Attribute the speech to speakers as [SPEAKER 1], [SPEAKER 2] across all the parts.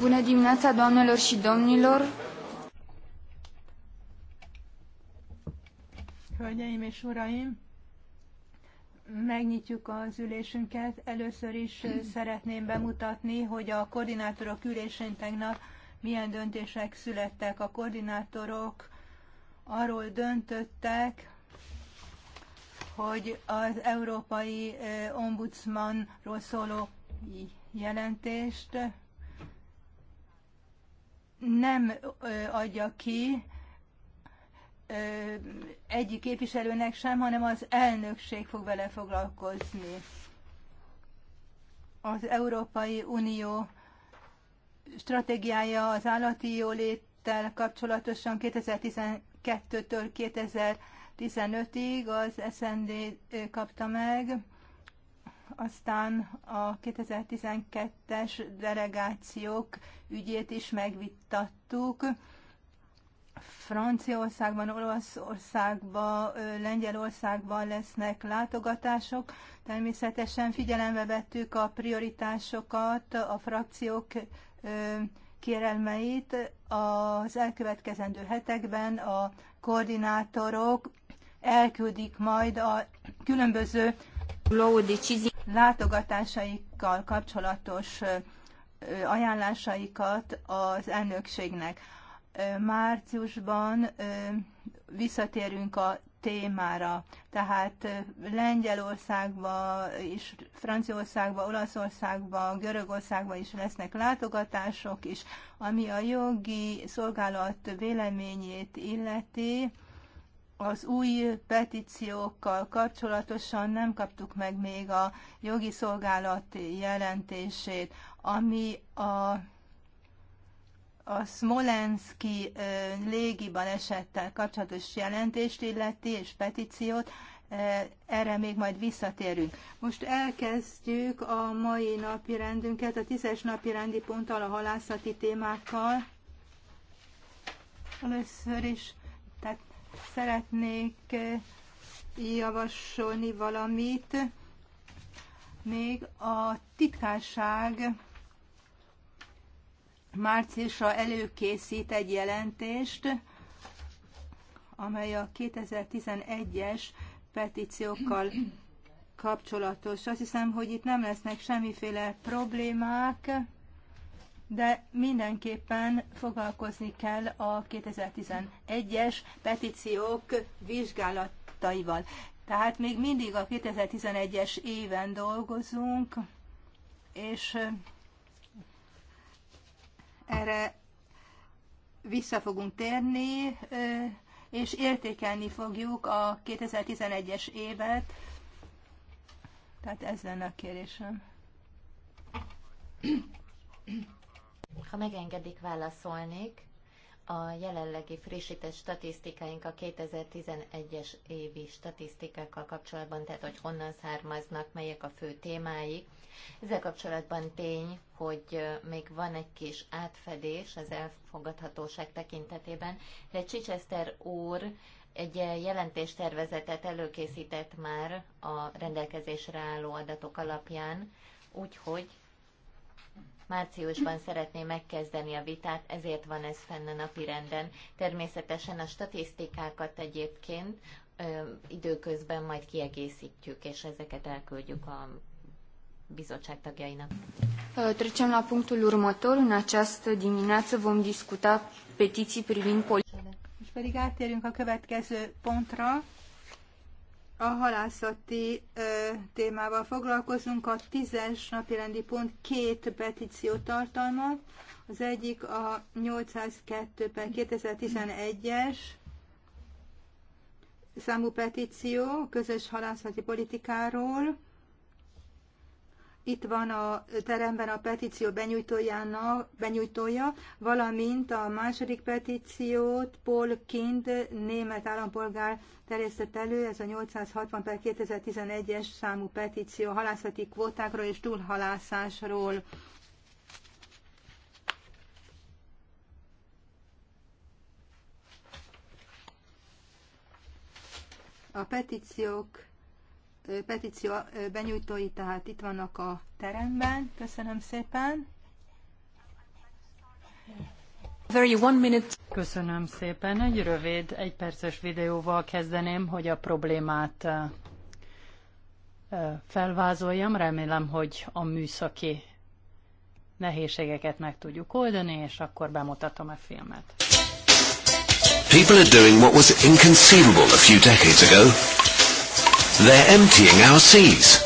[SPEAKER 1] Bună dimineața, doamnelor și domnilor!
[SPEAKER 2] Hölgyeim és uraim, megnyitjuk az ülésünket. Először is szeretném bemutatni, hogy a koordinátorok ülésén tegnap milyen döntések születtek. A koordinátorok arról döntöttek, hogy az Európai Ombudsmanról szóló jelentést nem adja ki egyik képviselőnek sem, hanem az elnökség fog vele foglalkozni. Az Európai Unió stratégiája az állati jóléttel kapcsolatosan 2012-től 2015-ig az SND kapta meg aztán a 2012-es delegációk ügyét is megvittattuk. Franciaországban, Olaszországban, Lengyelországban lesznek látogatások. Természetesen figyelembe vettük a prioritásokat, a frakciók kérelmeit. Az elkövetkezendő hetekben a koordinátorok elküldik majd a különböző látogatásaikkal kapcsolatos ajánlásaikat az elnökségnek. Márciusban visszatérünk a témára. Tehát Lengyelországba és Franciaországba, Olaszországba, Görögországba is lesznek látogatások is, ami a jogi szolgálat véleményét illeti az új petíciókkal kapcsolatosan nem kaptuk meg még a jogi szolgálat jelentését, ami a, a Smolenski légi balesettel kapcsolatos jelentést illeti és petíciót. Erre még majd visszatérünk. Most elkezdjük a mai napi rendünket, a tízes napi rendi ponttal, a halászati témákkal. Először is Szeretnék eh, javasolni valamit. Még a titkárság márciusra előkészít egy jelentést, amely a 2011-es petíciókkal kapcsolatos. Azt hiszem, hogy itt nem lesznek semmiféle problémák de mindenképpen foglalkozni kell a 2011-es petíciók vizsgálataival. Tehát még mindig a 2011-es éven dolgozunk, és erre vissza fogunk térni, és értékelni fogjuk a 2011-es évet.
[SPEAKER 3] Tehát ez lenne a kérésem. Ha megengedik, válaszolnék a jelenlegi frissített statisztikáink a 2011-es évi statisztikákkal kapcsolatban, tehát hogy honnan származnak, melyek a fő témáik. Ezzel kapcsolatban tény, hogy még van egy kis átfedés az elfogadhatóság tekintetében, de Csicseszter úr egy jelentéstervezetet előkészített már a rendelkezésre álló adatok alapján, úgyhogy Márciusban szeretné megkezdeni a vitát, ezért van ez fenn a renden. Természetesen a statisztikákat egyébként ö, időközben majd kiegészítjük, és ezeket elküldjük a bizottság tagjainak.
[SPEAKER 1] Trecem la punctul următor. În această dimineață vom discuta petiții privind Most
[SPEAKER 2] pedig átérünk a következő pontra, a halászati ö, témával foglalkozunk. A tízes rendi pont két petíció tartalmaz. Az egyik a 802 per 2011-es számú petíció közös halászati politikáról. Itt van a teremben a petíció benyújtójának, benyújtója, valamint a második petíciót Paul Kind, német állampolgár terjesztett elő, ez a 860 per 2011-es számú petíció halászati kvótákról és túlhalászásról. A petíciók petíció benyújtói tehát itt vannak a teremben. Köszönöm szépen.
[SPEAKER 4] Köszönöm szépen. Egy rövid, egy perces videóval kezdeném, hogy a problémát eh, eh, felvázoljam. Remélem, hogy a műszaki nehézségeket meg tudjuk oldani, és akkor bemutatom a filmet.
[SPEAKER 5] People are doing what was inconceivable a few decades ago. They're emptying our seas.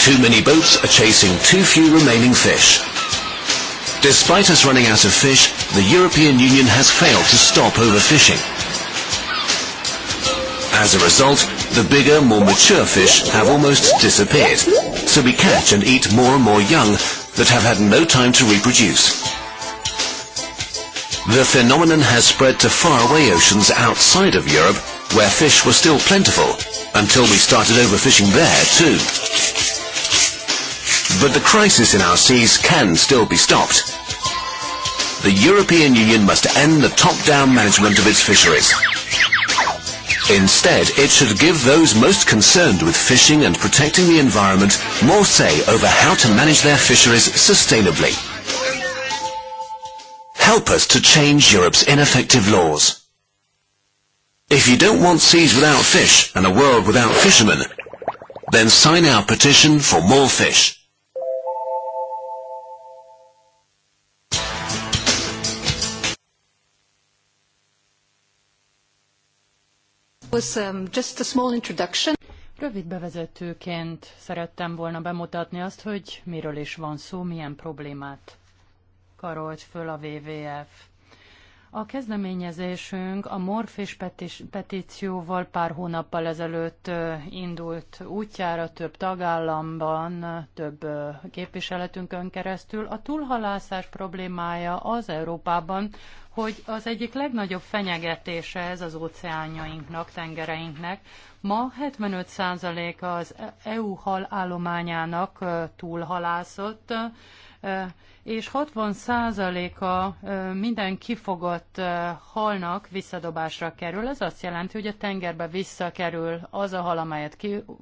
[SPEAKER 5] Too many boats are chasing too few remaining fish. Despite us running out of fish, the European Union has failed to stop overfishing. As a result, the bigger, more mature fish have almost disappeared, so we catch and eat more and more young that have had no time to reproduce. The phenomenon has spread to faraway oceans outside of Europe where fish were still plentiful, until we started overfishing there too. But the crisis in our seas can still be stopped. The European Union must end the top-down management of its fisheries. Instead, it should give those most concerned with fishing and protecting the environment more say over how to manage their fisheries sustainably. Help us to change Europe's ineffective laws. If you don't want seas without fish and a world without fishermen, then sign our petition for more fish.
[SPEAKER 4] Was, um, just a small introduction. Rövid bevezetőként szerettem volna bemutatni azt, hogy miről is van szó, milyen problémát karolt föl a WWF a kezdeményezésünk a Morfés petícióval pár hónappal ezelőtt indult útjára több tagállamban, több képviseletünkön keresztül. A túlhalászás problémája az Európában, hogy az egyik legnagyobb fenyegetése ez az óceánjainknak, tengereinknek. Ma 75%-a az EU e hal állományának túlhalászott, és 60%-a minden kifogott halnak visszadobásra kerül. Ez azt jelenti, hogy a tengerbe visszakerül az a hal, amelyet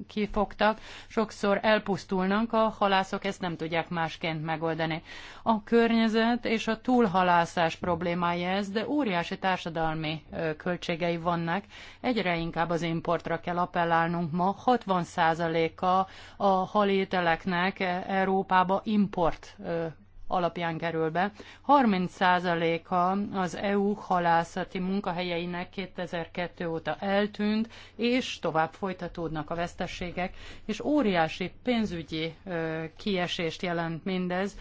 [SPEAKER 4] kifogtak. Sokszor elpusztulnak a halászok, ezt nem tudják másként megoldani. A környezet és a túlhalászás problémája ez, de óriási társadalmi költségei vannak. Egyre inkább az importra kell appellálnunk ma. 60%-a a halételeknek e, Európába import alapján kerül be. 30%-a az EU halászati munkahelyeinek 2002 óta eltűnt, és tovább folytatódnak a veszteségek, és óriási pénzügyi kiesést jelent mindez.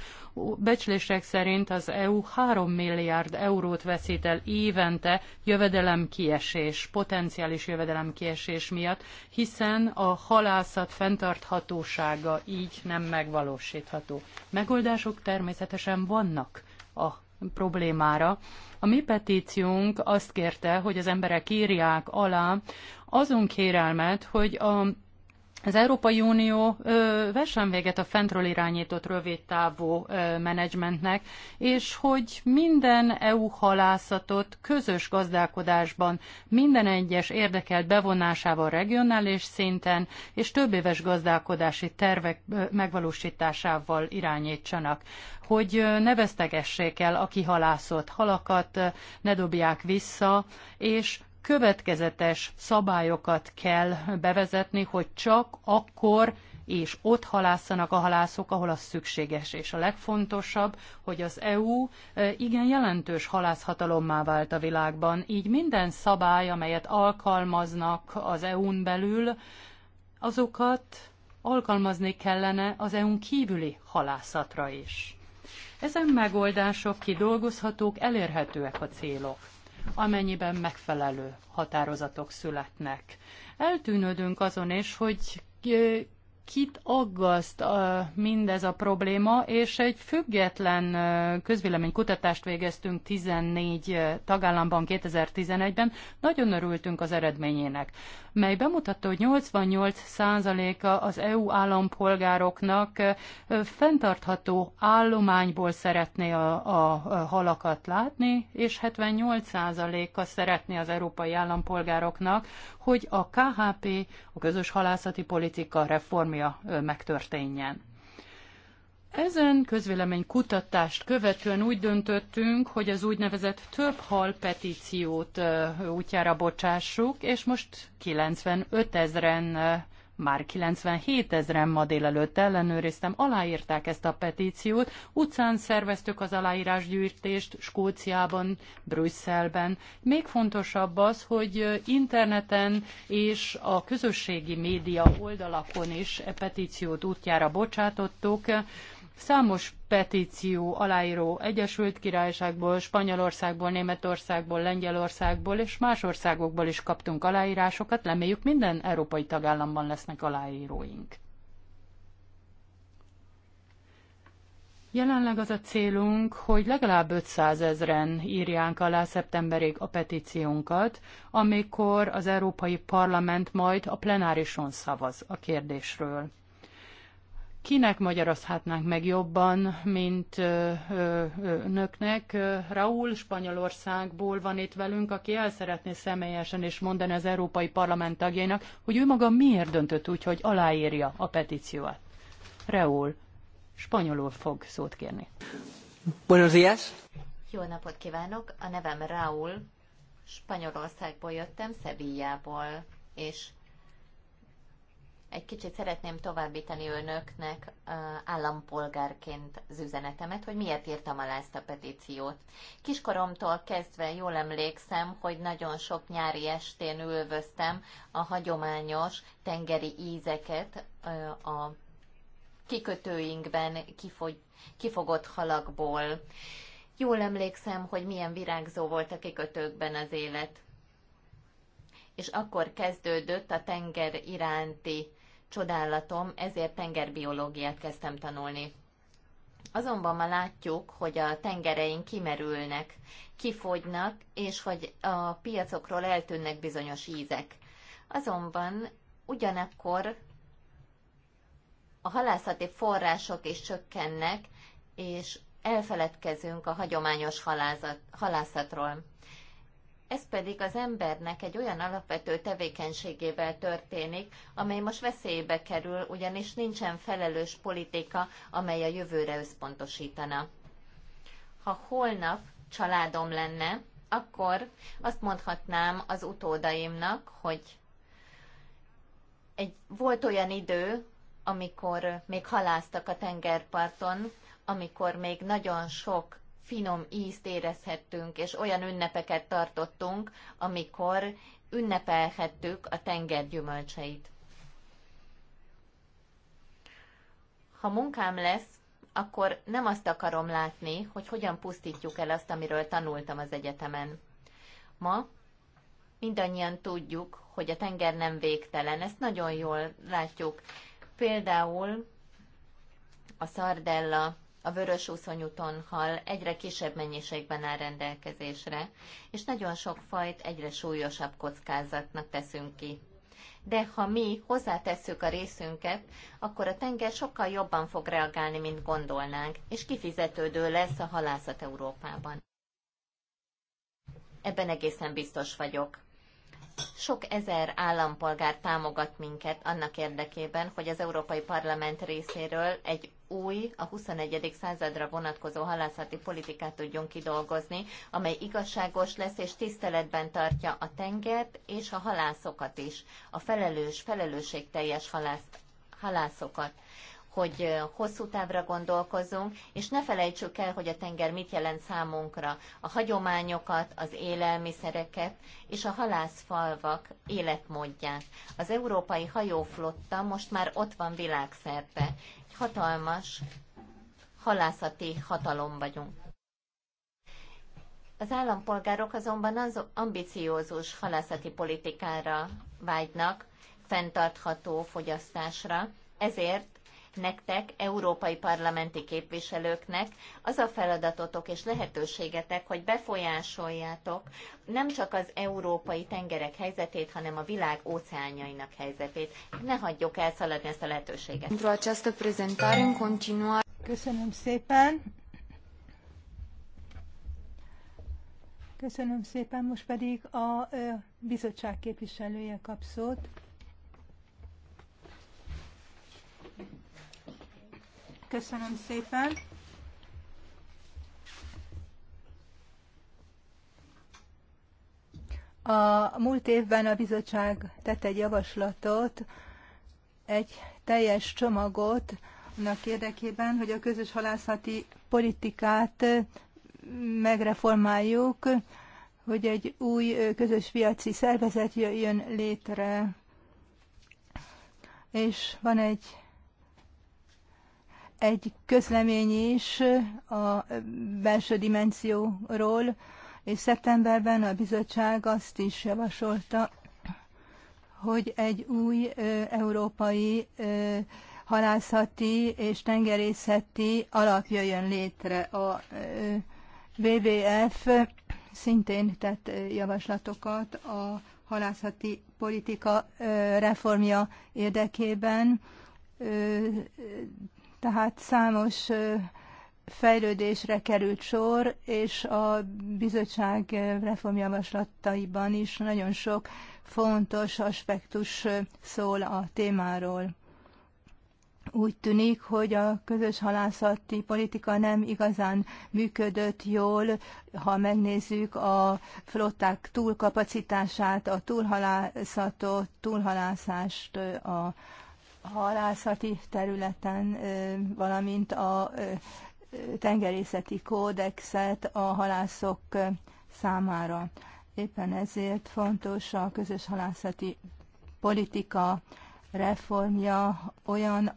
[SPEAKER 4] Becslések szerint az EU 3 milliárd eurót veszít el évente jövedelemkiesés, potenciális jövedelemkiesés miatt, hiszen a halászat fenntarthatósága így nem megvalósítható. Megoldások természetesen természetesen vannak a problémára. A mi petíciónk azt kérte, hogy az emberek írják alá azon kérelmet, hogy a az Európai Unió versen véget a fentről irányított rövidtávú menedzsmentnek, és hogy minden EU halászatot közös gazdálkodásban minden egyes érdekelt bevonásával regionális szinten és többéves gazdálkodási tervek megvalósításával irányítsanak hogy ne vesztegessék el a kihalászott halakat, ne dobják vissza, és következetes szabályokat kell bevezetni, hogy csak akkor és ott halászanak a halászok, ahol az szükséges. És a legfontosabb, hogy az EU e, igen jelentős halászhatalommá vált a világban, így minden szabály, amelyet alkalmaznak az EU-n belül, azokat alkalmazni kellene az EU-n kívüli halászatra is. Ezen megoldások kidolgozhatók, elérhetőek a célok amennyiben megfelelő határozatok születnek. Eltűnődünk azon is, hogy kit aggaszt mindez a probléma, és egy független közvéleménykutatást végeztünk 14 tagállamban 2011-ben. Nagyon örültünk az eredményének mely bemutatta, hogy 88%-a az EU állampolgároknak fenntartható állományból szeretné a, a halakat látni, és 78%-a szeretné az európai állampolgároknak, hogy a KHP, a közös halászati politika reformja megtörténjen. Ezen közvélemény kutatást követően úgy döntöttünk, hogy az úgynevezett több hal petíciót útjára bocsássuk, és most 95 ezeren, már 97 ezeren ma délelőtt ellenőriztem, aláírták ezt a petíciót. Utcán szerveztük az aláírásgyűjtést Skóciában, Brüsszelben. Még fontosabb az, hogy interneten és a közösségi média oldalakon is e petíciót útjára bocsátottuk. Számos petíció aláíró Egyesült Királyságból, Spanyolországból, Németországból, Lengyelországból és más országokból is kaptunk aláírásokat, reméljük minden európai tagállamban lesznek aláíróink. Jelenleg az a célunk, hogy legalább 500 ezeren írjánk alá szeptemberig a petíciónkat, amikor az Európai Parlament majd a plenárison szavaz a kérdésről. Kinek magyarázhatnánk meg jobban, mint önöknek? Raúl Spanyolországból van itt velünk, aki el szeretné személyesen is mondani az Európai Parlament tagjainak, hogy ő maga miért döntött úgy, hogy aláírja a petíciót. Raúl, spanyolul fog szót kérni. Buenos días!
[SPEAKER 3] Jó napot kívánok! A nevem Raúl, Spanyolországból jöttem, Szevíjából, és egy kicsit szeretném továbbítani önöknek állampolgárként az üzenetemet, hogy miért írtam alá ezt a petíciót. Kiskoromtól kezdve jól emlékszem, hogy nagyon sok nyári estén ülvöztem a hagyományos tengeri ízeket a kikötőinkben kifogott halakból. Jól emlékszem, hogy milyen virágzó volt a kikötőkben az élet és akkor kezdődött a tenger iránti csodálatom, ezért tengerbiológiát kezdtem tanulni. Azonban ma látjuk, hogy a tengereink kimerülnek, kifogynak, és hogy a piacokról eltűnnek bizonyos ízek. Azonban ugyanakkor a halászati források is csökkennek, és elfeledkezünk a hagyományos halászat, halászatról. Ez pedig az embernek egy olyan alapvető tevékenységével történik, amely most veszélybe kerül, ugyanis nincsen felelős politika, amely a jövőre összpontosítana. Ha holnap családom lenne, akkor azt mondhatnám az utódaimnak, hogy egy, volt olyan idő, amikor még haláztak a tengerparton, amikor még nagyon sok finom ízt érezhettünk, és olyan ünnepeket tartottunk, amikor ünnepelhettük a tenger gyümölcseit. Ha munkám lesz, akkor nem azt akarom látni, hogy hogyan pusztítjuk el azt, amiről tanultam az egyetemen. Ma mindannyian tudjuk, hogy a tenger nem végtelen, ezt nagyon jól látjuk. Például a szardella a vörös úszonyúton hal egyre kisebb mennyiségben áll rendelkezésre, és nagyon sok fajt egyre súlyosabb kockázatnak teszünk ki. De ha mi hozzátesszük a részünket, akkor a tenger sokkal jobban fog reagálni, mint gondolnánk, és kifizetődő lesz a halászat Európában. Ebben egészen biztos vagyok sok ezer állampolgár támogat minket annak érdekében, hogy az Európai Parlament részéről egy új, a 21. századra vonatkozó halászati politikát tudjunk kidolgozni, amely igazságos lesz és tiszteletben tartja a tengert és a halászokat is, a felelős, felelősségteljes halász, halászokat hogy hosszú távra gondolkozunk, és ne felejtsük el, hogy a tenger mit jelent számunkra. A hagyományokat, az élelmiszereket és a halászfalvak életmódját. Az európai hajóflotta most már ott van világszerte. Egy hatalmas halászati hatalom vagyunk. Az állampolgárok azonban az ambiciózus halászati politikára vágynak, fenntartható fogyasztásra, ezért nektek, európai parlamenti képviselőknek az a feladatotok és lehetőségetek, hogy befolyásoljátok nem csak az európai tengerek helyzetét, hanem a világ óceánjainak helyzetét. Ne hagyjuk elszaladni ezt a lehetőséget.
[SPEAKER 2] Köszönöm szépen. Köszönöm szépen, most pedig a bizottság képviselője kap szót. Köszönöm szépen. A múlt évben a bizottság tett egy javaslatot, egy teljes csomagot annak érdekében, hogy a közös halászati politikát megreformáljuk, hogy egy új közös piaci szervezet jön létre, és van egy egy közlemény is a belső dimenzióról, és szeptemberben a bizottság azt is javasolta, hogy egy új ö, európai ö, halászati és tengerészeti alap jöjjön létre. A ö, WWF szintén tett javaslatokat a halászati politika reformja érdekében tehát számos fejlődésre került sor, és a bizottság reformjavaslataiban is nagyon sok fontos aspektus szól a témáról. Úgy tűnik, hogy a közös halászati politika nem igazán működött jól, ha megnézzük a flották túlkapacitását, a túlhalászatot, túlhalászást, a halászati területen, valamint a tengerészeti kódexet a halászok számára. Éppen ezért fontos a közös halászati politika reformja olyan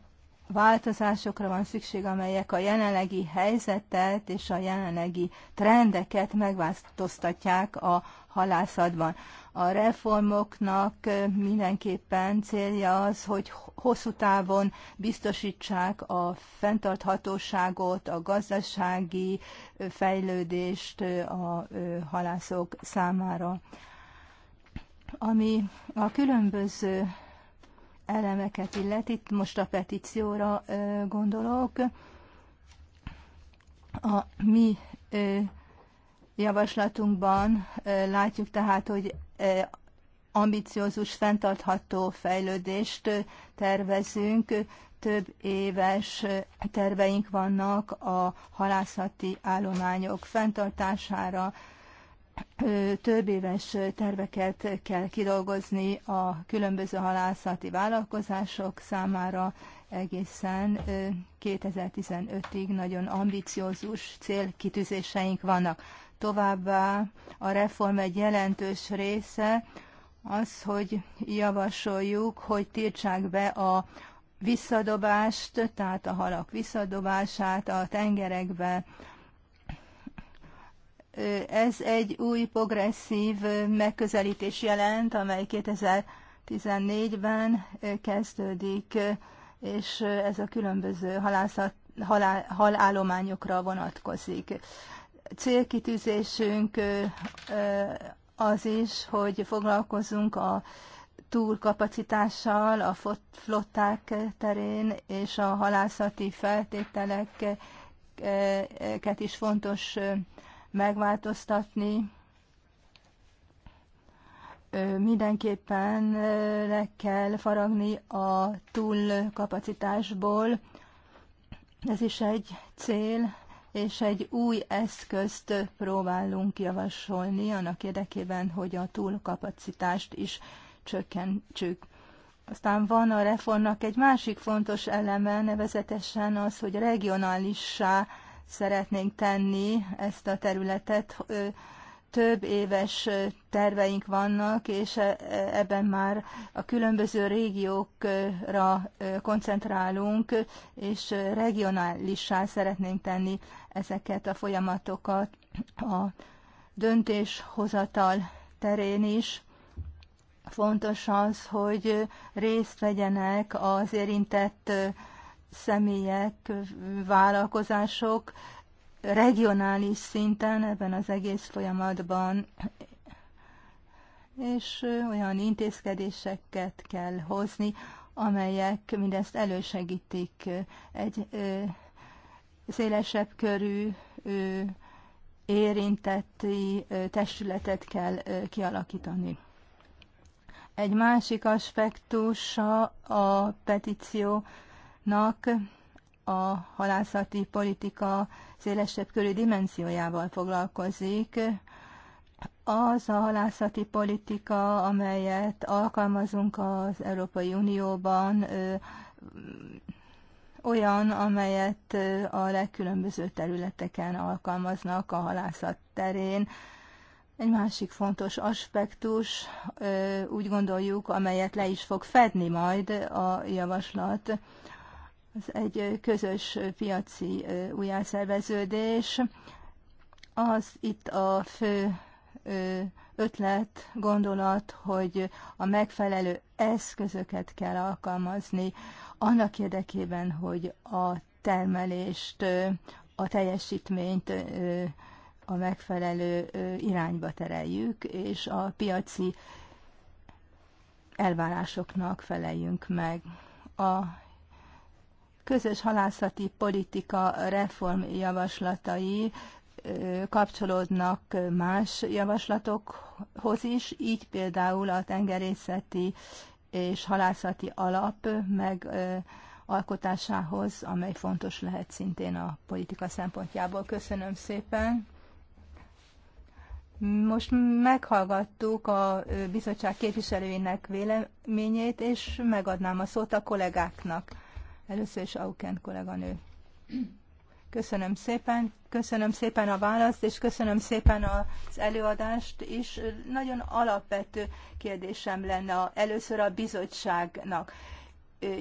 [SPEAKER 2] változásokra van szükség, amelyek a jelenlegi helyzetet és a jelenlegi trendeket megváltoztatják a halászatban. A reformoknak mindenképpen célja az, hogy hosszú távon biztosítsák a fenntarthatóságot, a gazdasági fejlődést a halászok számára. Ami a különböző elemeket illeti, itt most a petícióra gondolok, a mi Javaslatunkban látjuk tehát, hogy ambiciózus, fenntartható fejlődést tervezünk, több éves terveink vannak a halászati állományok fenntartására, több éves terveket kell kidolgozni a különböző halászati vállalkozások számára egészen 2015-ig nagyon ambiciózus célkitűzéseink vannak. Továbbá a reform egy jelentős része az, hogy javasoljuk, hogy tiltsák be a visszadobást, tehát a halak visszadobását a tengerekbe. Ez egy új progresszív megközelítés jelent, amely 2014-ben kezdődik, és ez a különböző halászat, halál, halállományokra vonatkozik célkitűzésünk az is, hogy foglalkozunk a túlkapacitással a flották terén, és a halászati feltételeket is fontos megváltoztatni. Mindenképpen le kell faragni a túlkapacitásból. Ez is egy cél, és egy új eszközt próbálunk javasolni annak érdekében, hogy a túlkapacitást is csökkentsük. Aztán van a reformnak egy másik fontos eleme, nevezetesen az, hogy regionálissá szeretnénk tenni ezt a területet, több éves terveink vannak, és e, e, ebben már a különböző régiókra e, koncentrálunk, és regionálissá szeretnénk tenni ezeket a folyamatokat a döntéshozatal terén is. Fontos az, hogy részt vegyenek az érintett személyek, vállalkozások, regionális szinten ebben az egész folyamatban, és olyan intézkedéseket kell hozni, amelyek mindezt elősegítik egy ö, szélesebb körű ö, érintetti ö, testületet kell ö, kialakítani. Egy másik aspektusa a petíciónak a halászati politika szélesebb körű dimenziójával foglalkozik. Az a halászati politika, amelyet alkalmazunk az Európai Unióban, olyan, amelyet a legkülönböző területeken alkalmaznak a halászat terén. Egy másik fontos aspektus, úgy gondoljuk, amelyet le is fog fedni majd a javaslat, ez egy közös piaci újjászerveződés. Az itt a fő ötlet, gondolat, hogy a megfelelő eszközöket kell alkalmazni annak érdekében, hogy a termelést, a teljesítményt a megfelelő irányba tereljük, és a piaci elvárásoknak feleljünk meg. A közös halászati politika reform javaslatai kapcsolódnak más javaslatokhoz is, így például a tengerészeti és halászati alap megalkotásához, amely fontos lehet szintén a politika szempontjából. Köszönöm szépen! Most meghallgattuk a bizottság képviselőinek véleményét, és megadnám a szót a kollégáknak. Először is Auken kolléganő. Köszönöm szépen, köszönöm szépen a választ, és köszönöm szépen az előadást is. Nagyon alapvető kérdésem lenne először a bizottságnak.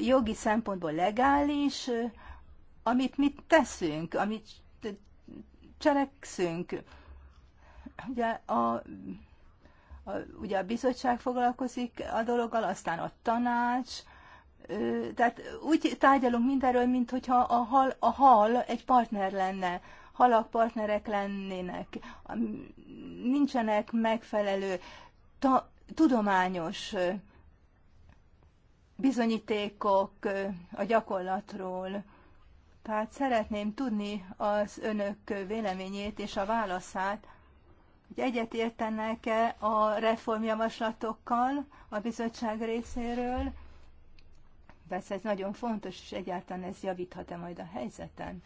[SPEAKER 2] Jogi szempontból legális, amit mit teszünk, amit cselekszünk. Ugye a a, ugye a bizottság foglalkozik a dologgal, aztán a tanács, tehát úgy tárgyalunk mindenről, mint hogyha a hal, a hal egy partner lenne, halak partnerek lennének, nincsenek megfelelő ta, tudományos bizonyítékok a gyakorlatról. Tehát szeretném tudni az önök véleményét és a válaszát, hogy egyetértenek-e a reformjavaslatokkal a bizottság részéről, Persze ez nagyon fontos, és egyáltalán ez javíthat-e majd a helyzeten.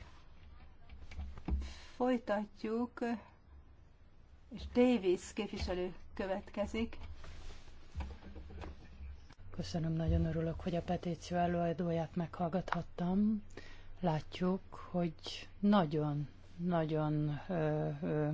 [SPEAKER 2] Folytatjuk, és Davis képviselő következik.
[SPEAKER 4] Köszönöm, nagyon örülök, hogy a petíció előadóját meghallgathattam. Látjuk, hogy nagyon, nagyon ö, ö,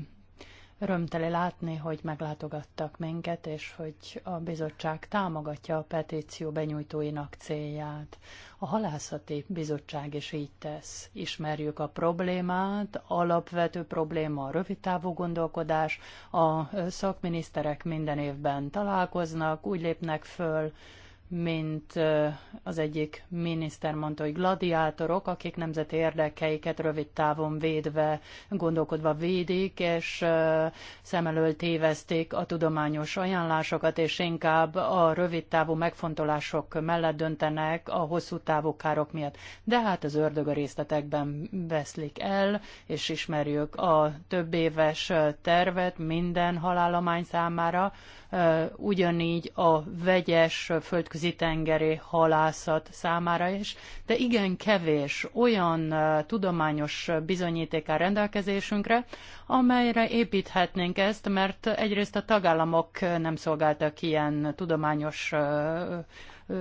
[SPEAKER 4] Örömteli látni, hogy meglátogattak minket, és hogy a bizottság támogatja a petíció benyújtóinak célját. A halászati bizottság is így tesz. Ismerjük a problémát, alapvető probléma a rövidtávú gondolkodás, a szakminiszterek minden évben találkoznak, úgy lépnek föl, mint az egyik miniszter mondta, hogy gladiátorok, akik nemzeti érdekeiket rövid távon védve, gondolkodva védik, és szem elől tévezték a tudományos ajánlásokat, és inkább a rövid távú megfontolások mellett döntenek a hosszú távú károk miatt. De hát az ördög a részletekben veszlik el, és ismerjük a több éves tervet minden halállomány számára, ugyanígy a vegyes földközi tengeri halászat számára is, de igen kevés olyan tudományos bizonyíték áll rendelkezésünkre, amelyre építhetnénk ezt, mert egyrészt a tagállamok nem szolgáltak ilyen tudományos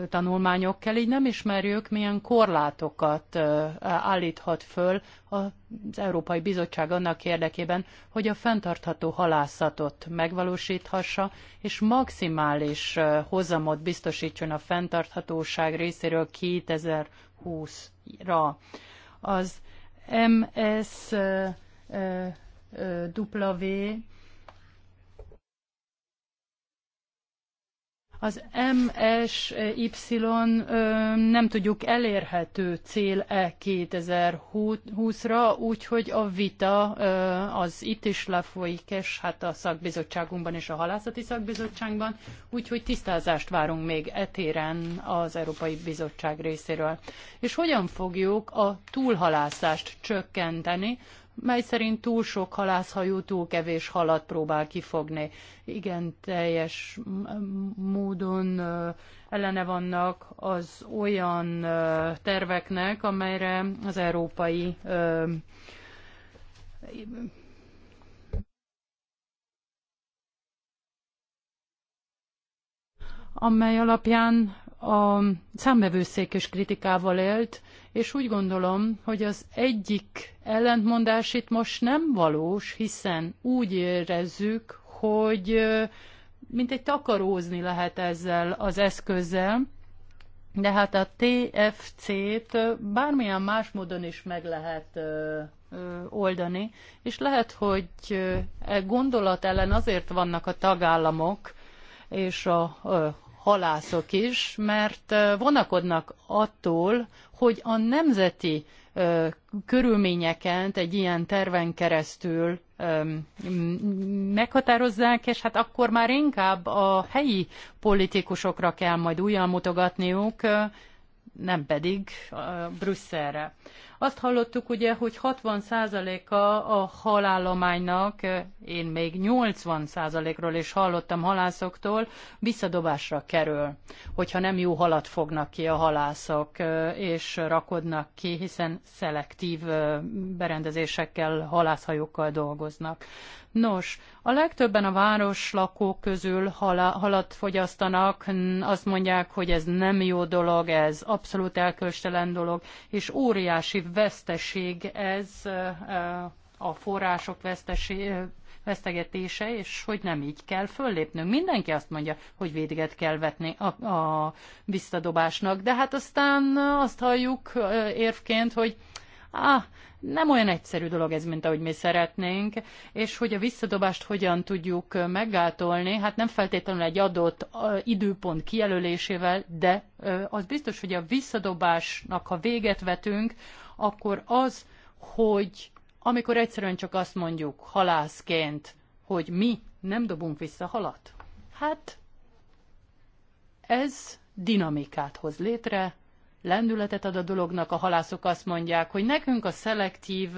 [SPEAKER 4] tanulmányokkal, így nem ismerjük, milyen korlátokat állíthat föl az Európai Bizottság annak érdekében, hogy a fenntartható halászatot megvalósíthassa, és maximális hozamot biztosítson a fenntarthatóság részéről 2020-ra. Az MS az MSY nem tudjuk elérhető cél-e 2020-ra, úgyhogy a vita az itt is lefolyik, és hát a szakbizottságunkban és a halászati szakbizottságban, úgyhogy tisztázást várunk még etéren az Európai Bizottság részéről. És hogyan fogjuk a túlhalászást csökkenteni, mely szerint túl sok halászhajó túl kevés halat próbál kifogni. Igen, teljes módon ellene vannak az olyan terveknek, amelyre az európai amely alapján a számbevőszék is kritikával élt, és úgy gondolom, hogy az egyik ellentmondás itt most nem valós, hiszen úgy érezzük, hogy mint egy takarózni lehet ezzel az eszközzel, de hát a TFC-t bármilyen más módon is meg lehet oldani, és lehet, hogy e gondolat ellen azért vannak a tagállamok és a halászok is, mert vonakodnak attól, hogy a nemzeti körülményeket egy ilyen terven keresztül meghatározzák, és hát akkor már inkább a helyi politikusokra kell majd újjal mutogatniuk, nem pedig Brüsszelre. Azt hallottuk ugye, hogy 60%-a a halállománynak, én még 80%-ról is hallottam halászoktól, visszadobásra kerül, hogyha nem jó halat fognak ki a halászok, és rakodnak ki, hiszen szelektív berendezésekkel, halászhajókkal dolgoznak. Nos, a legtöbben a város lakók közül hala, halat fogyasztanak, azt mondják, hogy ez nem jó dolog, ez abszolút elköstelen dolog, és óriási veszteség ez a források veszteség, vesztegetése, és hogy nem így kell föllépnünk. Mindenki azt mondja, hogy védiget kell vetni a, a visszadobásnak, de hát aztán azt halljuk érvként, hogy ah, nem olyan egyszerű dolog ez, mint ahogy mi szeretnénk, és hogy a visszadobást hogyan tudjuk meggátolni, hát nem feltétlenül egy adott időpont kijelölésével, de az biztos, hogy a visszadobásnak, ha véget vetünk, akkor az, hogy amikor egyszerűen csak azt mondjuk halászként, hogy mi nem dobunk vissza halat, hát ez dinamikát hoz létre, lendületet ad a dolognak, a halászok azt mondják, hogy nekünk a szelektív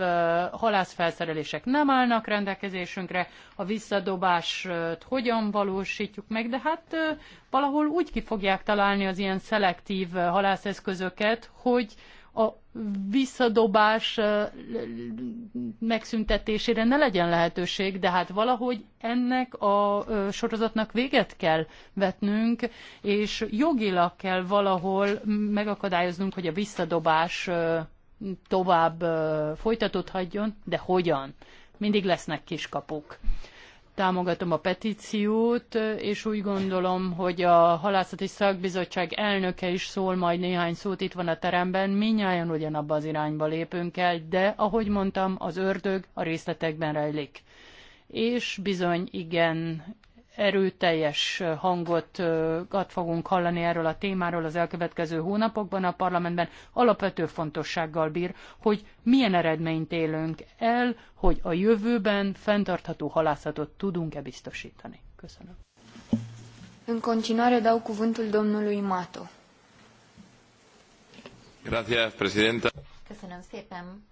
[SPEAKER 4] halászfelszerelések nem állnak rendelkezésünkre, a visszadobást hogyan valósítjuk meg, de hát valahol úgy ki fogják találni az ilyen szelektív halászeszközöket, hogy a visszadobás megszüntetésére ne legyen lehetőség, de hát valahogy ennek a sorozatnak véget kell vetnünk, és jogilag kell valahol megakadályoznunk, hogy a visszadobás tovább folytatódhatjon, de hogyan? Mindig lesznek kiskapuk támogatom a petíciót, és úgy gondolom, hogy a halászati szakbizottság elnöke is szól majd néhány szót itt van a teremben, minnyáján ugyanabba az irányba lépünk el, de ahogy mondtam, az ördög a részletekben rejlik. És bizony igen erőteljes hangot fogunk hallani erről a témáról az elkövetkező hónapokban a parlamentben. Alapvető fontossággal bír, hogy milyen eredményt élünk el, hogy a jövőben fenntartható halászatot tudunk-e biztosítani. Köszönöm.
[SPEAKER 1] În continuare dau cuvântul domnului Mato.
[SPEAKER 4] Gracias, presidenta.
[SPEAKER 3] Köszönöm szépen,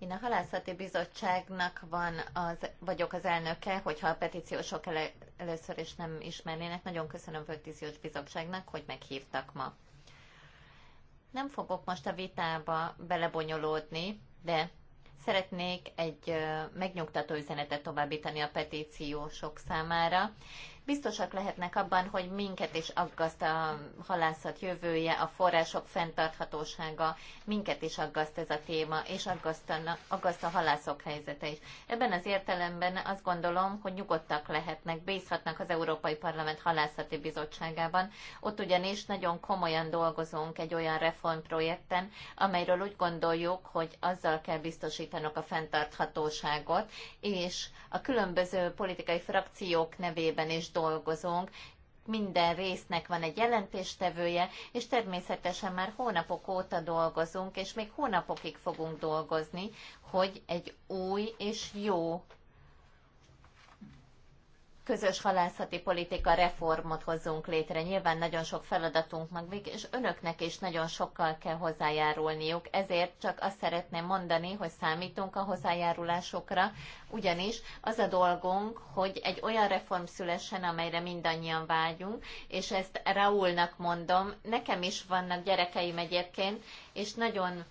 [SPEAKER 3] én a halászati bizottságnak van az, vagyok az elnöke, hogyha a petíciósok ele, először is nem ismernének. Nagyon köszönöm a petíciós bizottságnak, hogy meghívtak ma. Nem fogok most a vitába belebonyolódni, de szeretnék egy megnyugtató üzenetet továbbítani a petíciósok számára biztosak lehetnek abban, hogy minket is aggaszt a halászat jövője, a források fenntarthatósága, minket is aggaszt ez a téma, és aggaszt a, aggaszt a halászok helyzete is. Ebben az értelemben azt gondolom, hogy nyugodtak lehetnek, bízhatnak az Európai Parlament Halászati Bizottságában. Ott ugyanis nagyon komolyan dolgozunk egy olyan reformprojekten, amelyről úgy gondoljuk, hogy azzal kell biztosítanok a fenntarthatóságot, és a különböző politikai frakciók nevében is dolgozunk dolgozunk, minden résznek van egy jelentéstevője, és természetesen már hónapok óta dolgozunk, és még hónapokig fogunk dolgozni, hogy egy új és jó közös halászati politika reformot hozzunk létre. Nyilván nagyon sok feladatunk meg még, és önöknek is nagyon sokkal kell hozzájárulniuk. Ezért csak azt szeretném mondani, hogy számítunk a hozzájárulásokra, ugyanis az a dolgunk, hogy egy olyan reform szülessen, amelyre mindannyian vágyunk, és ezt Raúlnak mondom, nekem is vannak gyerekeim egyébként, és nagyon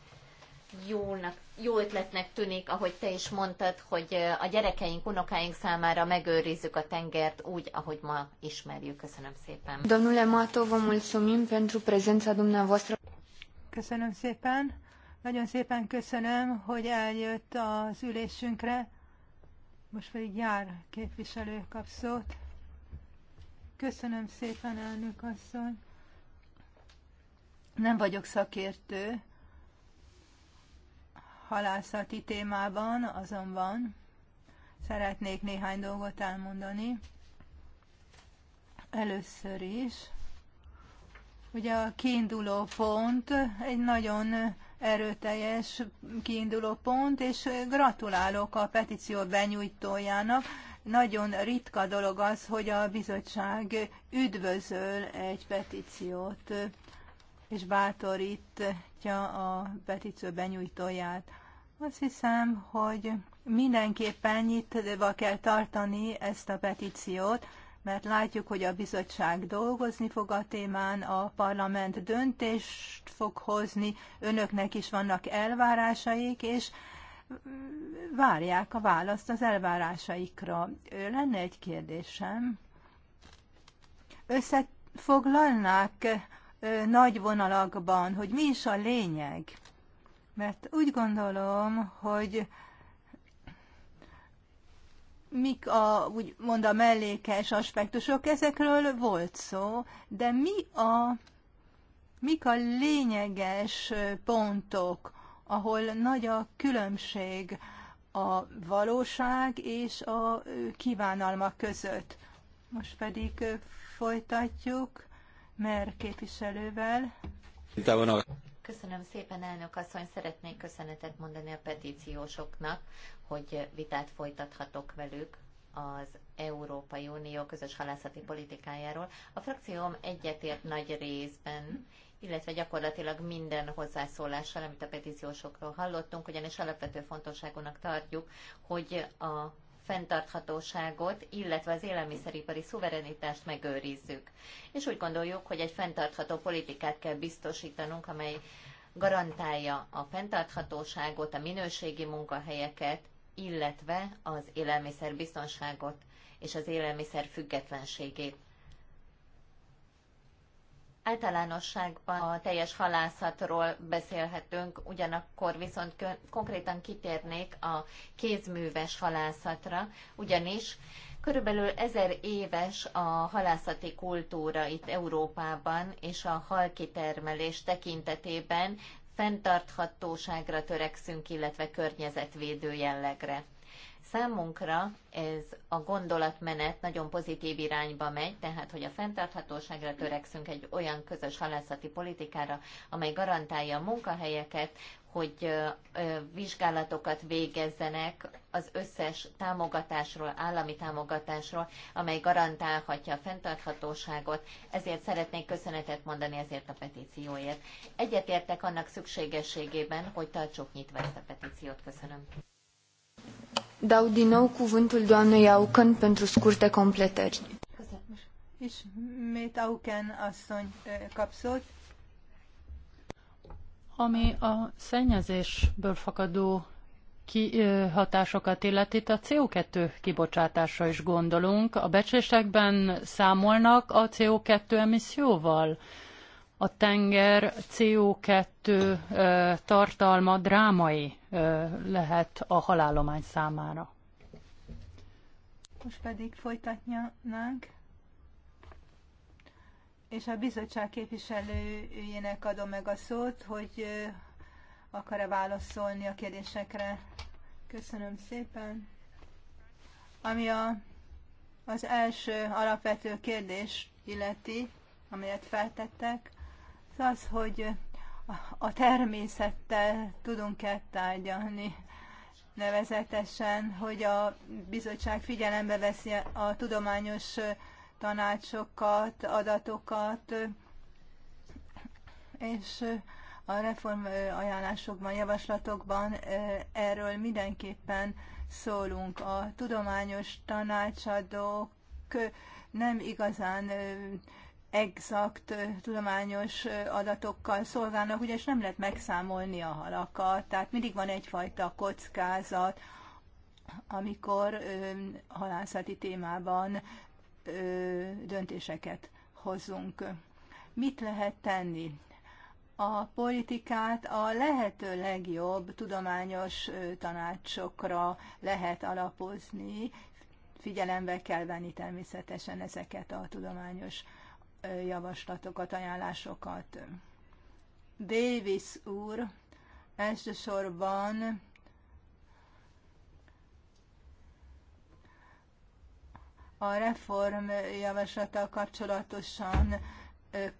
[SPEAKER 3] jónak jó ötletnek tűnik, ahogy te is mondtad, hogy a gyerekeink, unokáink számára megőrizzük a tengert úgy, ahogy ma ismerjük. Köszönöm szépen.
[SPEAKER 1] Domnule Mato, mulțumim pentru prezența dumneavoastră.
[SPEAKER 2] Köszönöm szépen. Nagyon szépen köszönöm, hogy eljött az ülésünkre. Most pedig jár képviselő kap szót. Köszönöm szépen, elnök asszony. Nem vagyok szakértő, halászati témában azonban szeretnék néhány dolgot elmondani. Először is, ugye a kiinduló pont egy nagyon erőteljes kiinduló pont, és gratulálok a petíció benyújtójának. Nagyon ritka dolog az, hogy a bizottság üdvözöl egy petíciót, és bátorítja a petíció benyújtóját. Azt hiszem, hogy mindenképpen nyitva kell tartani ezt a petíciót, mert látjuk, hogy a bizottság dolgozni fog a témán, a parlament döntést fog hozni, önöknek is vannak elvárásaik, és várják a választ az elvárásaikra. Lenne egy kérdésem. Összefoglalnák nagy vonalakban, hogy mi is a lényeg mert úgy gondolom, hogy mik a, úgymond a mellékes aspektusok, ezekről volt szó, de mi a, mik a lényeges pontok, ahol nagy a különbség a valóság és a kívánalmak között. Most pedig
[SPEAKER 3] folytatjuk mert képviselővel. Köszönöm szépen, elnök asszony. Szeretnék köszönetet mondani a petíciósoknak, hogy vitát folytathatok velük az Európai Unió közös halászati politikájáról. A frakcióm egyetért nagy részben, illetve gyakorlatilag minden hozzászólással, amit a petíciósokról hallottunk, ugyanis alapvető fontosságúnak tartjuk, hogy a fenntarthatóságot, illetve az élelmiszeripari szuverenitást megőrizzük. És úgy gondoljuk, hogy egy fenntartható politikát kell biztosítanunk, amely garantálja a fenntarthatóságot, a minőségi munkahelyeket, illetve az élelmiszerbiztonságot és az élelmiszer függetlenségét. Általánosságban a teljes halászatról beszélhetünk, ugyanakkor viszont konkrétan kitérnék a kézműves halászatra, ugyanis körülbelül ezer éves a halászati kultúra itt Európában és a halkitermelés tekintetében fenntarthatóságra törekszünk, illetve környezetvédő jellegre. Számunkra ez a gondolatmenet nagyon pozitív irányba megy, tehát hogy a fenntarthatóságra törekszünk egy olyan közös halászati politikára, amely garantálja a munkahelyeket, hogy vizsgálatokat végezzenek az összes támogatásról, állami támogatásról, amely garantálhatja a fenntarthatóságot. Ezért szeretnék köszönetet mondani ezért a petícióért. Egyetértek annak szükségességében, hogy tartsuk nyitva ezt a petíciót. Köszönöm.
[SPEAKER 1] Dau din nou cuvântul doamnei Aucan pentru scurte completări.
[SPEAKER 2] Ismét Auken asszony kap
[SPEAKER 4] Ami a szennyezésből fakadó hatásokat illeti, a CO2 kibocsátásra is gondolunk. A becslésekben számolnak a CO2 emisszióval a tenger CO2 tartalma drámai lehet a halálomány számára.
[SPEAKER 2] Most pedig folytatnánk, és a bizottság képviselőjének adom meg a szót, hogy akar-e válaszolni a kérdésekre. Köszönöm szépen. Ami a, az első alapvető kérdés illeti, amelyet feltettek, az, hogy a természettel tudunk-e tárgyalni, nevezetesen, hogy a bizottság figyelembe veszi a tudományos tanácsokat, adatokat, és a reform ajánlásokban, javaslatokban erről mindenképpen szólunk. A tudományos tanácsadók nem igazán exakt tudományos adatokkal szolgálnak, ugyanis nem lehet megszámolni a halakat, tehát mindig van egyfajta kockázat, amikor ö, halászati témában ö, döntéseket hozunk. Mit lehet tenni? A politikát a lehető legjobb tudományos tanácsokra lehet alapozni, figyelembe kell venni természetesen ezeket a tudományos javaslatokat, ajánlásokat. Davis úr elsősorban a reform javaslata kapcsolatosan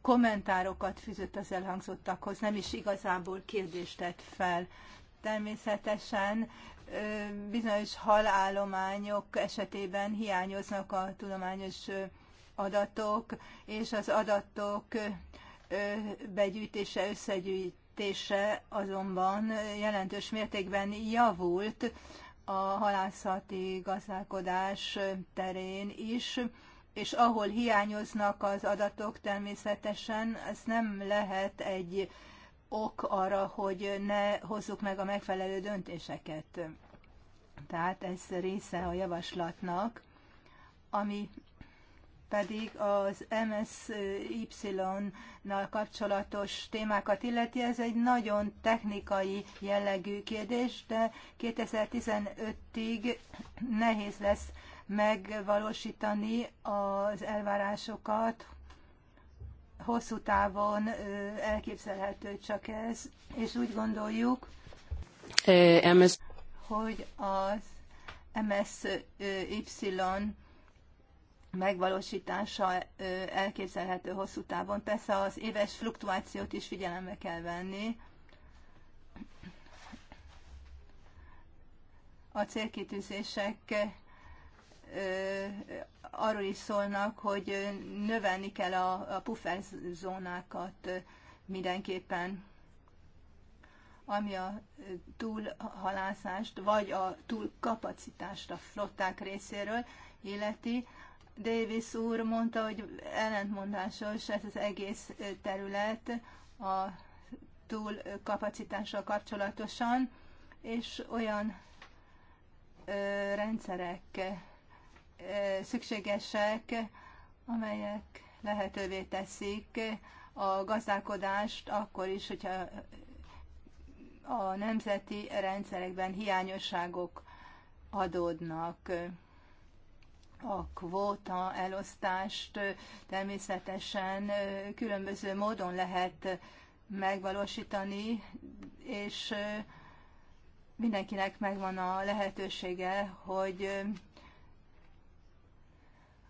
[SPEAKER 2] kommentárokat fűzött az elhangzottakhoz, nem is igazából kérdést tett fel. Természetesen bizonyos halállományok esetében hiányoznak a tudományos adatok és az adatok begyűjtése, összegyűjtése azonban jelentős mértékben javult a halászati gazdálkodás terén is, és ahol hiányoznak az adatok természetesen, ez nem lehet egy ok arra, hogy ne hozzuk meg a megfelelő döntéseket. Tehát ez része a javaslatnak, ami pedig az MSY-nal kapcsolatos témákat illeti. Ez egy nagyon technikai jellegű kérdés, de 2015-ig nehéz lesz megvalósítani az elvárásokat. Hosszú távon elképzelhető csak ez, és úgy gondoljuk, hogy az MSY megvalósítása elképzelhető hosszú távon. Persze az éves fluktuációt is figyelembe kell venni. A célkitűzések arról is szólnak, hogy növelni kell a, a pufferzónákat mindenképpen, ami a túlhalászást vagy a túlkapacitást a flották részéről illeti. Davis úr mondta, hogy ellentmondásos ez az egész terület a túl kapacitással kapcsolatosan, és olyan ö, rendszerek ö, szükségesek, amelyek lehetővé teszik a gazdálkodást akkor is, hogyha a nemzeti rendszerekben hiányosságok adódnak a kvóta elosztást természetesen különböző módon lehet megvalósítani, és mindenkinek megvan a lehetősége, hogy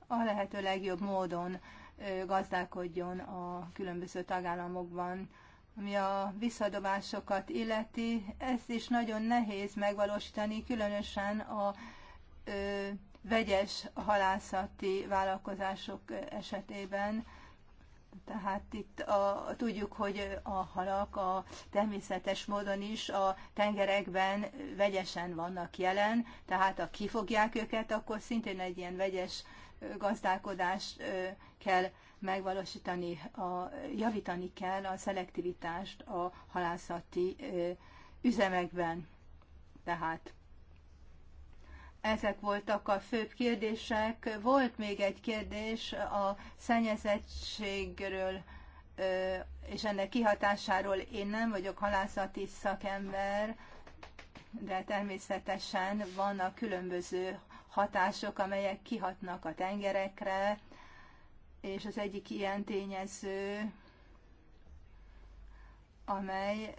[SPEAKER 2] a lehető legjobb módon gazdálkodjon a különböző tagállamokban. Ami a visszadobásokat illeti, ezt is nagyon nehéz megvalósítani, különösen a vegyes halászati vállalkozások esetében. Tehát itt a, tudjuk, hogy a halak a természetes módon is a tengerekben vegyesen vannak jelen, tehát ha kifogják őket, akkor szintén egy ilyen vegyes gazdálkodást kell megvalósítani, a, javítani kell a szelektivitást a halászati üzemekben. Tehát ezek voltak a főbb kérdések. Volt még egy kérdés a szennyezettségről és ennek kihatásáról. Én nem vagyok halászati szakember, de természetesen vannak különböző hatások, amelyek kihatnak a tengerekre, és az egyik ilyen tényező, amely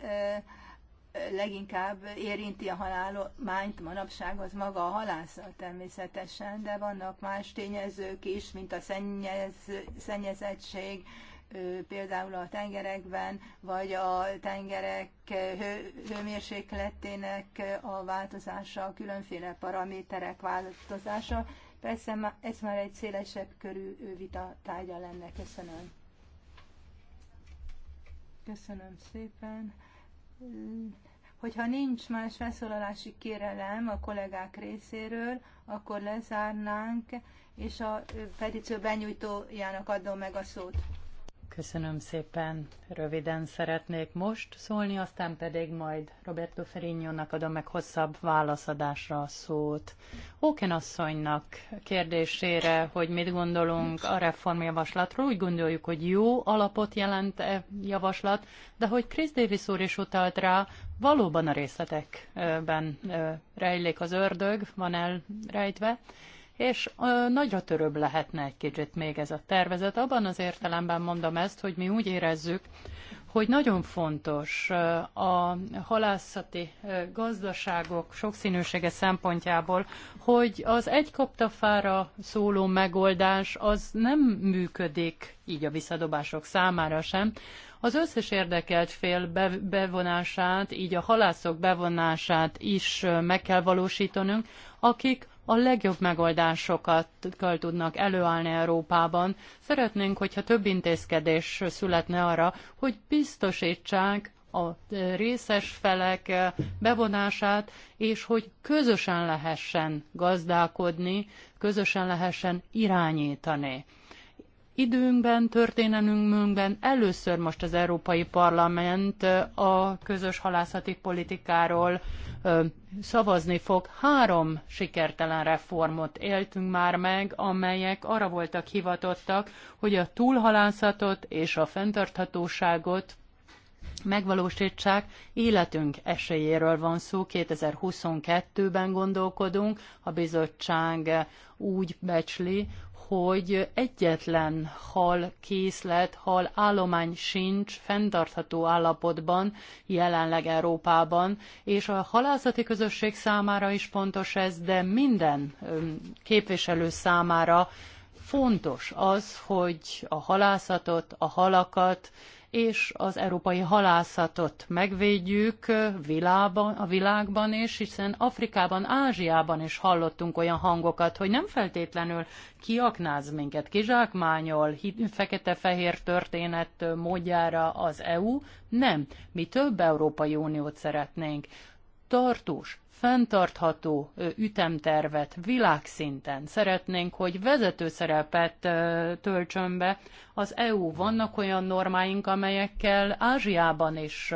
[SPEAKER 2] leginkább érinti a halálományt manapság az maga a halászat természetesen, de vannak más tényezők is, mint a szennyez, szennyezettség, például a tengerekben, vagy a tengerek hő, hőmérsékletének a változása, a különféle paraméterek változása. Persze ez már egy szélesebb körű vita tárgya lenne. Köszönöm. Köszönöm szépen. Hogyha nincs más felszólalási kérelem a kollégák részéről, akkor lezárnánk, és a petíció benyújtójának adom meg a szót.
[SPEAKER 4] Köszönöm szépen. Röviden szeretnék most szólni, aztán pedig majd Roberto Ferignonnak adom meg hosszabb válaszadásra a szót. Óken asszonynak kérdésére, hogy mit gondolunk a reformjavaslatról, úgy gondoljuk, hogy jó alapot jelent -e javaslat, de hogy Chris Davis úr is utalt rá, valóban a részletekben rejlik az ördög, van elrejtve és ö, nagyra töröbb lehetne egy kicsit még ez a tervezet. Abban az értelemben mondom ezt, hogy mi úgy érezzük, hogy nagyon fontos a halászati gazdaságok sokszínűsége szempontjából, hogy az egy kaptafára szóló megoldás az nem működik így a visszadobások számára sem. Az összes érdekelt fél bevonását, így a halászok bevonását is meg kell valósítanunk, akik a legjobb megoldásokat tudnak előállni Európában. Szeretnénk, hogyha több intézkedés születne arra, hogy biztosítsák a részes felek bevonását, és hogy közösen lehessen gazdálkodni, közösen lehessen irányítani időnkben, történelmünkben először most az Európai Parlament a közös halászati politikáról szavazni fog. Három sikertelen reformot éltünk már meg, amelyek arra voltak hivatottak, hogy a túlhalászatot és a fenntarthatóságot megvalósítsák. Életünk esélyéről van szó, 2022-ben gondolkodunk, a bizottság úgy becsli, hogy egyetlen hal készlet, hal állomány sincs fenntartható állapotban jelenleg Európában, és a halászati közösség számára is fontos ez, de minden képviselő számára fontos az, hogy a halászatot, a halakat, és az európai halászatot megvédjük világban, a világban is, hiszen Afrikában, Ázsiában is hallottunk olyan hangokat, hogy nem feltétlenül kiaknáz minket, kizsákmányol, fekete-fehér történet módjára az EU, nem, mi több Európai Uniót szeretnénk tartós, fenntartható ütemtervet világszinten szeretnénk, hogy vezető szerepet töltsön be az EU. Vannak olyan normáink, amelyekkel Ázsiában is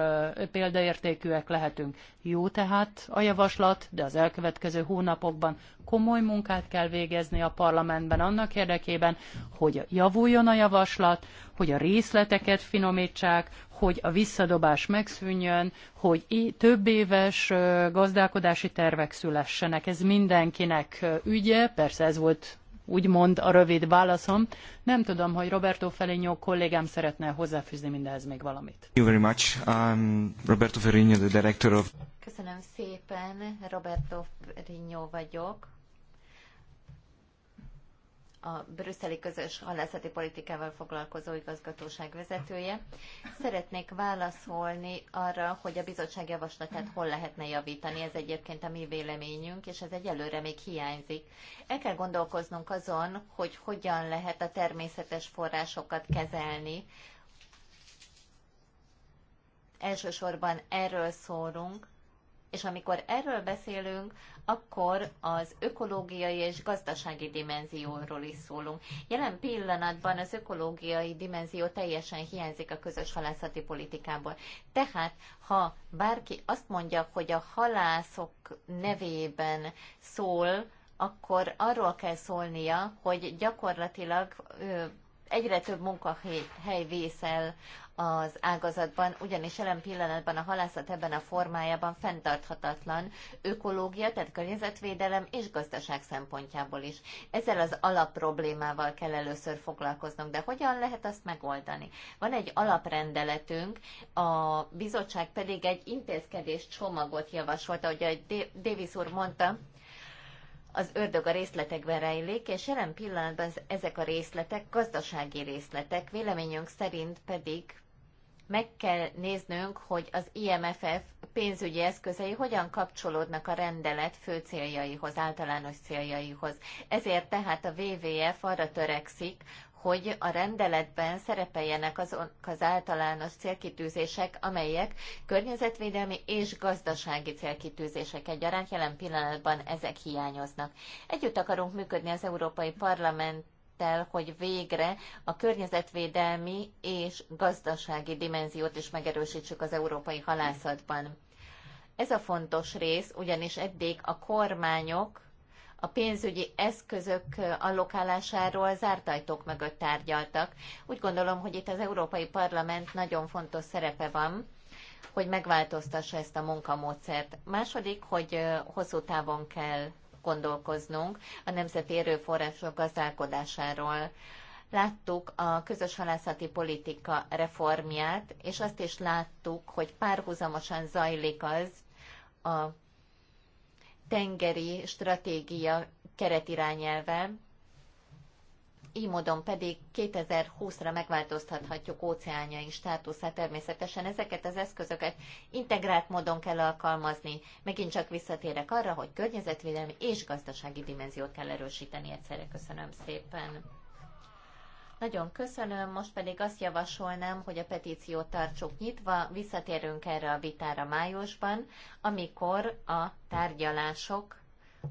[SPEAKER 4] példaértékűek lehetünk. Jó tehát a javaslat, de az elkövetkező hónapokban komoly munkát kell végezni a parlamentben annak érdekében, hogy javuljon a javaslat, hogy a részleteket finomítsák, hogy a visszadobás megszűnjön, hogy több éves gazdálkodási tervek szülessenek. Ez mindenkinek ügye, persze ez volt úgymond a rövid válaszom. Nem tudom, hogy Roberto Ferrigno kollégám szeretne hozzáfűzni mindehez még valamit.
[SPEAKER 6] Thank you very much. I'm
[SPEAKER 3] Roberto Ferrigno, the director of... Köszönöm szépen, Roberto Ferrigno vagyok a brüsszeli közös halászati politikával foglalkozó igazgatóság vezetője. Szeretnék válaszolni arra, hogy a bizottság javaslatát hol lehetne javítani. Ez egyébként a mi véleményünk, és ez egyelőre még hiányzik. El kell gondolkoznunk azon, hogy hogyan lehet a természetes forrásokat kezelni. Elsősorban erről szólunk, és amikor erről beszélünk, akkor az ökológiai és gazdasági dimenzióról is szólunk. Jelen pillanatban az ökológiai dimenzió teljesen hiányzik a közös halászati politikából. Tehát, ha bárki azt mondja, hogy a halászok nevében szól, akkor arról kell szólnia, hogy gyakorlatilag egyre több munkahely vészel az ágazatban, ugyanis jelen pillanatban a halászat ebben a formájában fenntarthatatlan ökológia, tehát környezetvédelem és gazdaság szempontjából is. Ezzel az alapproblémával kell először foglalkoznunk, de hogyan lehet azt megoldani? Van egy alaprendeletünk, a bizottság pedig egy intézkedés csomagot javasolta, ahogy a Davis úr mondta, az ördög a részletekben rejlik, és jelen pillanatban ezek a részletek gazdasági részletek, véleményünk szerint pedig meg kell néznünk, hogy az IMFF pénzügyi eszközei hogyan kapcsolódnak a rendelet fő céljaihoz, általános céljaihoz. Ezért tehát a WWF arra törekszik, hogy a rendeletben szerepeljenek azok az általános célkitűzések, amelyek környezetvédelmi és gazdasági célkitűzések egyaránt, jelen pillanatban ezek hiányoznak. Együtt akarunk működni az Európai Parlament el, hogy végre a környezetvédelmi és gazdasági dimenziót is megerősítsük az európai halászatban. Ez a fontos rész, ugyanis eddig a kormányok a pénzügyi eszközök allokálásáról zárt ajtók mögött tárgyaltak. Úgy gondolom, hogy itt az Európai Parlament nagyon fontos szerepe van, hogy megváltoztassa ezt a munkamódszert. Második, hogy hosszú távon kell gondolkoznunk a nemzeti erőforrások gazdálkodásáról. Láttuk a közös halászati politika reformját, és azt is láttuk, hogy párhuzamosan zajlik az a tengeri stratégia keretirányelve, így módon pedig 2020-ra megváltoztathatjuk óceánjai státuszát. Természetesen ezeket az eszközöket integrált módon kell alkalmazni. Megint csak visszatérek arra, hogy környezetvédelmi és gazdasági dimenziót kell erősíteni egyszerre. Köszönöm szépen. Nagyon köszönöm, most pedig azt javasolnám, hogy a petíciót tartsuk nyitva, visszatérünk erre a vitára májusban, amikor a tárgyalások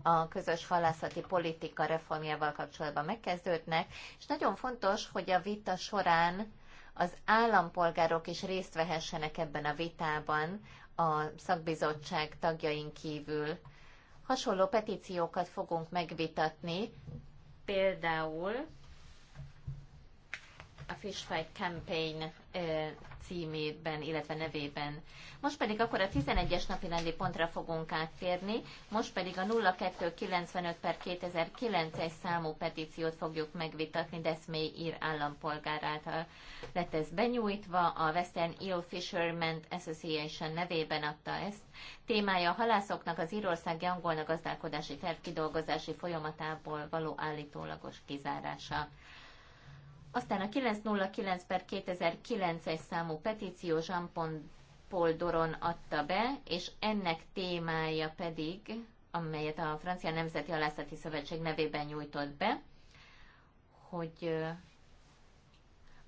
[SPEAKER 3] a közös halászati politika reformjával kapcsolatban megkezdődnek, és nagyon fontos, hogy a vita során az állampolgárok is részt vehessenek ebben a vitában a szakbizottság tagjain kívül. Hasonló petíciókat fogunk megvitatni, például a Fishfight Campaign címében, illetve nevében. Most pedig akkor a 11-es napi rendi pontra fogunk áttérni, most pedig a 0295 per 2009-es számú petíciót fogjuk megvitatni Deszmély ír állampolgár által lett ez benyújtva, a Western Eel Fishermen Association nevében adta ezt. Témája a halászoknak az írországi angol gazdálkodási terv kidolgozási folyamatából való állítólagos kizárása. Aztán a 909 per 2009-es számú petíció Jean-Paul Doron adta be, és ennek témája pedig, amelyet a Francia Nemzeti Alászati Szövetség nevében nyújtott be, hogy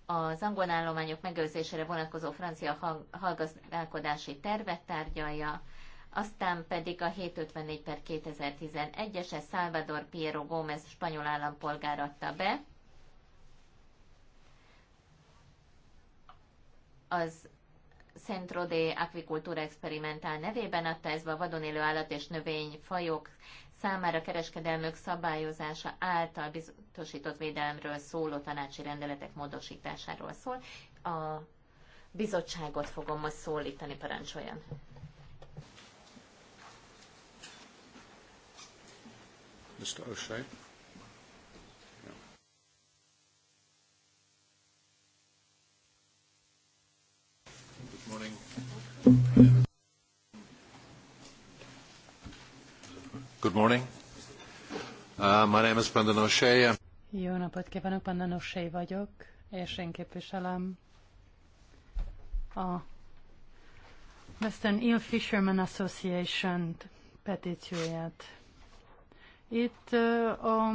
[SPEAKER 3] az angol állományok megőrzésére vonatkozó francia hallgazdálkodási tervet tárgyalja, aztán pedig a 754 per 2011-es Salvador Piero Gómez spanyol állampolgár adta be, az Centro de Aquicultura Experimental nevében adta ezbe a vadon élő állat és növény fajok számára kereskedelmök szabályozása által biztosított védelemről szóló tanácsi rendeletek módosításáról szól. A bizottságot fogom most szólítani, parancsoljon.
[SPEAKER 5] Mr. O'Shea. Morning. Good morning. Uh, my name is Brendan O'Shea.
[SPEAKER 4] Jó napot kívánok, Brendan O'Shea vagyok, és én képviselem a Western Eel Fisherman Association petícióját. Itt uh, a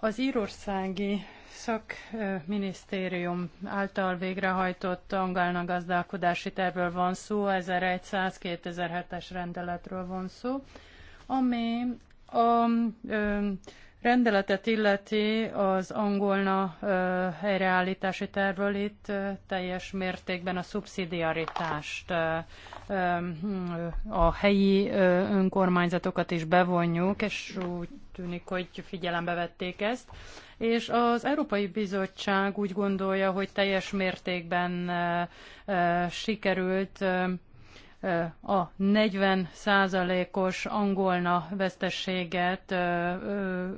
[SPEAKER 4] az írországi szakminisztérium által végrehajtott angolna gazdálkodási tervről van szó, 1100-2007-es rendeletről van szó, ami a rendeletet illeti az angolna helyreállítási tervről itt teljes mértékben a szubszidiaritást, a helyi önkormányzatokat is bevonjuk, és úgy tűnik, hogy figyelembe vették ezt, és az Európai Bizottság úgy gondolja, hogy teljes mértékben eh, eh, sikerült eh, a 40 százalékos angolna vesztességet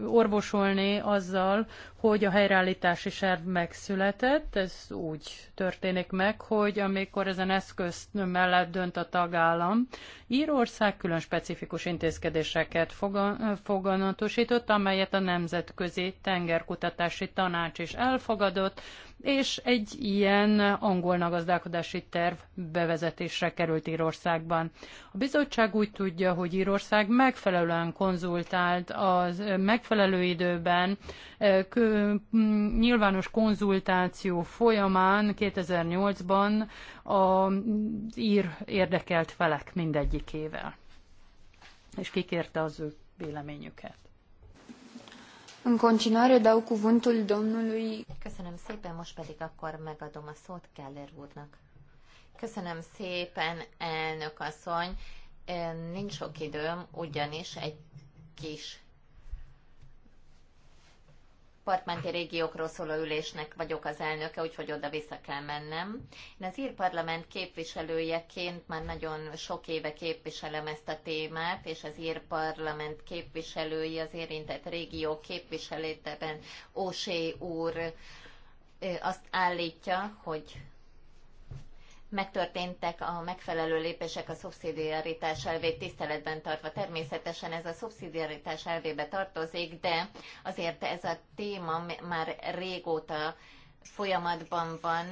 [SPEAKER 4] orvosolni azzal, hogy a helyreállítási serv megszületett. Ez úgy történik meg, hogy amikor ezen eszköz mellett dönt a tagállam, Írország külön specifikus intézkedéseket foganatosított, amelyet a Nemzetközi Tengerkutatási Tanács is elfogadott, és egy ilyen angol gazdálkodási terv bevezetésre került Írországban. A bizottság úgy tudja, hogy Írország megfelelően konzultált az megfelelő időben, mm, nyilvános konzultáció folyamán 2008-ban az ír érdekelt felek mindegyikével, és kikérte az ő véleményüket.
[SPEAKER 3] În continuare dau cuvântul domnului... Köszönöm szépen, most pedig akkor megadom a szót Keller úrnak. Köszönöm szépen, elnök asszony. Nincs sok időm, ugyanis egy kis partmenti régiókról szóló ülésnek vagyok az elnöke, úgyhogy oda-vissza kell mennem. Én az írparlament parlament képviselőjeként már nagyon sok éve képviselem ezt a témát, és az írparlament parlament képviselői, az érintett régió képviselőteben Ósé úr azt állítja, hogy megtörténtek a megfelelő lépések a szubszidiaritás elvét tiszteletben tartva. Természetesen ez a szubszidiaritás elvébe tartozik, de azért ez a téma már régóta folyamatban van,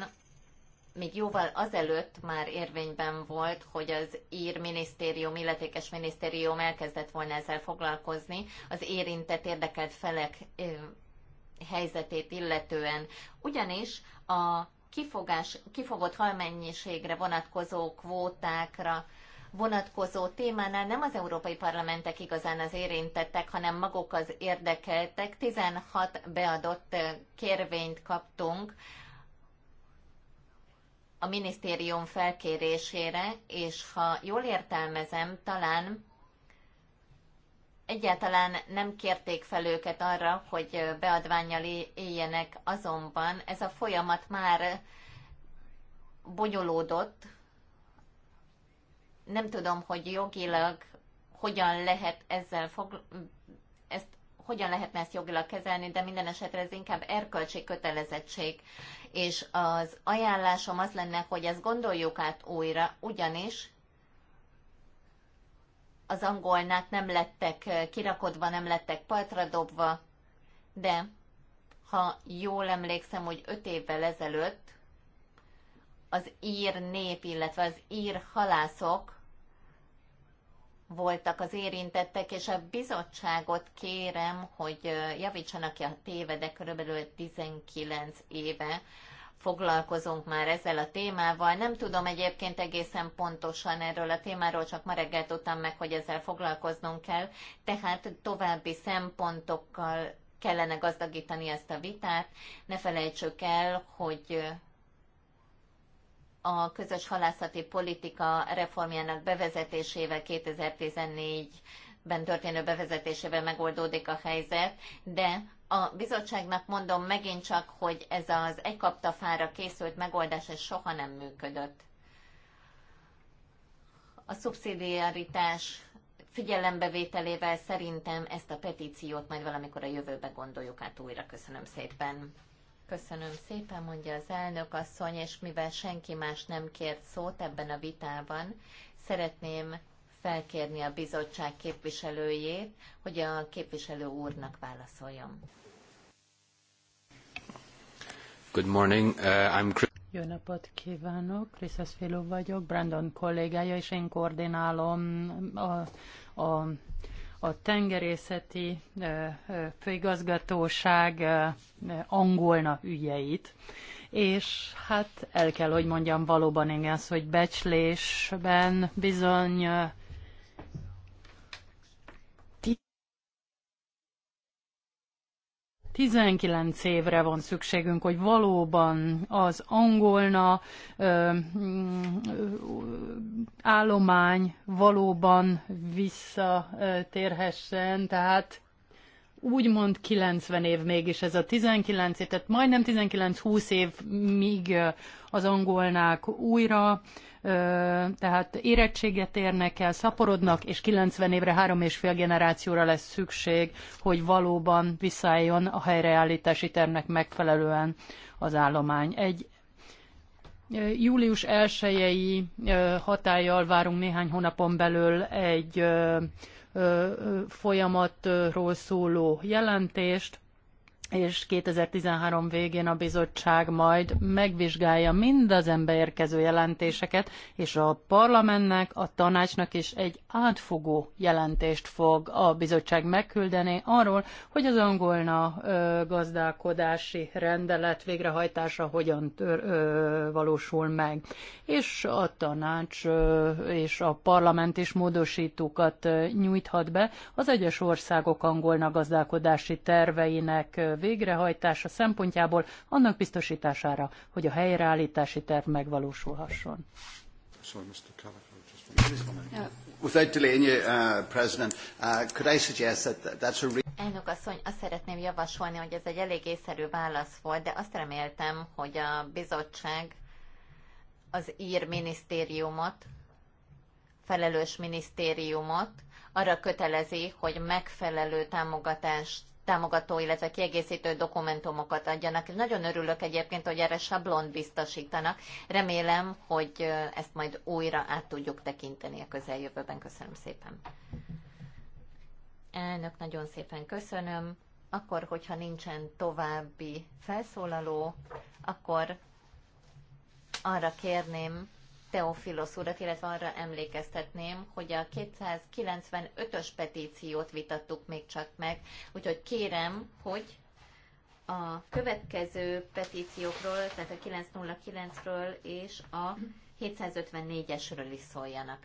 [SPEAKER 3] még jóval azelőtt már érvényben volt, hogy az ír minisztérium, illetékes minisztérium elkezdett volna ezzel foglalkozni, az érintett érdekelt felek helyzetét illetően. Ugyanis a kifogás, kifogott halmennyiségre vonatkozó kvótákra vonatkozó témánál nem az európai parlamentek igazán az érintettek, hanem maguk az érdekeltek. 16 beadott kérvényt kaptunk a minisztérium felkérésére, és ha jól értelmezem, talán egyáltalán nem kérték fel őket arra, hogy beadványjal éljenek, azonban ez a folyamat már bonyolódott. Nem tudom, hogy jogilag hogyan lehet ezzel fog, ezt hogyan lehetne ezt jogilag kezelni, de minden esetre ez inkább erkölcsi kötelezettség. És az ajánlásom az lenne, hogy ezt gondoljuk át újra, ugyanis az angolnák nem lettek kirakodva, nem lettek partra dobva, de ha jól emlékszem, hogy öt évvel ezelőtt az ír nép, illetve az ír halászok voltak az érintettek, és a bizottságot kérem, hogy javítsanak ki a tévedek, körülbelül 19 éve foglalkozunk már ezzel a témával. Nem tudom egyébként egészen pontosan erről a témáról, csak ma reggel tudtam meg, hogy ezzel foglalkoznunk kell. Tehát további szempontokkal kellene gazdagítani ezt a vitát. Ne felejtsük el, hogy a közös halászati politika reformjának bevezetésével 2014 ben történő bevezetésével megoldódik a helyzet, de a bizottságnak mondom megint csak, hogy ez az egykaptafára készült megoldás, ez soha nem működött. A szubszidiaritás figyelembevételével szerintem ezt a petíciót majd valamikor a jövőbe gondoljuk át újra. Köszönöm szépen. Köszönöm szépen, mondja az elnök asszony, és mivel senki más nem kért szót ebben a vitában, szeretném felkérni a bizottság képviselőjét, hogy a képviselő úrnak válaszoljon.
[SPEAKER 5] Good morning. Uh, I'm Chris.
[SPEAKER 4] Jó napot kívánok, Krisztus Filó vagyok, Brandon kollégája, és én koordinálom a, a, a tengerészeti főigazgatóság angolna ügyeit. És hát el kell, hogy mondjam, valóban igaz, hogy becslésben bizony 19 évre van szükségünk, hogy valóban az angolna ö, mm, ö, állomány valóban visszatérhessen, tehát úgymond 90 év mégis ez a 19 év, tehát majdnem 19-20 év, míg az angolnák újra, tehát érettséget érnek el, szaporodnak, és 90 évre három és fél generációra lesz szükség, hogy valóban visszaálljon a helyreállítási tervnek megfelelően az állomány. Egy Július elsőjei hatállyal várunk néhány hónapon belül egy folyamatról szóló jelentést, és 2013 végén a bizottság majd megvizsgálja mind az ember érkező jelentéseket, és a parlamentnek, a tanácsnak is egy átfogó jelentést fog a bizottság megküldeni arról, hogy az angolna ö, gazdálkodási rendelet végrehajtása hogyan tör, ö, valósul meg. És a tanács ö, és a parlament is módosítókat ö, nyújthat be az egyes országok angolna gazdálkodási terveinek ö, végrehajtása szempontjából annak biztosítására, hogy a helyreállítási terv megvalósulhasson.
[SPEAKER 5] Uh, President, uh, could I suggest that that's a
[SPEAKER 3] Elnök asszony, azt szeretném javasolni, hogy ez egy elég észszerű válasz volt, de azt reméltem, hogy a bizottság az ír minisztériumot, felelős minisztériumot arra kötelezi, hogy megfelelő támogatást támogató, illetve kiegészítő dokumentumokat adjanak. Nagyon örülök egyébként, hogy erre sablont biztosítanak. Remélem, hogy ezt majd újra át tudjuk tekinteni a közeljövőben. Köszönöm szépen. Elnök, nagyon szépen köszönöm. Akkor, hogyha nincsen további felszólaló, akkor arra kérném, Teofilosz urat, illetve arra emlékeztetném, hogy a 295-ös petíciót vitattuk még csak meg, úgyhogy kérem, hogy a következő petíciókról, tehát a 909-ről és a 754-esről is szóljanak.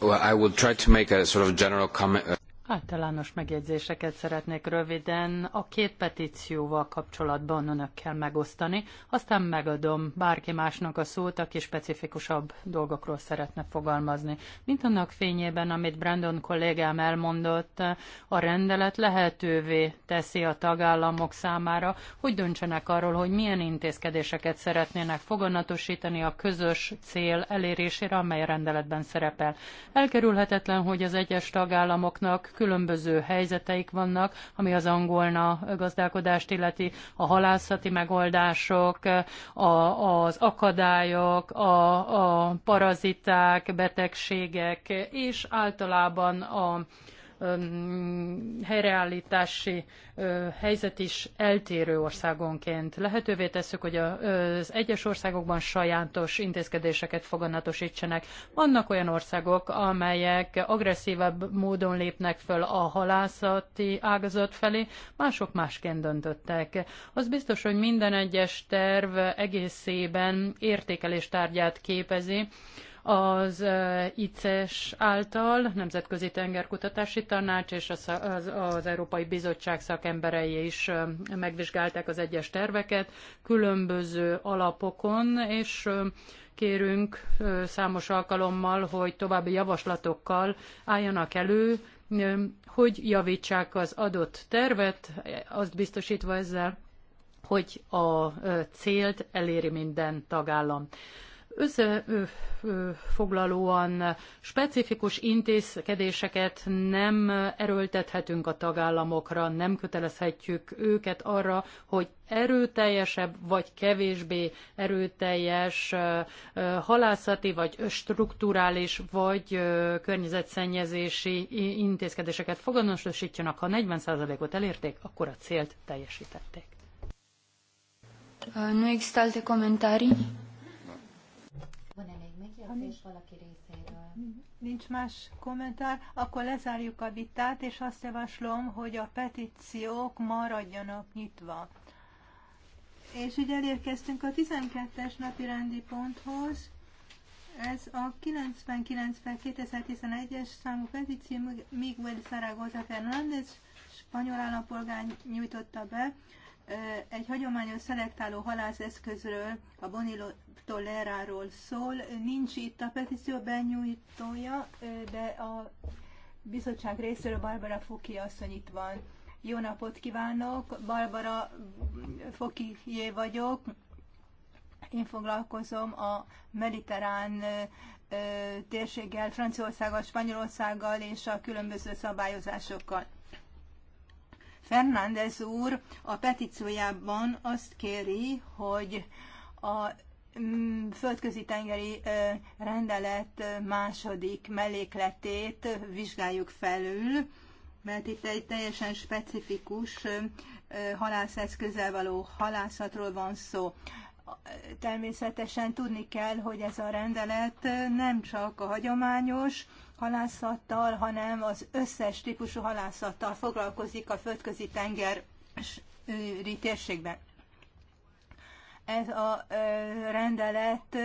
[SPEAKER 1] Well, I will try to make a sort of general comment. Uh,
[SPEAKER 4] Általános megjegyzéseket szeretnék röviden a két petícióval kapcsolatban önökkel megosztani, aztán megadom bárki másnak a szót, aki specifikusabb dolgokról szeretne fogalmazni. Mint annak fényében, amit Brandon kollégám elmondott, a rendelet lehetővé teszi a tagállamok számára, hogy döntsenek arról, hogy milyen intézkedéseket szeretnének foganatosítani a közös cél elérésére, amely a rendeletben szerepel. Elkerülhetetlen, hogy az egyes tagállamoknak különböző helyzeteik vannak, ami az angolna gazdálkodást illeti, a halászati megoldások, a, az akadályok, a, a paraziták, betegségek, és általában a helyreállítási helyzet is eltérő országonként. Lehetővé tesszük, hogy az egyes országokban sajátos intézkedéseket foganatosítsanak. Vannak olyan országok, amelyek agresszívebb módon lépnek föl a halászati ágazat felé, mások másként döntöttek. Az biztos, hogy minden egyes terv egészében értékelés tárgyát képezi, az ICES által, Nemzetközi Tengerkutatási Tanács és az, az, az Európai Bizottság szakemberei is megvizsgálták az egyes terveket különböző alapokon, és kérünk számos alkalommal, hogy további javaslatokkal álljanak elő, hogy javítsák az adott tervet, azt biztosítva ezzel, hogy a célt eléri minden tagállam összefoglalóan specifikus intézkedéseket nem erőltethetünk a tagállamokra, nem kötelezhetjük őket arra, hogy erőteljesebb vagy kevésbé erőteljes halászati, vagy strukturális, vagy környezetszennyezési intézkedéseket fogadatosítsanak. Ha 40%-ot elérték, akkor a célt teljesítették.
[SPEAKER 1] Nu există alte comentarii?
[SPEAKER 3] Van-e még megjegyzés valaki
[SPEAKER 2] részéről? Nincs más kommentár. Akkor lezárjuk a vitát, és azt javaslom, hogy a petíciók maradjanak nyitva. És így elérkeztünk a 12-es napi rendi ponthoz. Ez a 99 2011-es számú petíció Miguel Zaragoza Fernández, spanyol állampolgár nyújtotta be egy hagyományos szelektáló halászeszközről, a bonilo Toleráról szól. Nincs itt a petíció benyújtója, de a bizottság részéről Barbara Foki asszony itt van. Jó napot kívánok, Barbara Fokié vagyok. Én foglalkozom a mediterrán térséggel, Franciaországgal, Spanyolországgal és a különböző szabályozásokkal. Fernández úr a petíciójában azt kéri, hogy a mm, földközi tengeri rendelet második mellékletét vizsgáljuk felül, mert itt egy teljesen specifikus halászeszközzel való halászatról van szó. Természetesen tudni kell, hogy ez a rendelet nem csak a hagyományos halászattal, hanem az összes típusú halászattal foglalkozik a földközi tengeri térségben. Ez a rendelet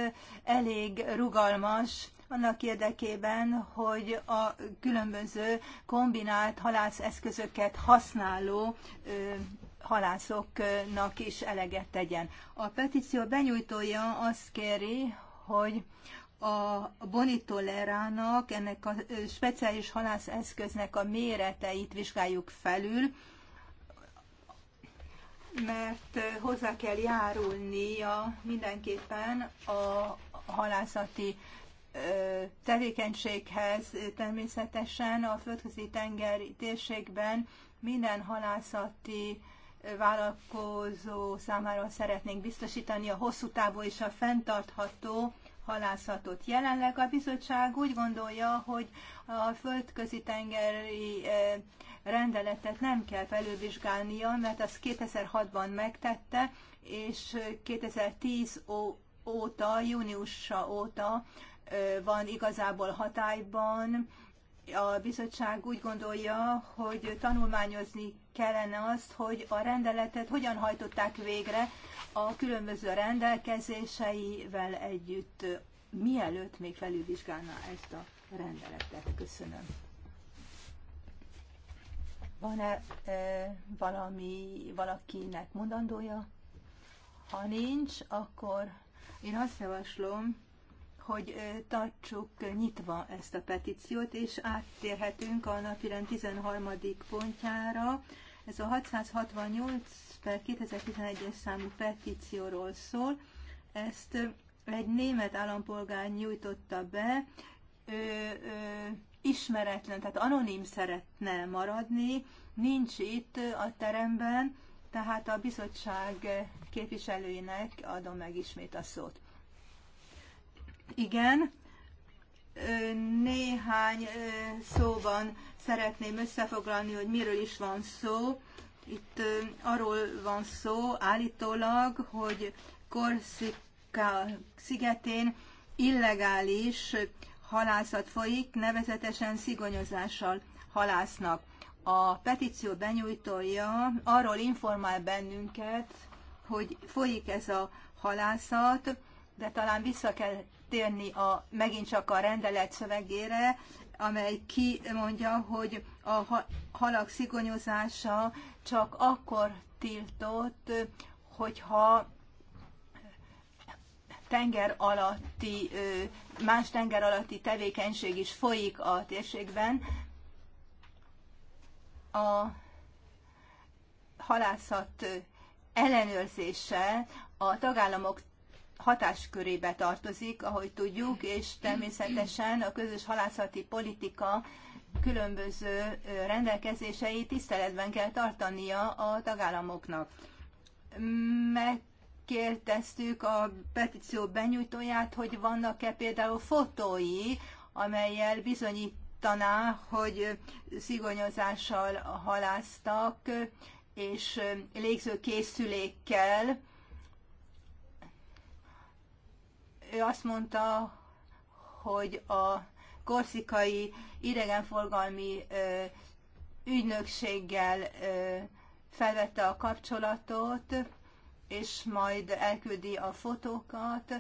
[SPEAKER 2] elég rugalmas, annak érdekében, hogy a különböző kombinált halászeszközöket használó halászoknak is eleget tegyen. A petíció benyújtója azt kéri, hogy a bonitolerának, ennek a speciális halászeszköznek a méreteit vizsgáljuk felül, mert hozzá kell járulnia mindenképpen a halászati tevékenységhez természetesen a földközi tengeri térségben minden halászati vállalkozó számára szeretnénk biztosítani a hosszú távú és a fenntartható halászatot. Jelenleg a bizottság úgy gondolja, hogy a földközi tengeri eh, rendeletet nem kell felülvizsgálnia, mert az 2006-ban megtette, és 2010 óta, júniusa óta eh, van igazából hatályban, a bizottság úgy gondolja, hogy tanulmányozni kellene azt, hogy a rendeletet hogyan hajtották végre a különböző rendelkezéseivel együtt, mielőtt még felülvizsgálná ezt a rendeletet. Köszönöm. Van-e e, valami, valakinek mondandója? Ha nincs, akkor én azt javaslom, hogy tartsuk nyitva ezt a petíciót, és áttérhetünk a napirend 13. pontjára. Ez a 668 per 2011-es számú petícióról szól. Ezt egy német állampolgár nyújtotta be, ö, ö, ismeretlen, tehát anonim szeretne maradni, nincs itt a teremben, tehát a bizottság képviselőinek adom meg ismét a szót. Igen, néhány szóban szeretném összefoglalni, hogy miről is van szó. Itt arról van szó állítólag, hogy Korszika szigetén illegális halászat folyik, nevezetesen szigonyozással halásznak. A petíció benyújtója arról informál bennünket, hogy folyik ez a halászat, de talán vissza kell térni a, megint csak a rendelet szövegére, amely kimondja, hogy a halak szigonyozása csak akkor tiltott, hogyha tenger alatti, más tenger alatti tevékenység is folyik a térségben. A halászat ellenőrzése a tagállamok hatáskörébe tartozik, ahogy tudjuk, és természetesen a közös halászati politika különböző rendelkezései tiszteletben kell tartania a tagállamoknak. Megkérdeztük a petíció benyújtóját, hogy vannak-e például fotói, amelyel bizonyítaná, hogy szigonyozással halásztak, és légzőkészülékkel, ő azt mondta, hogy a korszikai idegenforgalmi ügynökséggel felvette a kapcsolatot, és majd elküldi a fotókat.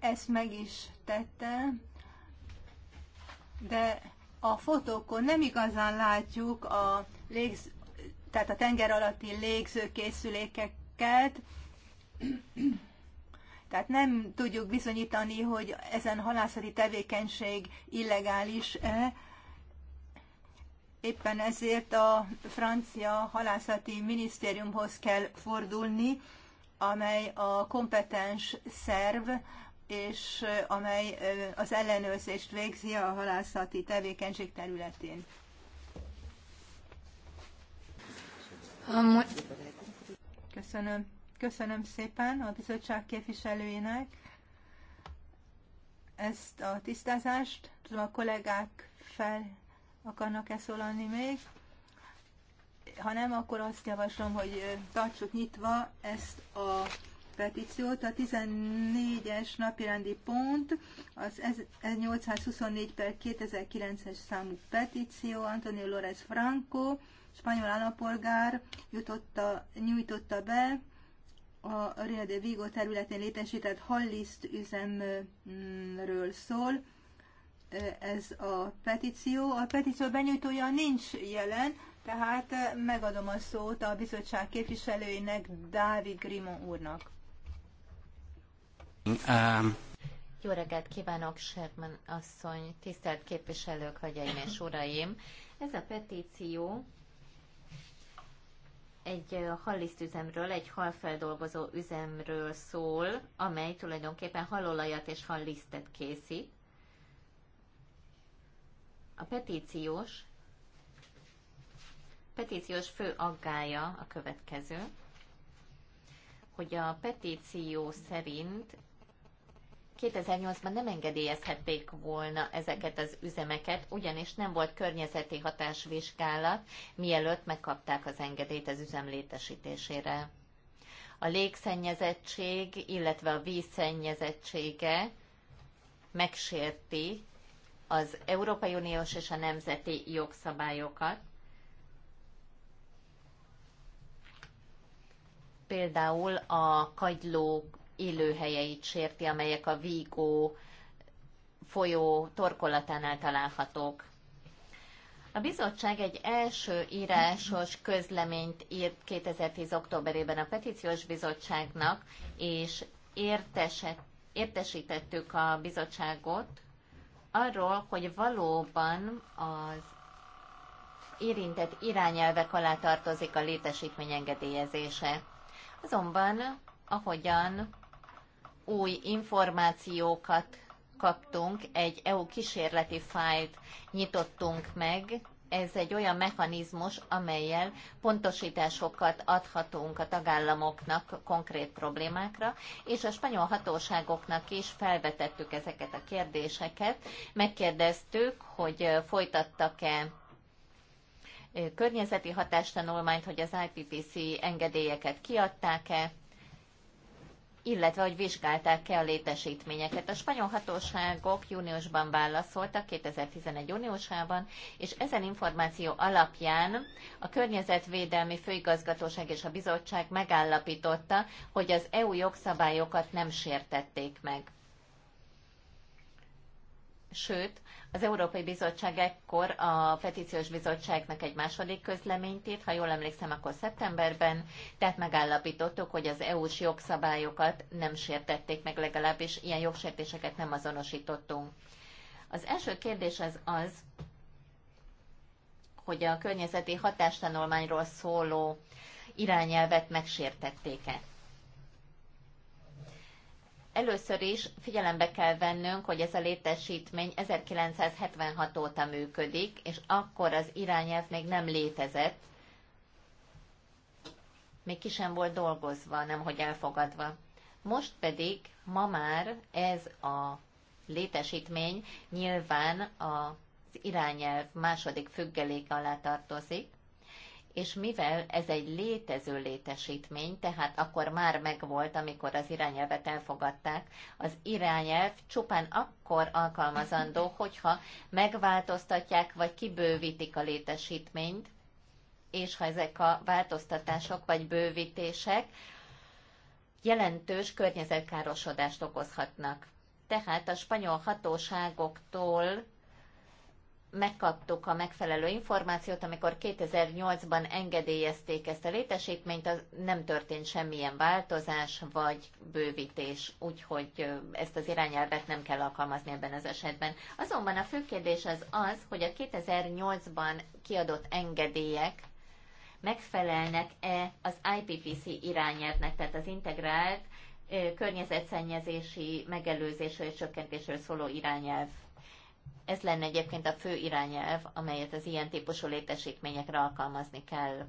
[SPEAKER 2] Ezt meg is tette, de a fotókon nem igazán látjuk a légz, tehát a tenger alatti légzőkészülékek kelt. Tehát nem tudjuk bizonyítani, hogy ezen halászati tevékenység illegális-e. Éppen ezért a francia halászati minisztériumhoz kell fordulni, amely a kompetens szerv, és amely az ellenőrzést végzi a halászati tevékenység területén. Um, Köszönöm. Köszönöm szépen a bizottság képviselőinek ezt a tisztázást. Tudom, a kollégák fel akarnak-e szólalni még. Ha nem, akkor azt javaslom, hogy tartsuk nyitva ezt a petíciót. A 14-es napirendi pont az 1824 per 2009-es számú petíció Antonio Lores Franco spanyol állampolgár jutotta, nyújtotta be a Rio de Vigo területén létesített Halliszt üzemről szól. Ez a petíció. A petíció benyújtója nincs jelen, tehát megadom a szót a
[SPEAKER 3] bizottság képviselőinek, Dávid Grimon úrnak. Um. Jó reggelt kívánok, Sherman asszony, tisztelt képviselők, hölgyeim és uraim! Ez a petíció egy hallisztüzemről, egy halfeldolgozó üzemről szól, amely tulajdonképpen halolajat és hallisztet készít. A petíciós, petíciós fő aggája a következő, hogy a petíció szerint 2008-ban nem engedélyezhették volna ezeket az üzemeket, ugyanis nem volt környezeti hatásvizsgálat, mielőtt megkapták az engedélyt az üzem létesítésére. A légszennyezettség, illetve a vízszennyezettsége megsérti az Európai Uniós és a nemzeti jogszabályokat, például a kagylók élőhelyeit sérti, amelyek a Vigo folyó torkolatánál találhatók. A bizottság egy első írásos közleményt írt 2010. októberében a petíciós bizottságnak, és értesítettük a bizottságot arról, hogy valóban az érintett irányelvek alá tartozik a létesítmény engedélyezése. Azonban, ahogyan új információkat kaptunk, egy EU kísérleti fájlt nyitottunk meg, ez egy olyan mechanizmus, amelyel pontosításokat adhatunk a tagállamoknak konkrét problémákra, és a spanyol hatóságoknak is felvetettük ezeket a kérdéseket. Megkérdeztük, hogy folytattak-e környezeti hatástanulmányt, hogy az IPPC engedélyeket kiadták-e, illetve hogy vizsgálták-e a létesítményeket. A spanyol hatóságok júniusban válaszoltak, 2011 júniusában, és ezen információ alapján a Környezetvédelmi Főigazgatóság és a Bizottság megállapította, hogy az EU jogszabályokat nem sértették meg. Sőt, az Európai Bizottság ekkor a Petíciós Bizottságnak egy második közleményt írt, ha jól emlékszem, akkor szeptemberben, tehát megállapítottuk, hogy az EU-s jogszabályokat nem sértették meg, legalábbis ilyen jogsértéseket nem azonosítottunk. Az első kérdés az az, hogy a környezeti hatástanulmányról szóló irányelvet megsértették-e. Először is figyelembe kell vennünk, hogy ez a létesítmény 1976 óta működik, és akkor az irányelv még nem létezett, még ki sem volt dolgozva, nemhogy elfogadva. Most pedig ma már ez a létesítmény nyilván az irányelv második függeléke alá tartozik, és mivel ez egy létező létesítmény, tehát akkor már megvolt, amikor az irányelvet elfogadták, az irányelv csupán akkor alkalmazandó, hogyha megváltoztatják vagy kibővítik a létesítményt, és ha ezek a változtatások vagy bővítések jelentős környezetkárosodást okozhatnak. Tehát a spanyol hatóságoktól megkaptuk a megfelelő információt, amikor 2008-ban engedélyezték ezt a létesítményt, az nem történt semmilyen változás vagy bővítés, úgyhogy ezt az irányelvet nem kell alkalmazni ebben az esetben. Azonban a fő kérdés az az, hogy a 2008-ban kiadott engedélyek megfelelnek-e az IPPC irányelvnek, tehát az integrált környezetszennyezési megelőzésről és csökkentésről szóló irányelv ez lenne egyébként a fő irányelv, amelyet az ilyen típusú létesítményekre alkalmazni kell.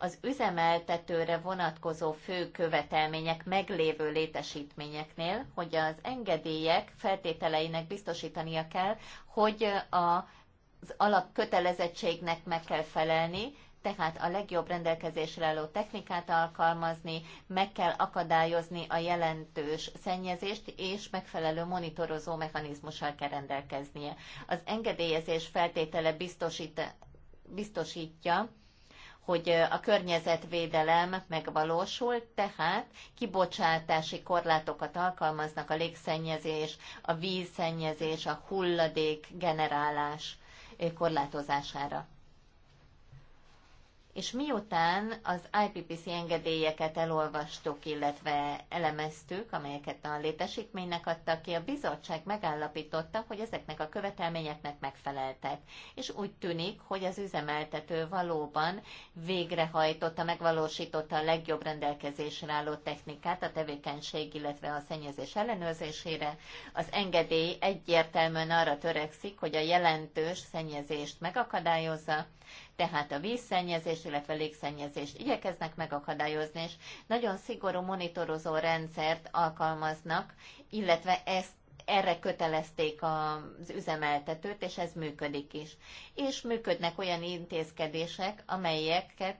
[SPEAKER 3] Az üzemeltetőre vonatkozó fő követelmények meglévő létesítményeknél, hogy az engedélyek feltételeinek biztosítania kell, hogy a az alapkötelezettségnek meg kell felelni, tehát a legjobb rendelkezésre álló technikát alkalmazni, meg kell akadályozni a jelentős szennyezést, és megfelelő monitorozó mechanizmussal kell rendelkeznie. Az engedélyezés feltétele biztosít, biztosítja, hogy a környezetvédelem megvalósul, tehát kibocsátási korlátokat alkalmaznak a légszennyezés, a vízszennyezés, a hulladék generálás korlátozására és miután az IPPC engedélyeket elolvastuk, illetve elemeztük, amelyeket a létesítménynek adtak ki, a bizottság megállapította, hogy ezeknek a követelményeknek megfeleltek. És úgy tűnik, hogy az üzemeltető valóban végrehajtotta, megvalósította a legjobb rendelkezésre álló technikát a tevékenység, illetve a szennyezés ellenőrzésére. Az engedély egyértelműen arra törekszik, hogy a jelentős szennyezést megakadályozza, tehát a vízszennyezés, illetve légszennyezést igyekeznek megakadályozni, és nagyon szigorú monitorozó rendszert alkalmaznak, illetve ezt erre kötelezték az üzemeltetőt, és ez működik is. És működnek olyan intézkedések, amelyeket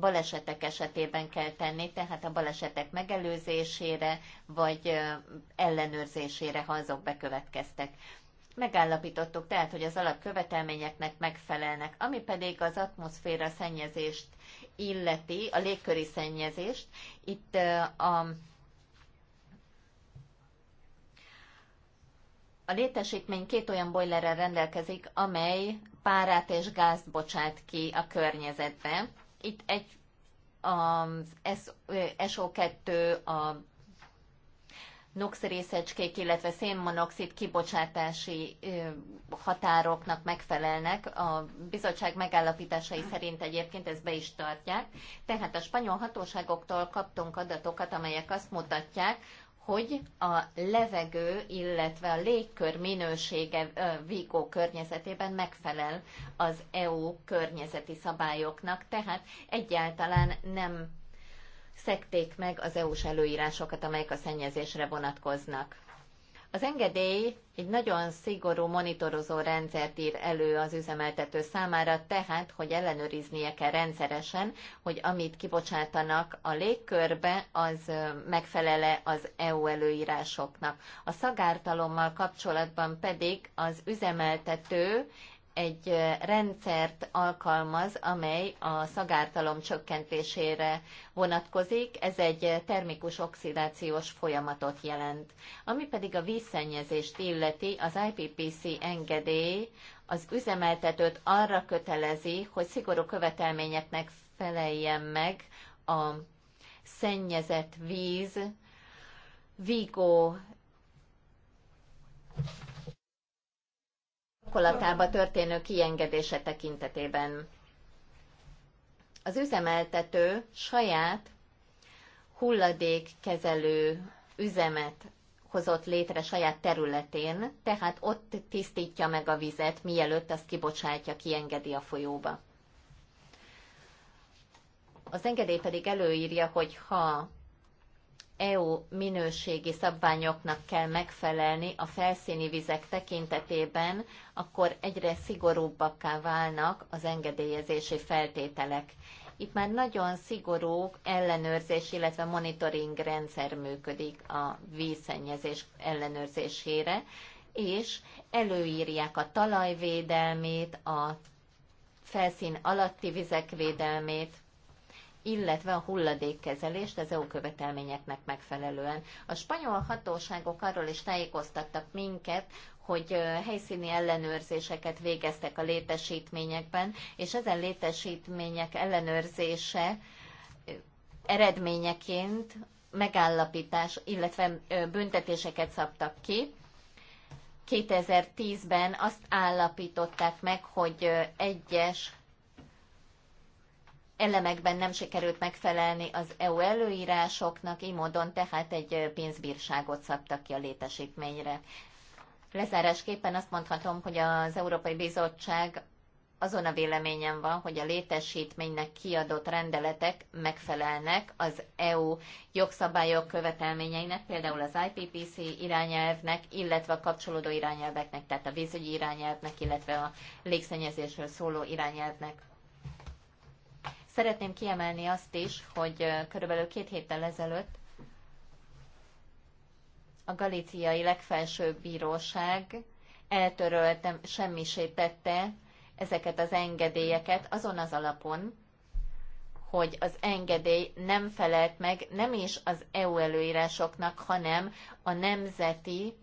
[SPEAKER 3] balesetek esetében kell tenni, tehát a balesetek megelőzésére vagy ellenőrzésére, ha azok bekövetkeztek megállapítottuk tehát, hogy az alapkövetelményeknek megfelelnek, ami pedig az atmoszféra szennyezést illeti, a légköri szennyezést. Itt a A létesítmény két olyan bojlerrel rendelkezik, amely párát és gázt bocsát ki a környezetbe. Itt egy az SO2, a noxirészecskék, illetve szénmonoxid kibocsátási határoknak megfelelnek. A bizottság megállapításai szerint egyébként ezt be is tartják. Tehát a spanyol hatóságoktól kaptunk adatokat, amelyek azt mutatják, hogy a levegő, illetve a légkör minősége Vigo környezetében megfelel az EU környezeti szabályoknak, tehát egyáltalán nem szekték meg az EU-s előírásokat, amelyek a szennyezésre vonatkoznak. Az engedély egy nagyon szigorú monitorozó rendszert ír elő az üzemeltető számára, tehát, hogy ellenőriznie kell rendszeresen, hogy amit kibocsátanak a légkörbe, az megfelele az EU előírásoknak. A szagártalommal kapcsolatban pedig az üzemeltető egy rendszert alkalmaz, amely a szagártalom csökkentésére vonatkozik. Ez egy termikus oxidációs folyamatot jelent. Ami pedig a vízszennyezést illeti, az IPPC engedély az üzemeltetőt arra kötelezi, hogy szigorú követelményeknek feleljen meg a szennyezett víz, vígó gyakorlatába történő kiengedése tekintetében. Az üzemeltető saját hulladékkezelő üzemet hozott létre saját területén, tehát ott tisztítja meg a vizet, mielőtt azt kibocsátja, kiengedi a folyóba. Az engedély pedig előírja, hogy ha EU minőségi szabványoknak kell megfelelni a felszíni vizek tekintetében, akkor egyre szigorúbbakká válnak az engedélyezési feltételek. Itt már nagyon szigorú ellenőrzés, illetve monitoring rendszer működik a vízszennyezés ellenőrzésére, és előírják a talajvédelmét, a felszín alatti vizek védelmét, illetve a hulladékkezelést az EU követelményeknek megfelelően. A spanyol hatóságok arról is tájékoztattak minket, hogy helyszíni ellenőrzéseket végeztek a létesítményekben, és ezen létesítmények ellenőrzése eredményeként megállapítás, illetve büntetéseket szabtak ki. 2010-ben azt állapították meg, hogy egyes elemekben nem sikerült megfelelni az EU előírásoknak, így módon tehát egy pénzbírságot szabtak ki a létesítményre. Lezárásképpen azt mondhatom, hogy az Európai Bizottság azon a véleményen van, hogy a létesítménynek kiadott rendeletek megfelelnek az EU jogszabályok követelményeinek, például az IPPC irányelvnek, illetve a kapcsolódó irányelveknek, tehát a vízügyi irányelvnek, illetve a légszennyezésről szóló irányelvnek. Szeretném kiemelni azt is, hogy körülbelül két héttel ezelőtt a galíciai legfelsőbb bíróság eltörölte, semmisítette ezeket az engedélyeket azon az alapon, hogy az engedély nem felelt meg nem is az EU előírásoknak, hanem a nemzeti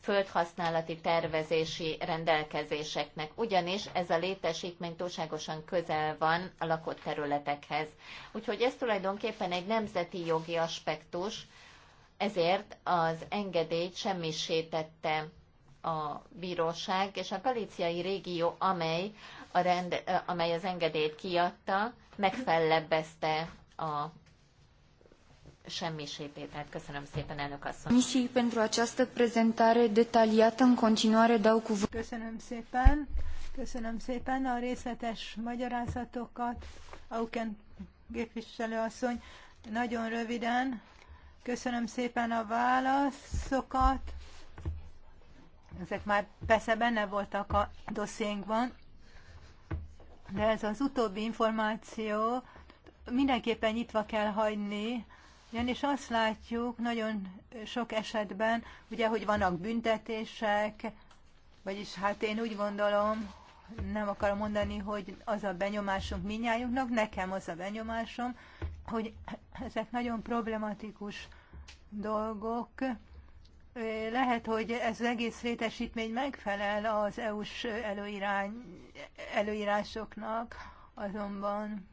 [SPEAKER 3] földhasználati tervezési rendelkezéseknek, ugyanis ez a létesítmény túlságosan közel van a lakott területekhez. Úgyhogy ez tulajdonképpen egy nemzeti jogi aspektus, ezért az engedélyt semmisítette a bíróság, és a galíciai régió, amely, a rend, amely az engedélyt kiadta, megfellebbezte a semmisépé. Tehát köszönöm szépen, elnök asszony. Misiei
[SPEAKER 1] pentru această prezentare detaliată în continuare dau cuvântul.
[SPEAKER 2] Köszönöm szépen. Köszönöm szépen a részletes magyarázatokat. Auken képviselőasszony, nagyon röviden. Köszönöm szépen a válaszokat. Ezek már persze benne voltak a dossziénkban, de ez az utóbbi információ mindenképpen nyitva kell hagyni és azt látjuk nagyon sok esetben, ugye, hogy vannak büntetések, vagyis hát én úgy gondolom, nem akarom mondani, hogy az a benyomásunk minnyájunknak, nekem az a benyomásom, hogy ezek nagyon problematikus dolgok. Lehet, hogy ez az egész létesítmény megfelel az EU-s előirány, előírásoknak, azonban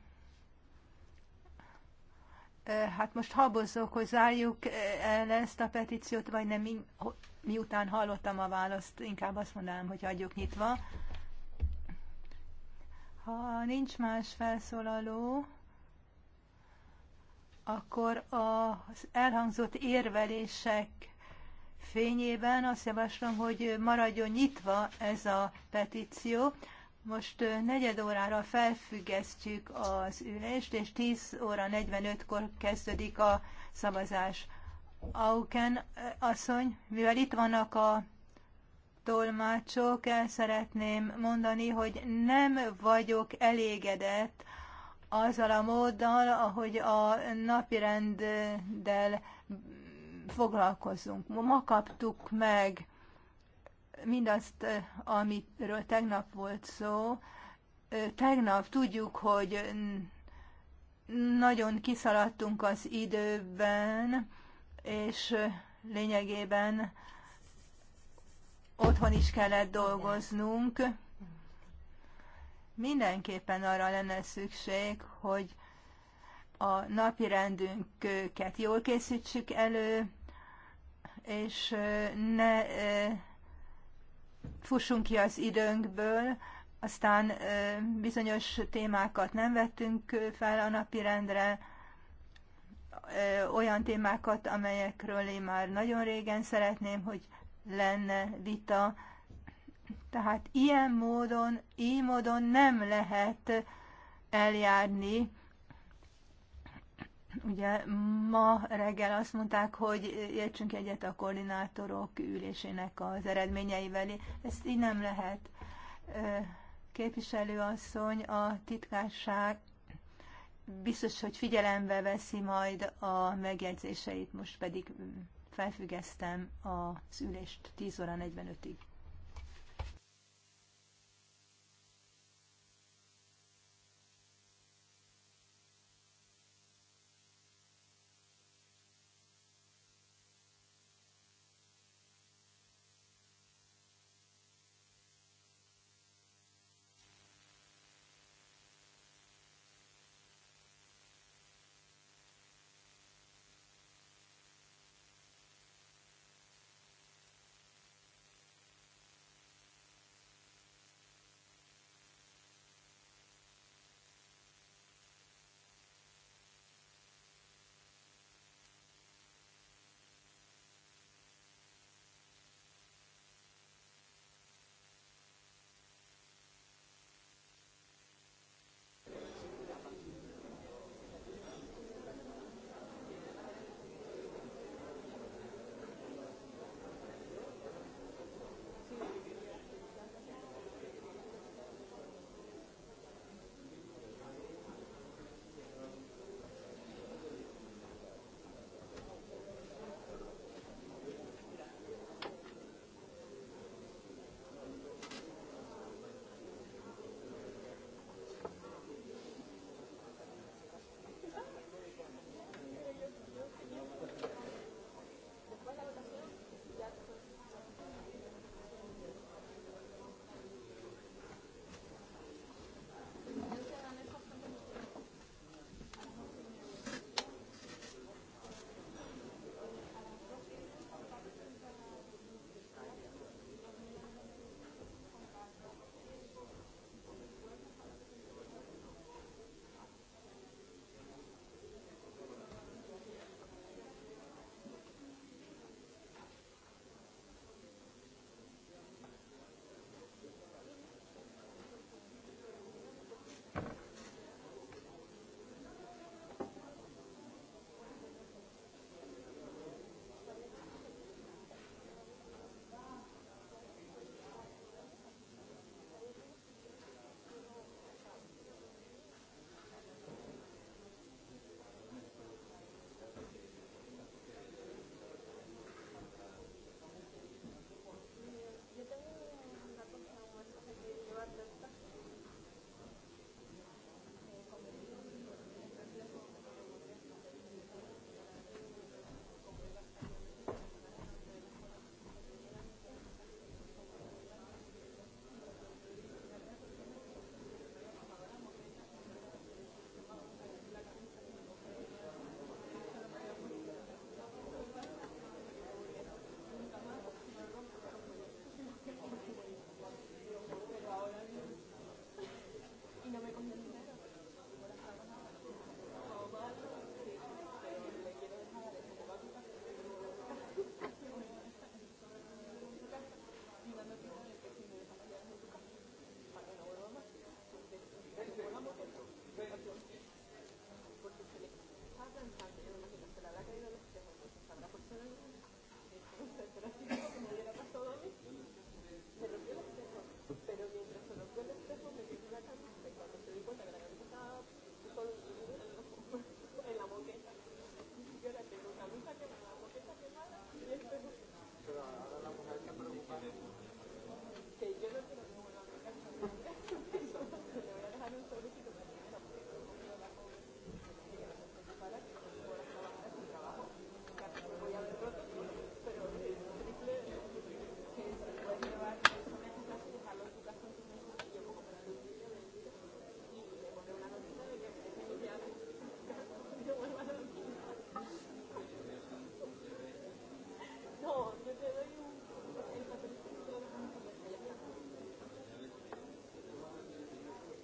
[SPEAKER 2] hát most habozok, hogy zárjuk el ezt a petíciót, vagy nem, miután hallottam a választ, inkább azt mondanám, hogy hagyjuk nyitva. Ha nincs más felszólaló, akkor az elhangzott érvelések fényében azt javaslom, hogy maradjon nyitva ez a petíció. Most negyed órára felfüggesztjük az ülést, és 10 óra 45-kor kezdődik a szavazás. Auken asszony, mivel itt vannak a tolmácsok, el szeretném mondani, hogy nem vagyok elégedett azzal a móddal, ahogy a napirenddel foglalkozunk. Ma kaptuk meg mindazt, amiről tegnap volt szó. Tegnap tudjuk, hogy nagyon kiszaladtunk az időben, és lényegében otthon is kellett dolgoznunk. Mindenképpen arra lenne szükség, hogy a napi rendünket jól készítsük elő, és ne fussunk ki az időnkből, aztán bizonyos témákat nem vettünk fel a napi rendre, olyan témákat, amelyekről én már nagyon régen szeretném, hogy lenne vita. Tehát ilyen módon, így módon nem lehet eljárni Ugye ma reggel azt mondták, hogy értsünk egyet a koordinátorok ülésének az eredményeivel. Ezt így nem lehet. Képviselőasszony, a titkárság biztos, hogy figyelembe veszi majd a megjegyzéseit, most pedig felfüggesztem az ülést 10 óra 45-ig.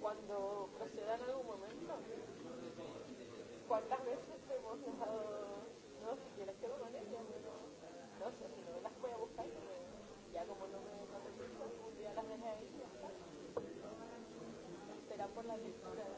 [SPEAKER 6] cuando proceda en algún momento. ¿Cuántas veces hemos dejado? No, sé si quieres que con ella, pero no sé, si no las voy a buscar, pero ya como no me no te pienso, un día las dejé ahí y ya está. Será por la lectura.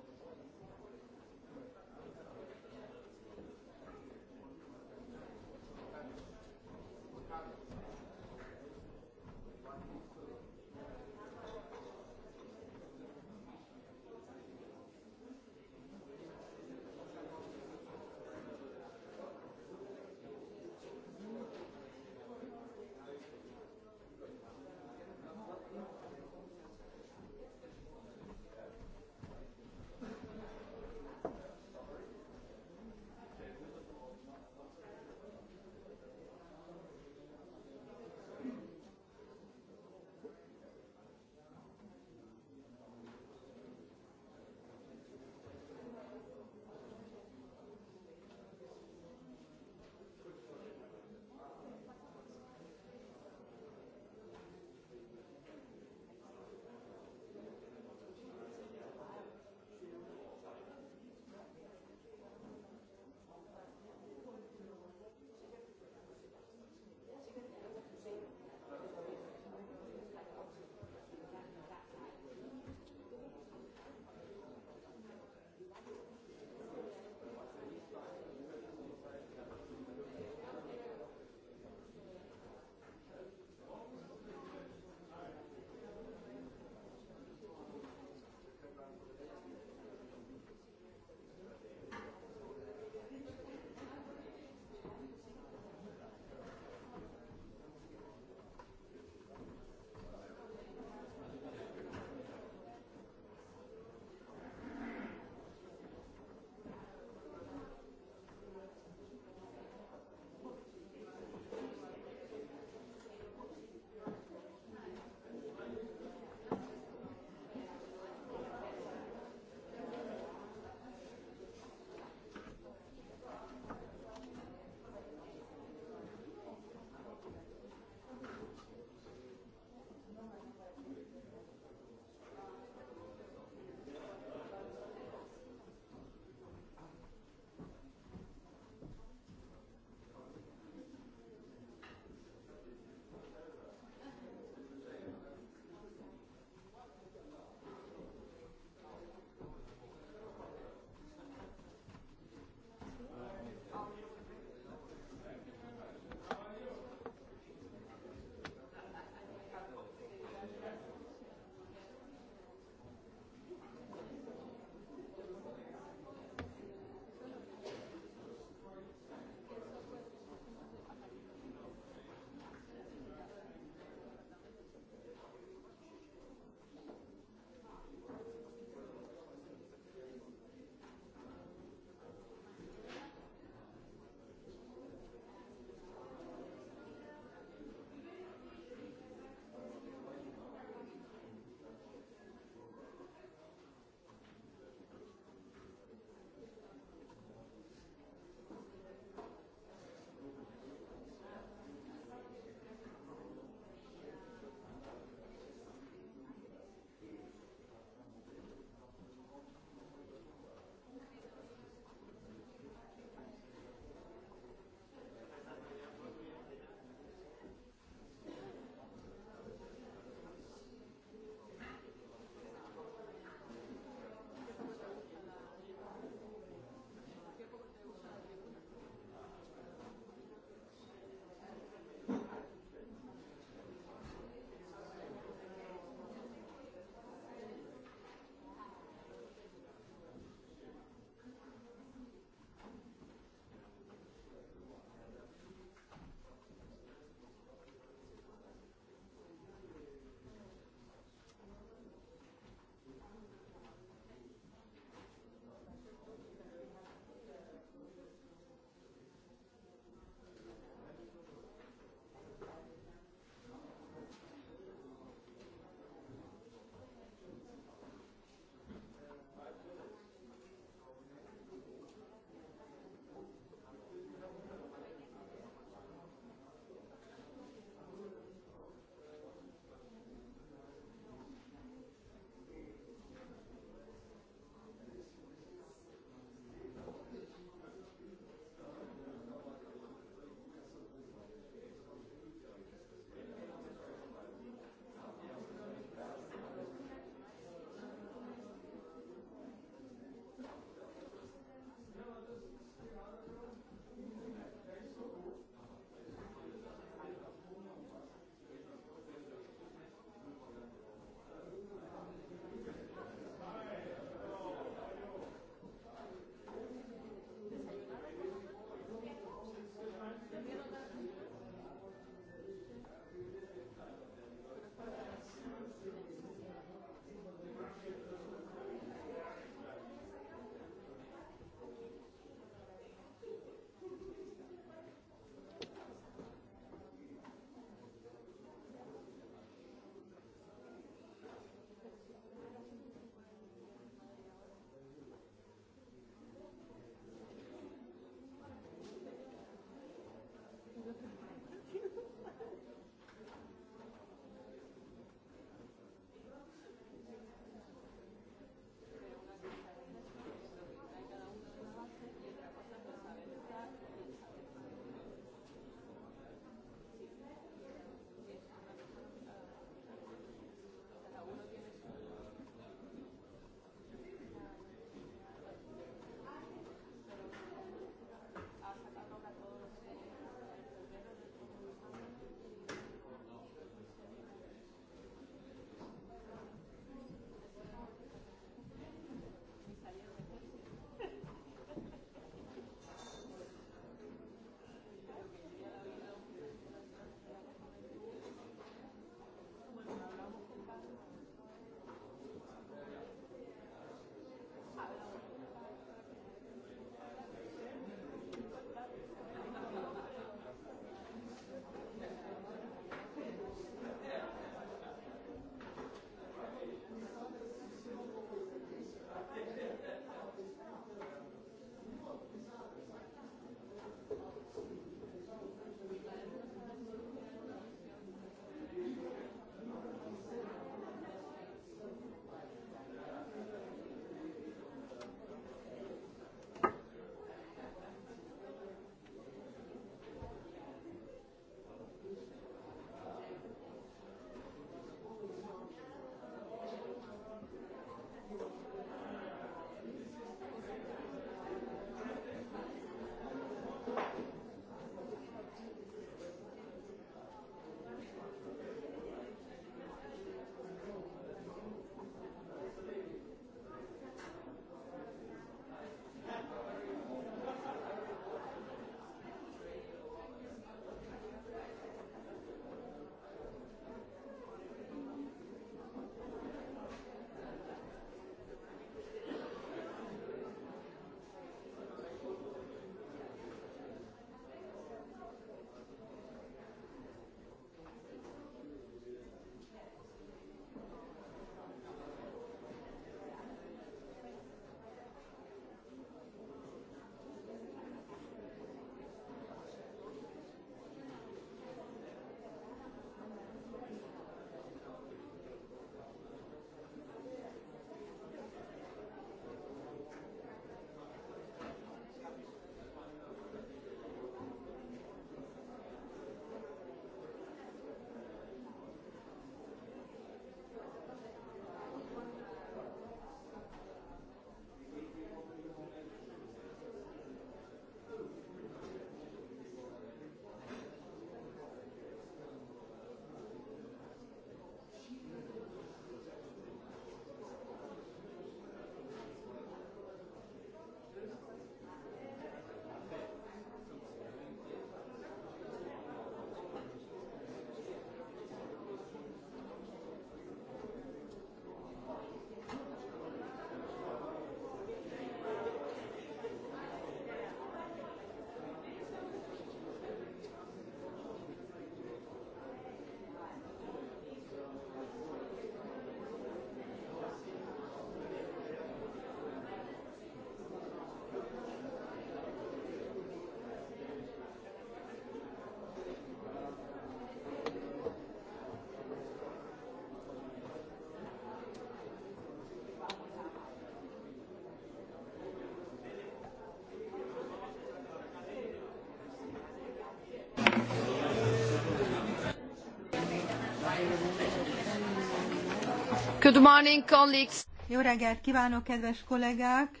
[SPEAKER 2] Good morning, colleagues. Jó reggelt kívánok, kedves kollégák!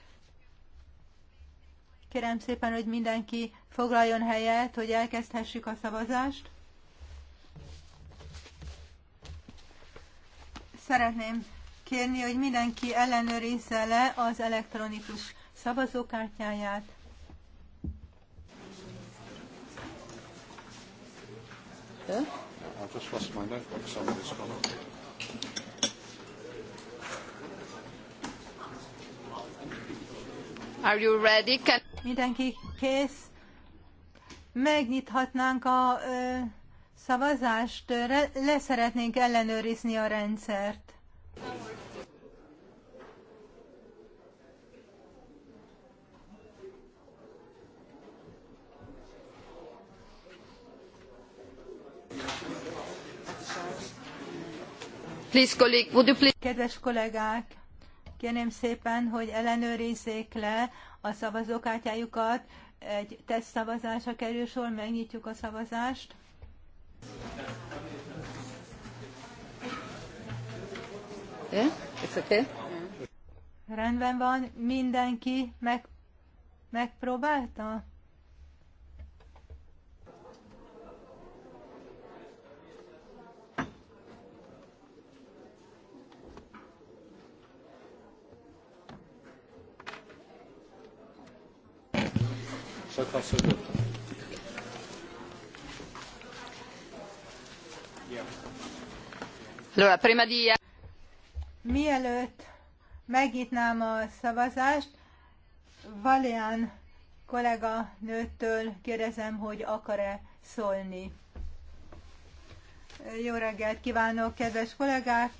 [SPEAKER 2] Kérem szépen, hogy mindenki foglaljon helyet, hogy elkezdhessük a szavazást. Szeretném kérni, hogy mindenki ellenőrizze le az elektronikus szavazókártyáját. Yeah?
[SPEAKER 6] just my notebook.
[SPEAKER 2] Are you ready? Can... Mindenki kész? Megnyithatnánk a ö, szavazást, Re, leszeretnénk ellenőrizni a rendszert. Please, colleague, would you please... Kedves kollégák, Kérném szépen, hogy ellenőrizzék le a szavazókártyájukat. Egy teszt szavazásra kerül sor, megnyitjuk a szavazást.
[SPEAKER 6] Yeah, okay.
[SPEAKER 2] Rendben van, mindenki meg, megpróbálta? Mielőtt megnyitnám a szavazást, Valian kollega nőttől kérdezem, hogy akar-e szólni. Jó reggelt kívánok, kedves kollégák!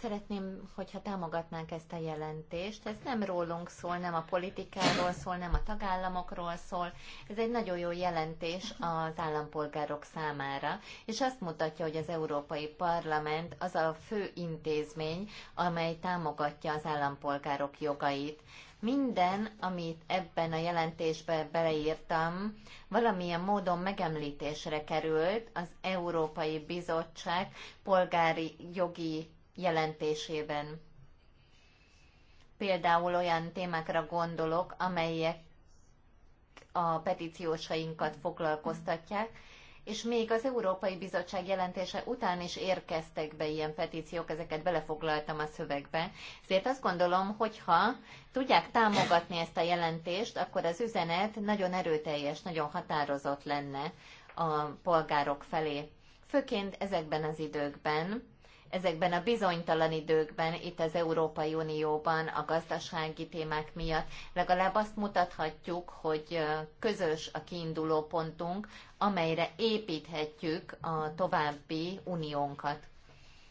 [SPEAKER 3] szeretném, hogyha támogatnánk ezt a jelentést. Ez nem rólunk szól, nem a politikáról szól, nem a tagállamokról szól. Ez egy nagyon jó jelentés az állampolgárok számára, és azt mutatja, hogy az Európai Parlament az a fő intézmény, amely támogatja az állampolgárok jogait minden, amit ebben a jelentésben beleírtam, valamilyen módon megemlítésre került az Európai Bizottság polgári jogi jelentésében. Például olyan témákra gondolok, amelyek a petíciósainkat foglalkoztatják, és még az Európai Bizottság jelentése után is érkeztek be ilyen petíciók, ezeket belefoglaltam a szövegbe. Ezért azt gondolom, hogy ha tudják támogatni ezt a jelentést, akkor az üzenet nagyon erőteljes, nagyon határozott lenne a polgárok felé. Főként ezekben az időkben, ezekben a bizonytalan időkben itt az Európai Unióban a gazdasági témák miatt legalább azt mutathatjuk, hogy közös a kiinduló pontunk, amelyre építhetjük a további uniónkat.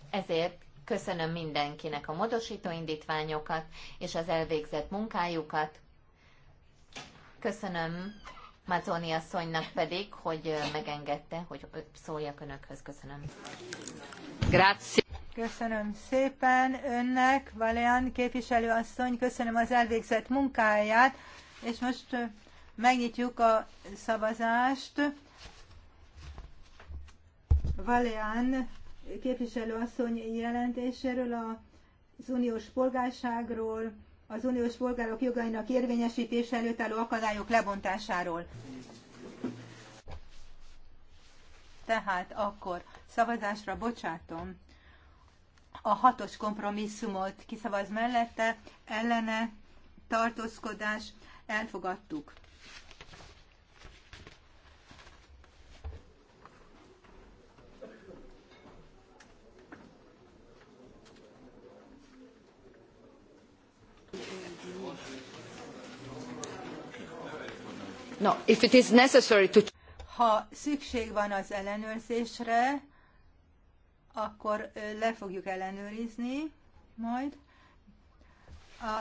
[SPEAKER 3] Ezért köszönöm mindenkinek a módosító indítványokat és az elvégzett munkájukat. Köszönöm Mazzoni asszonynak pedig, hogy megengedte, hogy szóljak önökhöz. Köszönöm. Grazie.
[SPEAKER 2] Köszönöm szépen önnek, Valéan képviselő asszony, köszönöm az elvégzett munkáját, és most megnyitjuk a szavazást. Valéan képviselő asszony jelentéséről, az uniós polgárságról, az uniós polgárok jogainak érvényesítése előtt álló akadályok lebontásáról. Tehát akkor szavazásra bocsátom a hatos kompromisszumot kiszavaz mellette, ellene tartózkodás elfogadtuk. Ha szükség van az ellenőrzésre, akkor le fogjuk ellenőrizni majd.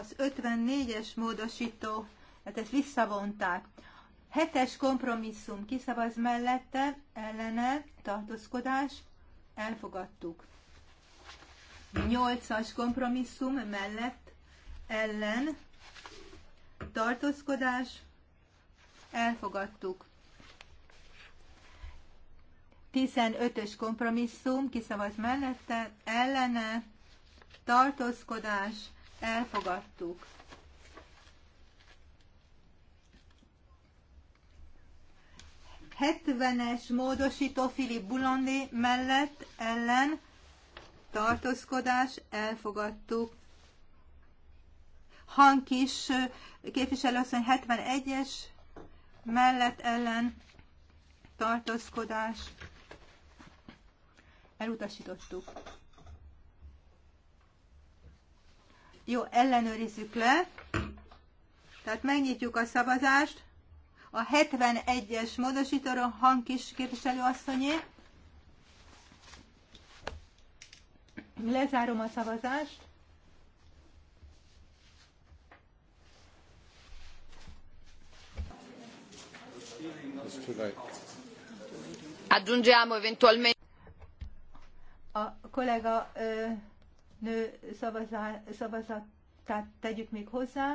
[SPEAKER 2] Az 54-es módosító, hát ezt visszavonták. Hetes kompromisszum kiszavaz mellette, ellene, tartózkodás, elfogadtuk. Nyolcas kompromisszum mellett, ellen, tartózkodás, elfogadtuk. 15-ös kompromisszum, kiszavaz mellette, ellene, tartózkodás, elfogadtuk. Hetvenes módosító Filip Bulondi mellett ellen tartózkodás elfogadtuk. Hankis képviselőasszony 71-es mellett ellen tartózkodás elutasítottuk. Jó, ellenőrizzük le. Tehát megnyitjuk a szavazást. A 71-es módosítóra hangkis képviselőasszonyé. Lezárom a szavazást. Aggiungiamo eventualmente. A kollega nő szavazatát tegyük még hozzá.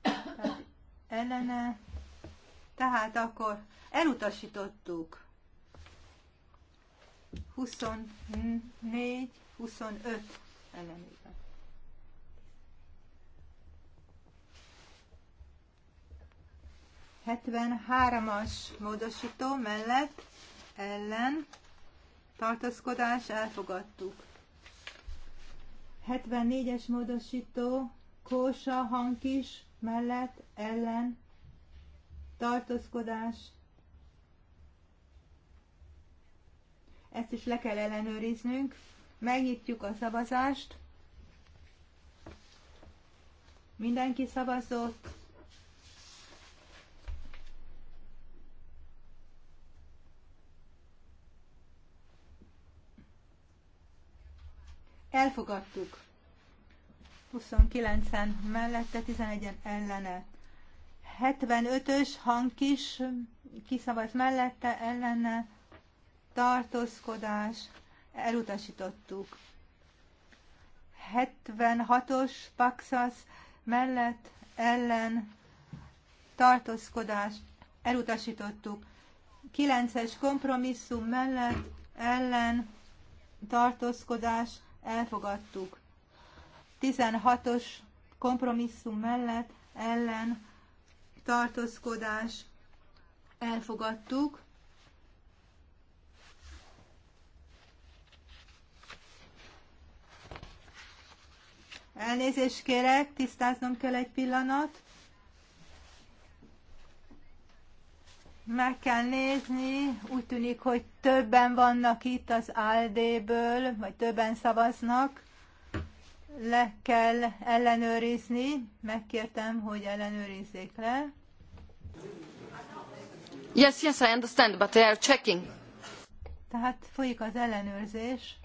[SPEAKER 2] Tehát ellene. Tehát akkor elutasítottuk. 24, 25 ellenében. 73-as módosító mellett ellen tartózkodás elfogadtuk. 74-es módosító Kósa Hankis mellett ellen tartózkodás ezt is le kell ellenőriznünk. Megnyitjuk a szavazást. Mindenki szavazott. Elfogadtuk. 29-en mellette, 11-en ellene. 75-ös hangkis kiszavaz mellette, ellene, tartózkodás, elutasítottuk. 76-os Paxas mellett, ellen, tartózkodás, elutasítottuk. 9-es kompromisszum mellett, ellen, tartózkodás, elfogadtuk. 16-os kompromisszum mellett ellen tartózkodás elfogadtuk. Elnézést kérek, tisztáznom kell egy pillanat. Meg kell nézni, úgy tűnik, hogy többen vannak itt az ALD-ből, vagy többen szavaznak. Le kell ellenőrizni, megkértem, hogy ellenőrizzék le. Yes, yes, I understand, but they are checking. Tehát folyik az ellenőrzés.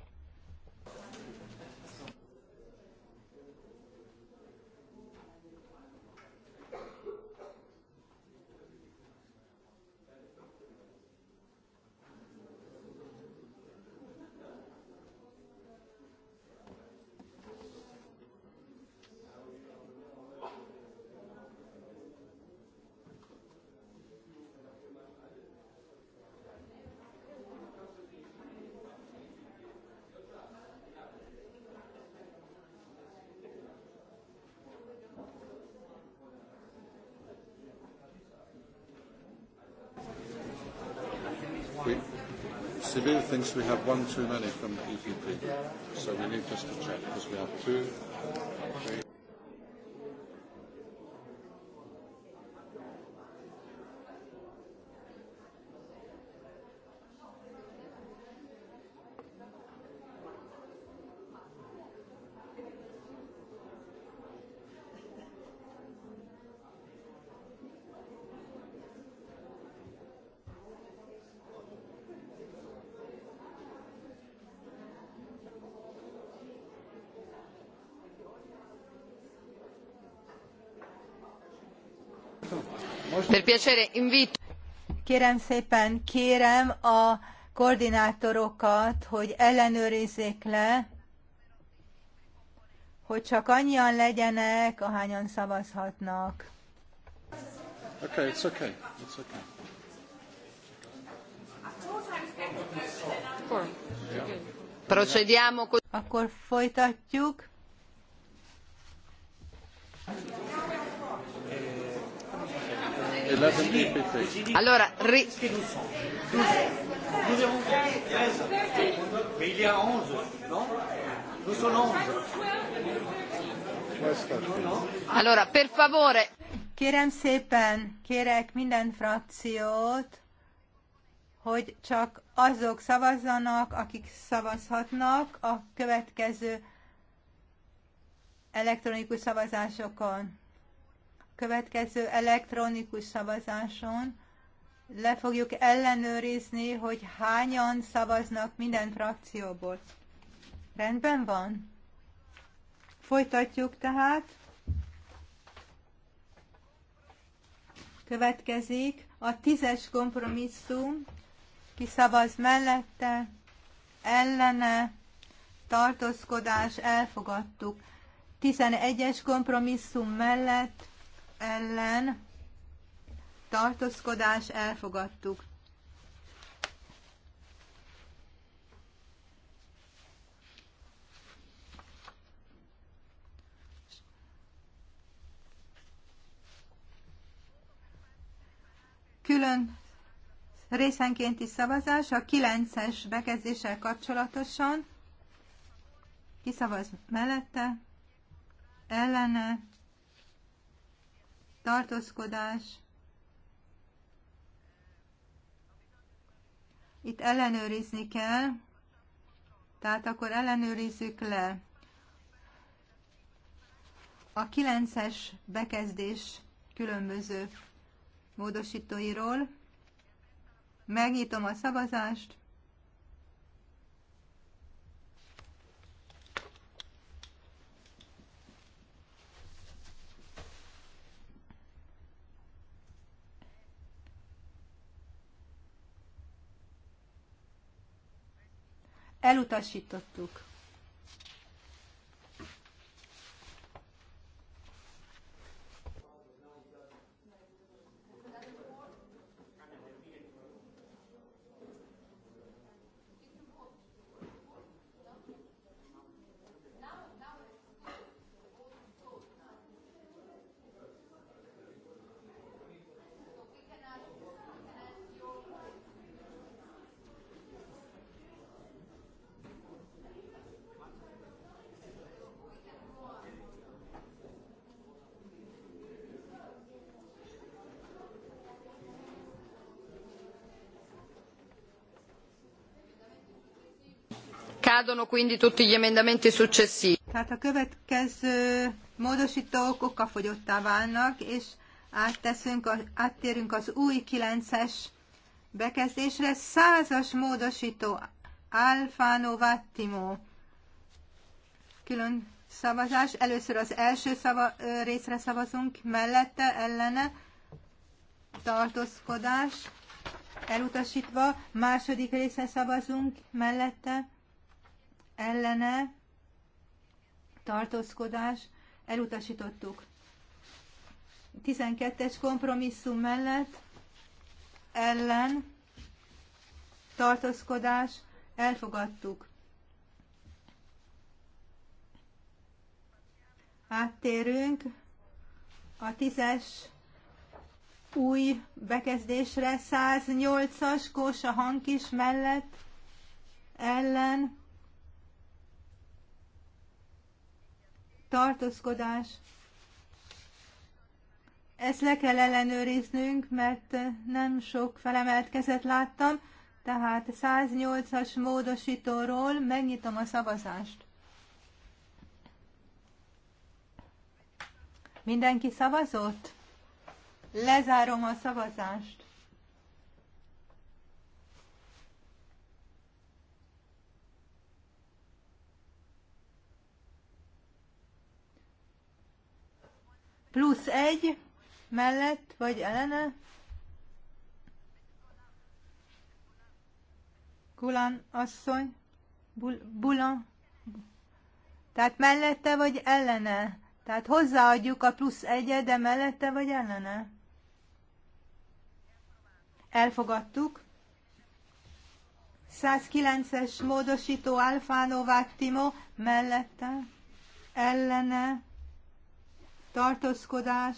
[SPEAKER 6] seems we have
[SPEAKER 5] one too many from the EPP, so we need just to check because we have two,
[SPEAKER 6] three,
[SPEAKER 2] Kérem szépen, kérem a koordinátorokat, hogy ellenőrizzék le, hogy csak annyian legyenek, ahányan szavazhatnak.
[SPEAKER 6] Okay, it's okay. It's okay.
[SPEAKER 2] Akkor folytatjuk.
[SPEAKER 1] Allora, ri...
[SPEAKER 6] a Allora,
[SPEAKER 2] per favore. Kérem szépen, kérek minden frakciót, hogy csak azok szavazzanak, akik szavazhatnak a következő elektronikus szavazásokon következő elektronikus szavazáson le fogjuk ellenőrizni, hogy hányan szavaznak minden frakcióból. Rendben van? Folytatjuk tehát. Következik a tízes kompromisszum, ki szavaz mellette, ellene, tartózkodás, elfogadtuk. 11-es kompromisszum mellett ellen tartózkodás elfogadtuk. Külön részenkénti szavazás a 9-es bekezdéssel kapcsolatosan. Kiszavaz mellette, ellene, tartózkodás. Itt ellenőrizni kell, tehát akkor ellenőrizzük le. A 9-es bekezdés különböző módosítóiról. Megnyitom a szavazást. elutasítottuk. Cadono quindi tutti gli emendamenti successivi. Tehát a következő módosítók okafogyottá válnak, és átteszünk áttérünk az új 9-es bekezdésre. Százas módosító Alfano Vattimo. Külön szavazás. Először az első szava, részre szavazunk, mellette, ellene tartózkodás elutasítva, második részre szavazunk mellette, ellene tartózkodás elutasítottuk. 12-es kompromisszum mellett ellen tartózkodás elfogadtuk. Áttérünk a 10-es új bekezdésre 108-as Kósa is mellett ellen tartózkodás. Ezt le kell ellenőriznünk, mert nem sok felemelt kezet láttam, tehát 108-as módosítóról megnyitom a szavazást. Mindenki szavazott? Lezárom a szavazást. Plusz egy mellett, vagy ellene. Kulan asszony, bul, bulan. Tehát mellette vagy ellene? Tehát hozzáadjuk a plusz egyet, de mellette vagy ellene? Elfogadtuk. 109-es módosító Alfánó Vattimo mellette, ellene, tartózkodás,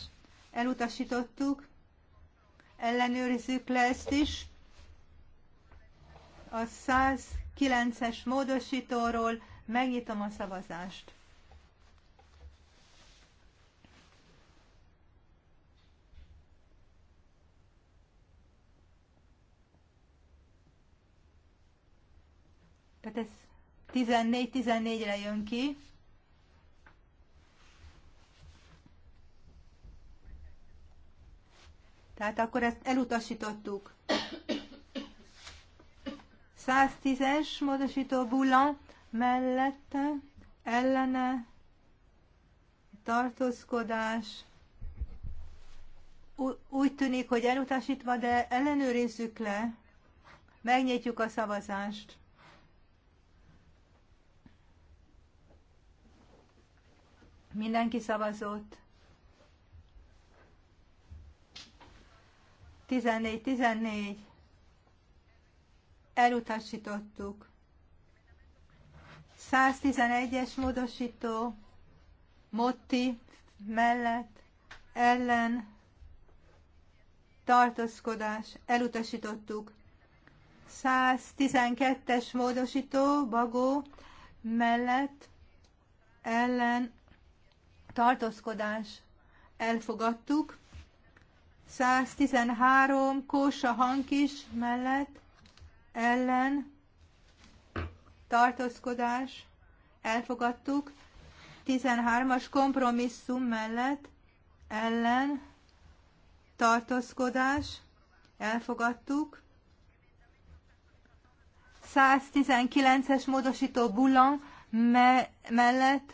[SPEAKER 2] elutasítottuk, ellenőrizzük le ezt is. A 109-es módosítóról megnyitom a szavazást. Tehát ez 14-14-re jön ki. Tehát akkor ezt elutasítottuk. 110-es módosító bulla mellette ellene tartózkodás. Úgy tűnik, hogy elutasítva, de ellenőrizzük le. Megnyitjuk a szavazást. Mindenki szavazott. 14-14 elutasítottuk. 111-es módosító Motti mellett ellen tartózkodás elutasítottuk. 112-es módosító Bagó mellett ellen tartózkodás elfogadtuk. 113 Kósa Hankis mellett ellen tartózkodás elfogadtuk. 13-as kompromisszum mellett ellen tartózkodás elfogadtuk. 119-es módosító Bulan me- mellett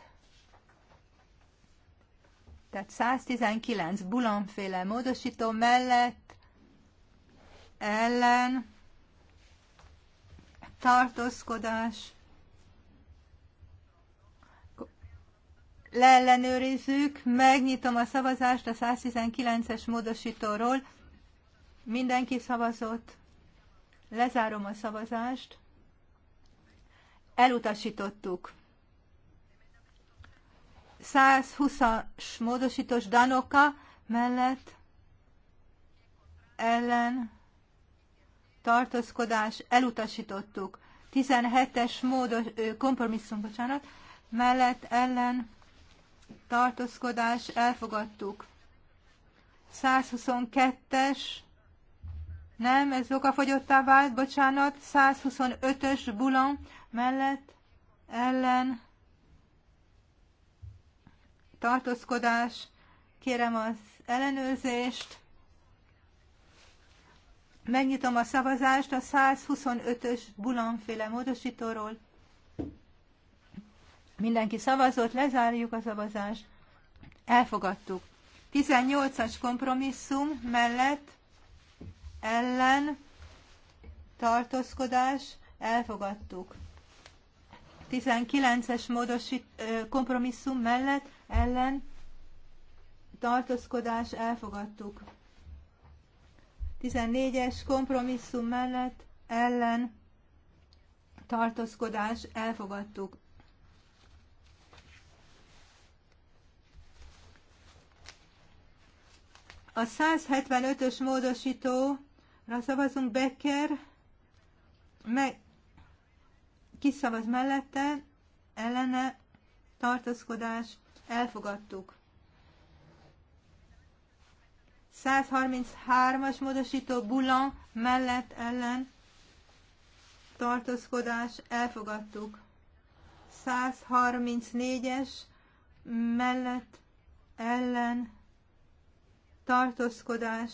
[SPEAKER 2] tehát 119 bulanféle módosító mellett ellen tartózkodás leellenőrizzük, megnyitom a szavazást a 119-es módosítóról. Mindenki szavazott. Lezárom a szavazást. Elutasítottuk. 120-as módosítós Danoka mellett ellen tartózkodás elutasítottuk. 17-es módos, kompromisszum, bocsánat, mellett ellen tartózkodás elfogadtuk. 122-es, nem, ez okafogyottá vált, bocsánat, 125-ös bulon mellett ellen tartózkodás, kérem az ellenőrzést. Megnyitom a szavazást a 125-ös bulanféle módosítóról. Mindenki szavazott, lezárjuk a szavazást. Elfogadtuk. 18-as kompromisszum mellett ellen tartózkodás elfogadtuk. 19-es módosít, kompromisszum mellett ellen tartózkodás elfogadtuk. 14-es kompromisszum mellett ellen tartózkodás elfogadtuk. A 175-ös módosítóra szavazunk Becker, meg kiszavaz mellette, ellene tartózkodás elfogadtuk. 133-as módosító Bulan mellett ellen tartózkodás elfogadtuk. 134-es mellett ellen tartózkodás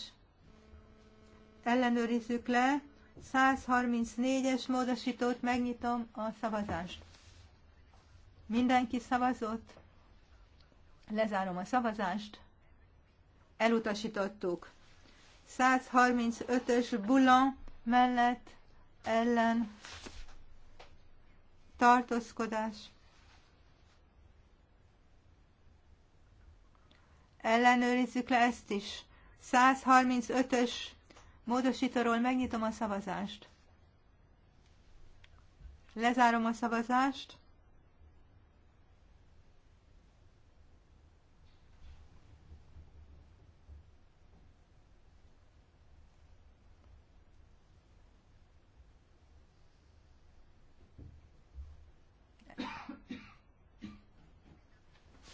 [SPEAKER 2] ellenőrizzük le. 134-es módosítót megnyitom a szavazást. Mindenki szavazott? Lezárom a szavazást. Elutasítottuk. 135-ös Bulan mellett ellen tartózkodás. Ellenőrizzük le ezt is. 135-ös módosítóról megnyitom a szavazást. Lezárom a szavazást.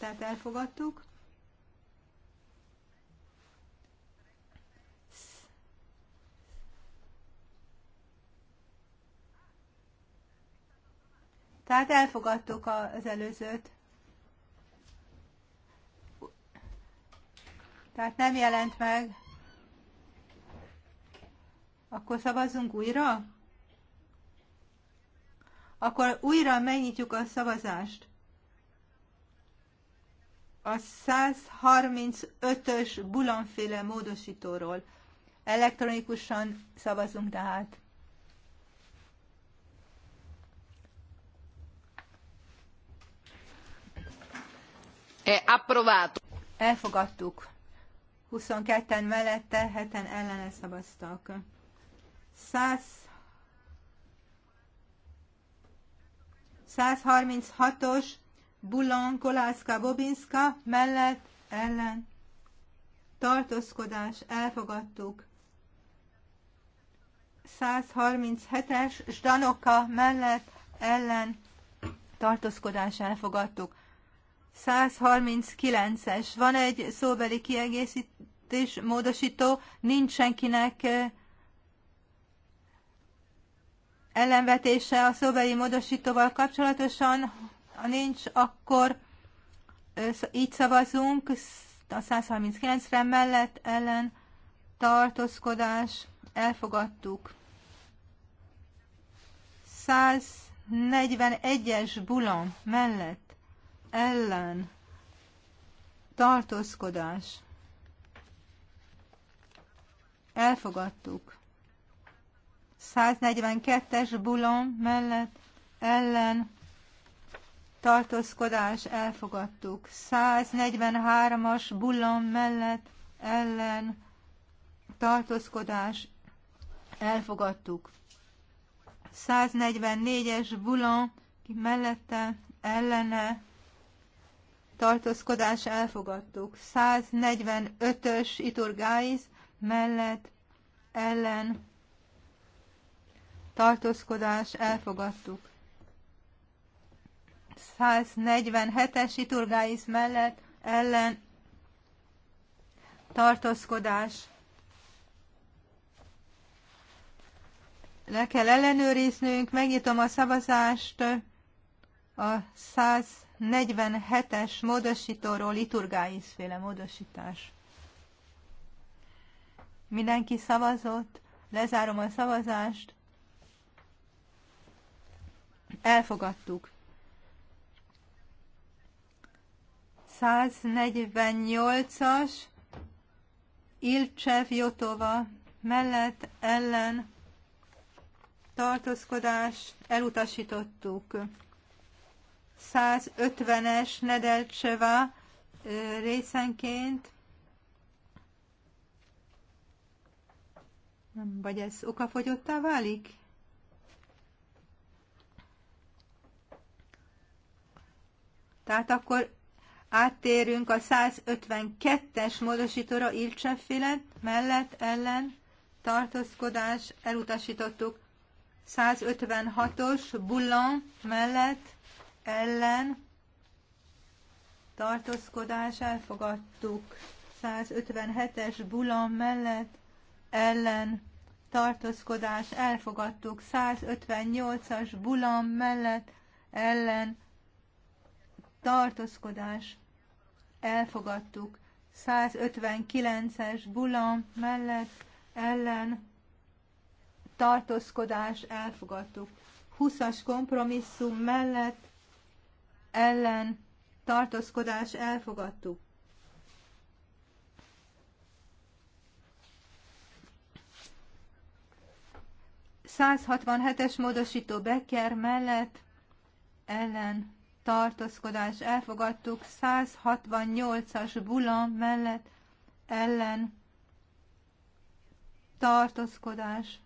[SPEAKER 2] tehát elfogadtuk. Tehát elfogadtuk az előzőt. Tehát nem jelent meg. Akkor szavazzunk újra? Akkor újra megnyitjuk a szavazást a 135-ös bulanféle módosítóról. Elektronikusan szavazunk tehát. E approvato. Elfogadtuk. 22-en mellette, 7-en ellene szavaztak. 100 136-os Bulan, Kolászka, Bobinska mellett ellen tartózkodás elfogadtuk. 137-es Zdanoka mellett ellen tartózkodás elfogadtuk. 139-es. Van egy szóbeli kiegészítés, módosító, nincs senkinek ellenvetése a szóbeli módosítóval kapcsolatosan, ha nincs, akkor így szavazunk a 139-re mellett ellen tartózkodás elfogadtuk. 141-es bulam mellett ellen tartózkodás elfogadtuk. 142-es bulon mellett ellen tartózkodás elfogadtuk. 143-as bullam mellett ellen tartózkodás elfogadtuk. 144-es bullam mellette ellene tartózkodás elfogadtuk. 145-ös iturgáiz mellett ellen tartózkodás elfogadtuk. 147-es Iturgáis mellett ellen tartózkodás. Le kell ellenőriznünk, megnyitom a szavazást a 147-es módosítóról, Iturgáis féle módosítás. Mindenki szavazott, lezárom a szavazást. Elfogadtuk. 148-as Ilcsev Jotova mellett ellen tartózkodás elutasítottuk. 150-es Nedelcseva részenként Nem, vagy ez okafogyottá válik? Tehát akkor Áttérünk a 152-es módosítóra Ilcseféle, mellett ellen tartózkodás elutasítottuk. 156-os Bullan mellett ellen tartózkodás elfogadtuk. 157-es Bulan mellett ellen tartózkodás elfogadtuk. 158-as Bulan mellett ellen tartózkodás elfogadtuk. 159-es Bulan mellett ellen tartózkodás elfogadtuk. 20-as kompromisszum mellett ellen tartózkodás elfogadtuk. es módosító Becker mellett ellen tartózkodás elfogadtuk, 168-as bulan mellett ellen tartózkodás.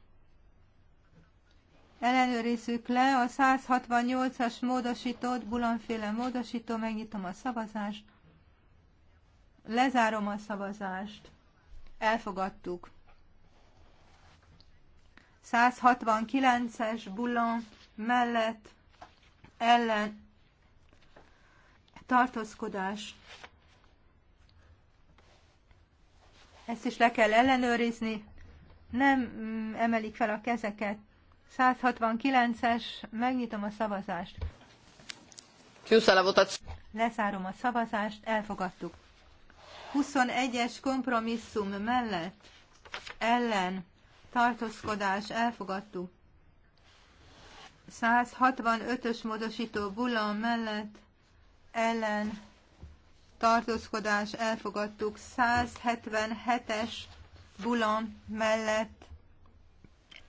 [SPEAKER 2] Ellenőrizzük le a 168-as módosított, bulanféle módosító, megnyitom a szavazást, lezárom a szavazást, elfogadtuk. 169-es bulan mellett ellen tartózkodás. Ezt is le kell ellenőrizni. Nem mm, emelik fel a kezeket. 169-es, megnyitom a szavazást. Lezárom a szavazást, elfogadtuk. 21-es kompromisszum mellett, ellen, tartózkodás, elfogadtuk. 165-ös módosító bulla mellett ellen tartózkodás elfogadtuk 177-es bulan mellett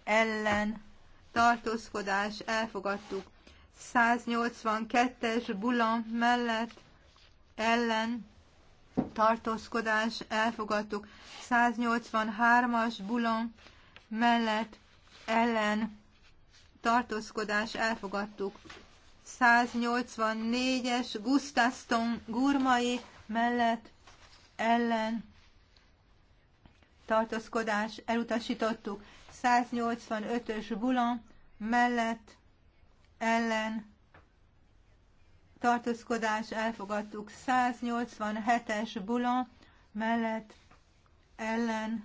[SPEAKER 2] ellen tartózkodás elfogadtuk 182-es bulan mellett ellen tartózkodás elfogadtuk 183-as bulan mellett ellen tartózkodás elfogadtuk 184-es Gustaston gurmai mellett ellen tartózkodás elutasítottuk. 185-ös Bulan mellett ellen tartózkodás elfogadtuk. 187-es Bulan mellett ellen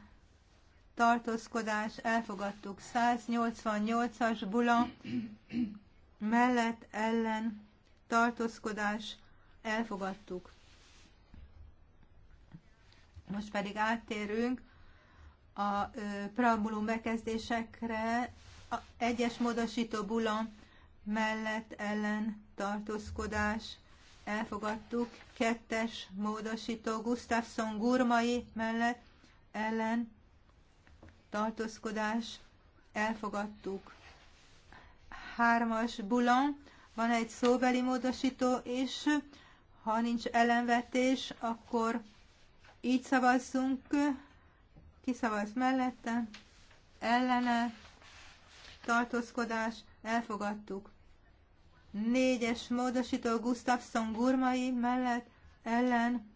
[SPEAKER 2] tartózkodás elfogadtuk. 188-as Bulan mellett ellen tartózkodás elfogadtuk. Most pedig áttérünk a preambulum bekezdésekre, a egyes módosító bula mellett ellen tartózkodás elfogadtuk, kettes módosító Gustafsson gurmai mellett ellen tartózkodás elfogadtuk hármas bulon, van egy szóbeli módosító, és ha nincs ellenvetés, akkor így szavazzunk, szavaz mellette, ellene, tartózkodás, elfogadtuk. Négyes módosító Gustafsson Gurmai mellett, ellen,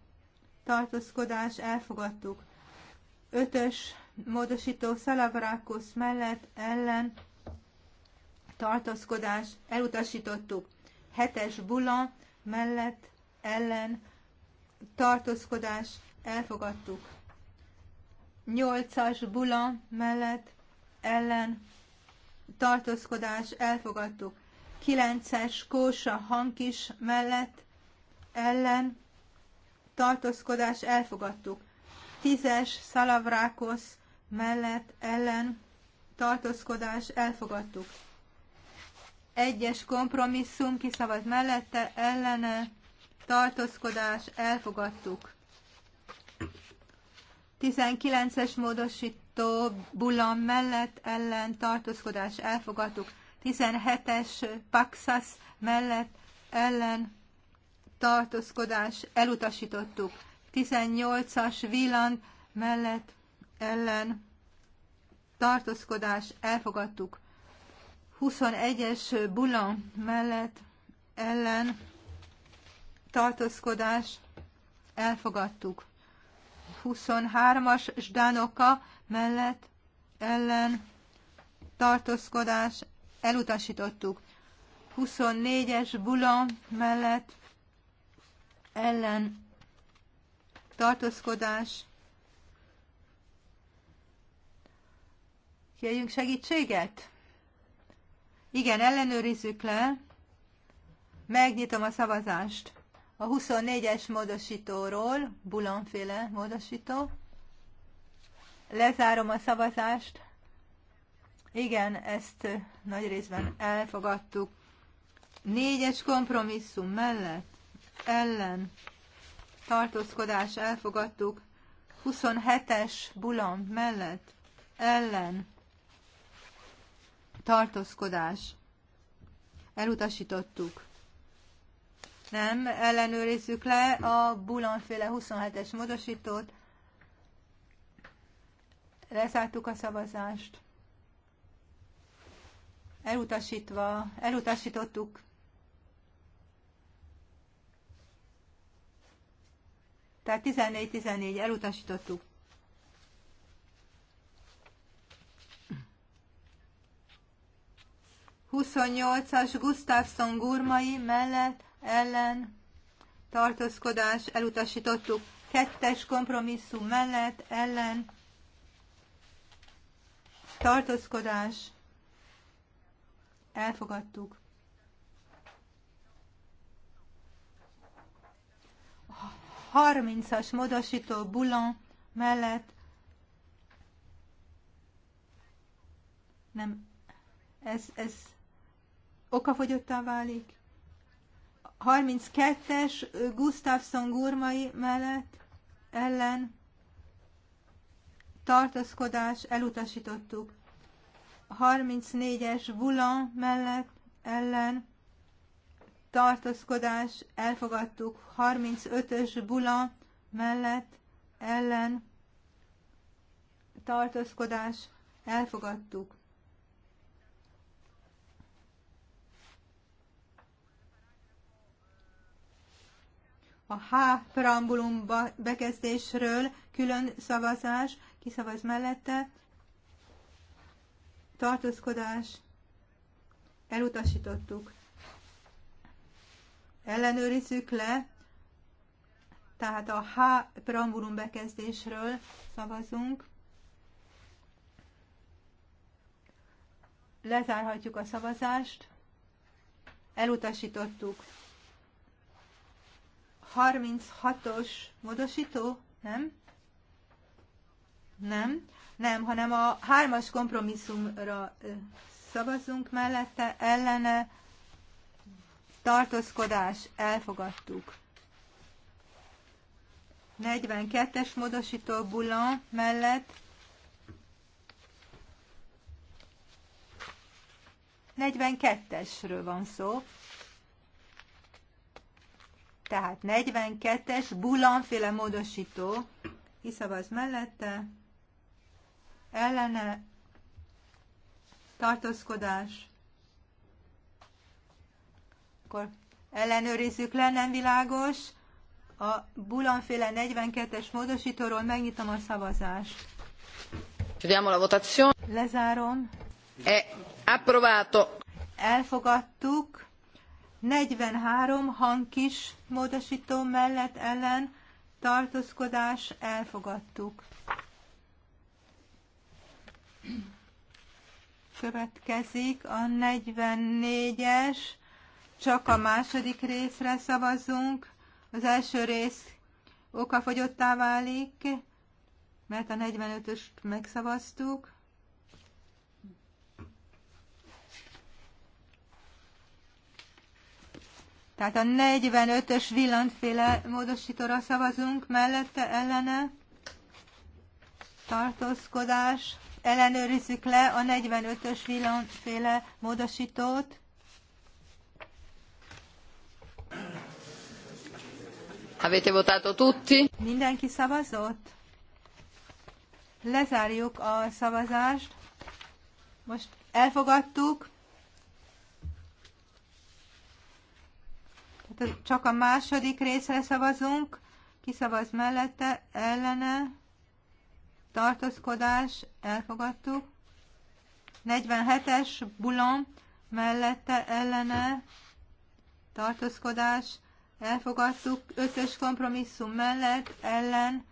[SPEAKER 2] tartózkodás, elfogadtuk. Ötös módosító Szalavrákusz mellett, ellen, tartózkodás, elutasítottuk. Hetes bulan mellett ellen tartózkodás, elfogadtuk. Nyolcas bula mellett ellen tartózkodás, elfogadtuk. Kilences kósa hankis mellett ellen tartózkodás, elfogadtuk. Tízes szalavrákosz mellett ellen tartózkodás, elfogadtuk. Egyes kompromisszum kiszavaz mellette, ellene, tartózkodás, elfogadtuk. 19-es módosító bulan mellett ellen tartózkodás elfogadtuk. 17-es Paxas mellett ellen tartózkodás elutasítottuk. 18-as villand mellett ellen tartózkodás elfogadtuk. 21-es Bulan mellett ellen tartózkodás elfogadtuk. 23-as Zsdánoka mellett ellen tartózkodás elutasítottuk. 24-es Bulan mellett ellen tartózkodás. Kérjünk segítséget? Igen, ellenőrizzük le. Megnyitom a szavazást. A 24-es módosítóról, bulanféle módosító. Lezárom a szavazást. Igen, ezt nagy részben elfogadtuk. Négyes kompromisszum mellett, ellen, tartózkodás elfogadtuk. 27-es bulan mellett, ellen, tartózkodás. Elutasítottuk. Nem, ellenőrizzük le a Bulanféle 27-es módosítót. Lezártuk a szavazást. Elutasítva, elutasítottuk. Tehát 14-14 elutasítottuk. 28-as Gustafsson Gurmai mellett ellen tartózkodás elutasítottuk. Kettes kompromisszum mellett ellen tartózkodás elfogadtuk. as módosító bulon mellett nem, ez, ez okafogyottá válik. 32-es Gustafsson gurmai mellett ellen tartózkodás elutasítottuk. 34-es Bulan mellett ellen tartózkodás elfogadtuk. 35-ös Bulan mellett ellen tartózkodás elfogadtuk. a H preambulum bekezdésről külön szavazás, kiszavaz mellette, tartózkodás, elutasítottuk. Ellenőrizzük le, tehát a H preambulum bekezdésről szavazunk. Lezárhatjuk a szavazást. Elutasítottuk. 36-os módosító, nem? Nem, nem, hanem a hármas kompromisszumra szavazunk mellette, ellene tartózkodás, elfogadtuk. 42-es módosító Bulan mellett 42-esről van szó. Tehát 42-es bulanféle módosító. Kiszavaz mellette. Ellene. Tartózkodás. Akkor ellenőrizzük le, nem világos. A bulanféle 42-es módosítóról megnyitom a szavazást. Vediamo la votazione. Lezárom. È approvato. Elfogadtuk. 43 hangkis módosító mellett ellen tartózkodás elfogadtuk. Következik a 44-es, csak a második részre szavazunk. Az első rész okafogyottá válik, mert a 45-öst megszavaztuk. Tehát a 45-ös villantféle módosítóra szavazunk, mellette ellene tartózkodás. Ellenőrizzük le a 45-ös villantféle módosítót. Avete votato tutti? Mindenki szavazott? Lezárjuk a szavazást. Most elfogadtuk. Tehát csak a második részre szavazunk, kiszavaz mellette, ellene, tartózkodás, elfogadtuk. 47-es bulon, mellette, ellene, tartózkodás, elfogadtuk. 5-ös kompromisszum mellett, ellen,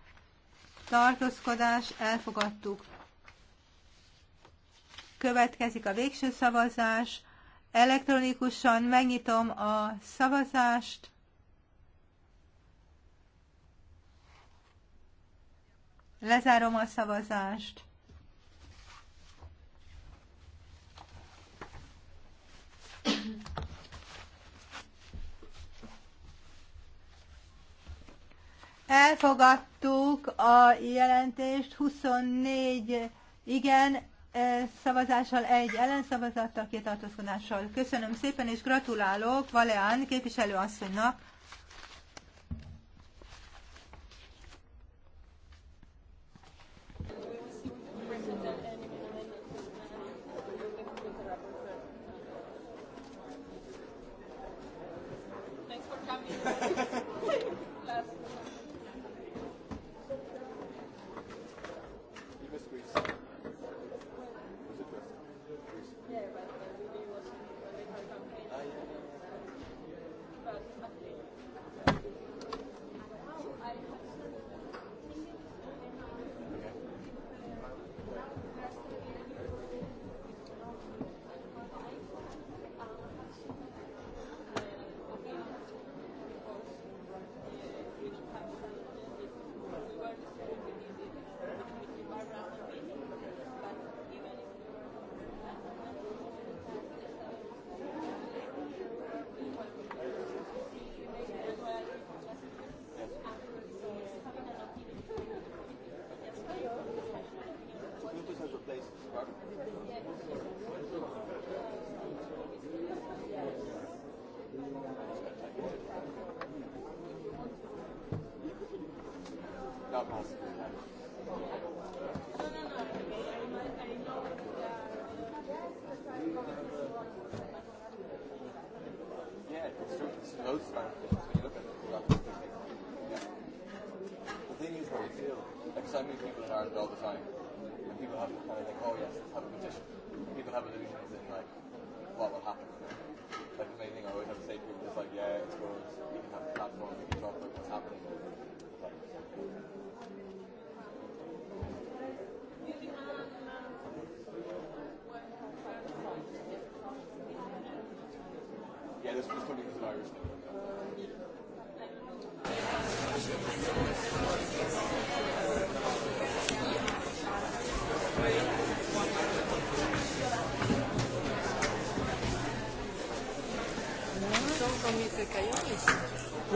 [SPEAKER 2] tartózkodás, elfogadtuk. Következik a végső szavazás Elektronikusan megnyitom a szavazást. Lezárom a szavazást. Elfogadtuk a jelentést 24 igen, E, szavazással, egy ellenszavazattal, két tartózkodással. Köszönöm szépen, és gratulálok Valeán képviselőasszonynak.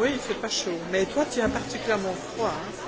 [SPEAKER 3] Oui, il fait pas chaud. Mais toi, tu as particulièrement froid.
[SPEAKER 6] Hein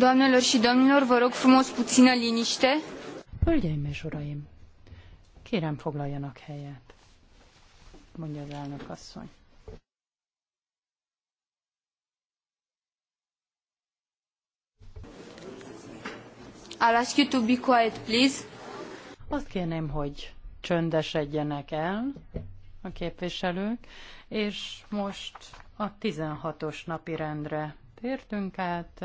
[SPEAKER 1] Doamnelor și domnilor, vă rog frumos puțină liniște.
[SPEAKER 4] Hölgyeim és uraim, kérem foglaljanak helyet, mondja az elnök asszony. I'll ask you to be quiet, please. Azt kérném, hogy csöndesedjenek el a képviselők, és most a 16-os napi rendre Tértünk át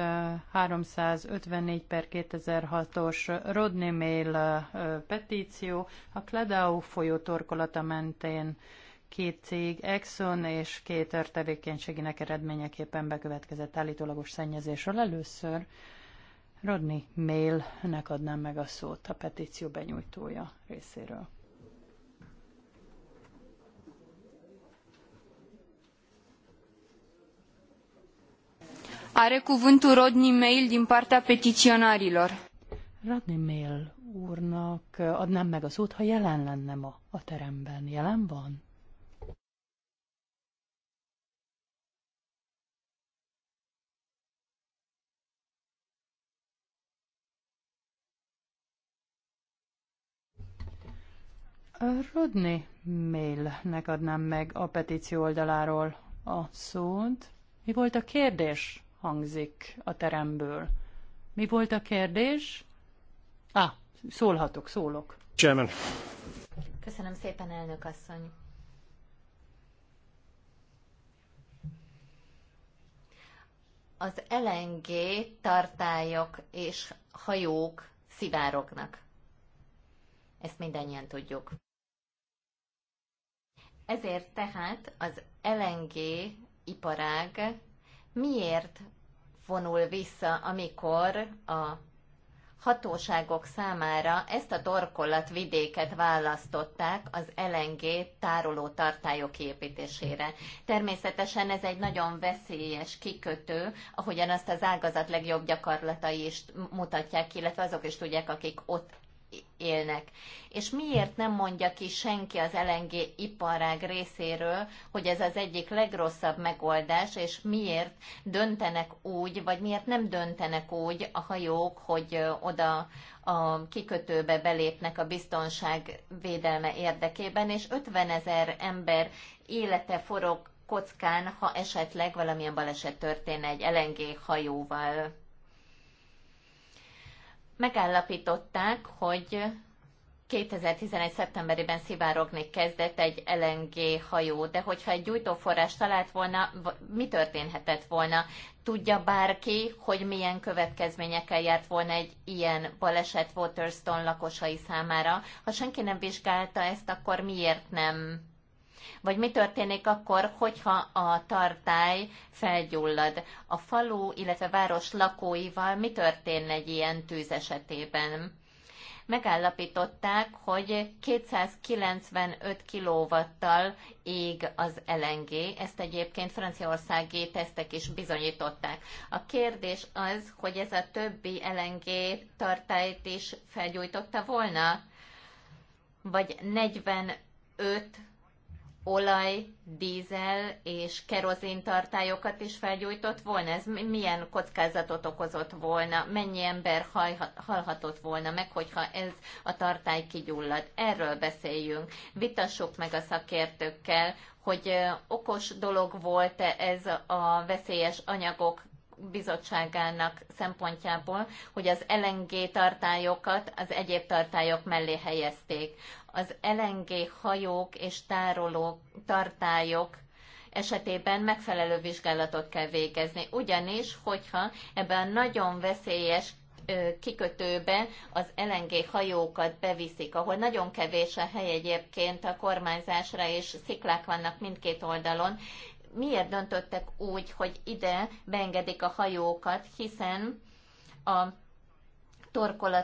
[SPEAKER 4] 354 per 2006-os Rodney Mail petíció a Kledau folyó torkolata mentén két cég, Exxon és két tevékenységének eredményeképpen bekövetkezett állítólagos szennyezésről. Először Rodney Mailnek adnám meg a szót a petíció benyújtója részéről. Are
[SPEAKER 1] cuvântul Rodney Mail din partea petiționarilor.
[SPEAKER 4] Rodney Mail úrnak eh, adnám meg a szót, ha jelen lenne ma a teremben. Jelen van? Rodney Mailnek adnám meg a petíció oldaláról a szót. Mi volt a kérdés? hangzik a teremből. Mi volt a kérdés? Ah, szólhatok, szólok.
[SPEAKER 5] Chairman.
[SPEAKER 3] Köszönöm szépen, elnök asszony. Az LNG tartályok és hajók szivárognak. Ezt mindannyian tudjuk. Ezért tehát az LNG iparág miért vonul vissza, amikor a hatóságok számára ezt a vidéket választották az LNG tároló tartályok építésére. Természetesen ez egy nagyon veszélyes kikötő, ahogyan azt az ágazat legjobb gyakorlatai is mutatják, illetve azok is tudják, akik ott élnek. És miért nem mondja ki senki az LNG iparág részéről, hogy ez az egyik legrosszabb megoldás, és miért döntenek úgy, vagy miért nem döntenek úgy a hajók, hogy oda a kikötőbe belépnek a biztonság védelme érdekében, és 50 ezer ember élete forog kockán, ha esetleg valamilyen baleset történne egy LNG hajóval megállapították, hogy 2011. szeptemberében szivárogni kezdett egy LNG hajó, de hogyha egy gyújtóforrás talált volna, mi történhetett volna? Tudja bárki, hogy milyen következményekkel járt volna egy ilyen baleset Waterstone lakosai számára? Ha senki nem vizsgálta ezt, akkor miért nem vagy mi történik akkor, hogyha a tartály felgyullad? A falu, illetve város lakóival mi történne egy ilyen tűz esetében? Megállapították, hogy 295 kilovattal ég az LNG. Ezt egyébként franciaországi tesztek is bizonyították. A kérdés az, hogy ez a többi LNG tartályt is felgyújtotta volna? Vagy 45 olaj, dízel és kerozin tartályokat is felgyújtott volna? Ez milyen kockázatot okozott volna? Mennyi ember halhatott volna meg, hogyha ez a tartály kigyullad? Erről beszéljünk. Vitassuk meg a szakértőkkel, hogy okos dolog volt -e ez a veszélyes anyagok bizottságának szempontjából, hogy az LNG tartályokat az egyéb tartályok mellé helyezték. Az LNG hajók és tároló tartályok esetében megfelelő vizsgálatot kell végezni. Ugyanis, hogyha ebben a nagyon veszélyes kikötőbe az LNG hajókat beviszik, ahol nagyon kevés a hely egyébként a kormányzásra, és sziklák vannak mindkét oldalon, miért döntöttek úgy, hogy ide beengedik a hajókat, hiszen a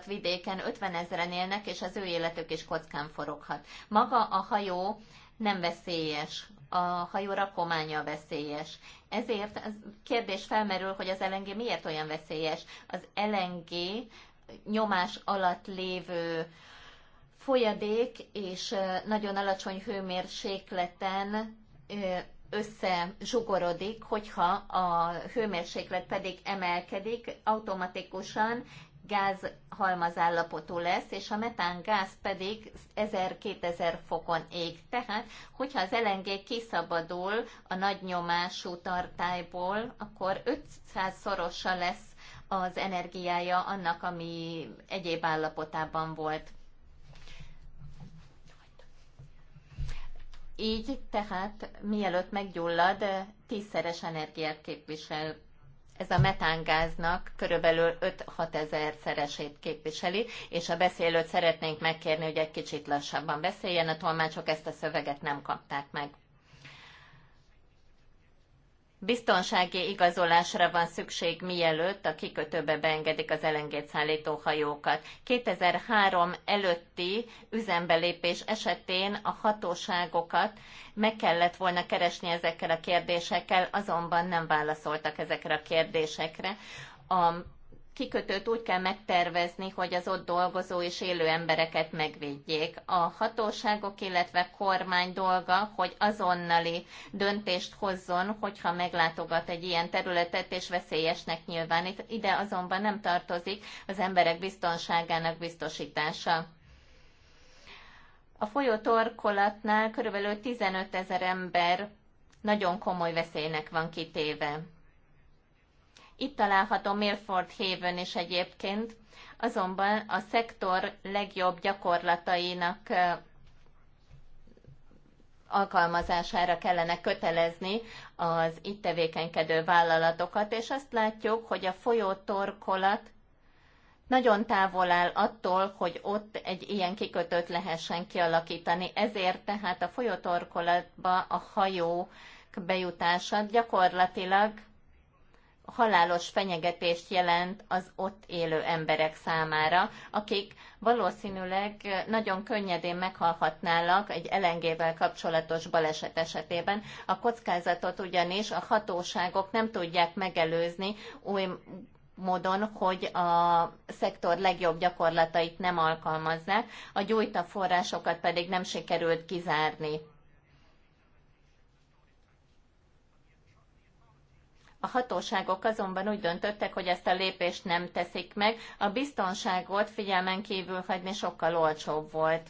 [SPEAKER 3] vidéken 50 ezeren élnek, és az ő életük is kockán foroghat. Maga a hajó nem veszélyes, a hajó rakománya veszélyes. Ezért a kérdés felmerül, hogy az LNG miért olyan veszélyes. Az LNG nyomás alatt lévő folyadék és nagyon alacsony hőmérsékleten összezsugorodik, hogyha a hőmérséklet pedig emelkedik, automatikusan gázhalmaz állapotú lesz, és a metán gáz pedig 1000-2000 fokon ég. Tehát, hogyha az LNG kiszabadul a nagy nyomású tartályból, akkor 500-szorosa lesz az energiája annak, ami egyéb állapotában volt. Így tehát mielőtt meggyullad, tízszeres energiát képvisel. Ez a metángáznak körülbelül 5-6 ezer szeresét képviseli, és a beszélőt szeretnénk megkérni, hogy egy kicsit lassabban beszéljen, a tolmácsok ezt a szöveget nem kapták meg. Biztonsági igazolásra van szükség, mielőtt a kikötőbe beengedik az elengét szállító hajókat. 2003 előtti üzembelépés esetén a hatóságokat meg kellett volna keresni ezekkel a kérdésekkel, azonban nem válaszoltak ezekre a kérdésekre. A kikötőt úgy kell megtervezni, hogy az ott dolgozó és élő embereket megvédjék. A hatóságok, illetve kormány dolga, hogy azonnali döntést hozzon, hogyha meglátogat egy ilyen területet, és veszélyesnek nyilván. Itt, ide azonban nem tartozik az emberek biztonságának biztosítása. A folyó torkolatnál körülbelül 15 ezer ember nagyon komoly veszélynek van kitéve. Itt található Milford Haven is egyébként, azonban a szektor legjobb gyakorlatainak alkalmazására kellene kötelezni az itt tevékenykedő vállalatokat, és azt látjuk, hogy a folyótorkolat nagyon távol áll attól, hogy ott egy ilyen kikötőt lehessen kialakítani. Ezért tehát a folyótorkolatba a hajó bejutását gyakorlatilag halálos fenyegetést jelent az ott élő emberek számára, akik valószínűleg nagyon könnyedén meghalhatnának egy elengével kapcsolatos baleset esetében. A kockázatot ugyanis a hatóságok nem tudják megelőzni új módon, hogy a szektor legjobb gyakorlatait nem alkalmazzák, a gyújtaforrásokat pedig nem sikerült kizárni. A hatóságok azonban úgy döntöttek, hogy ezt a lépést nem teszik meg, a biztonságot figyelmen kívül hagyni sokkal olcsóbb volt.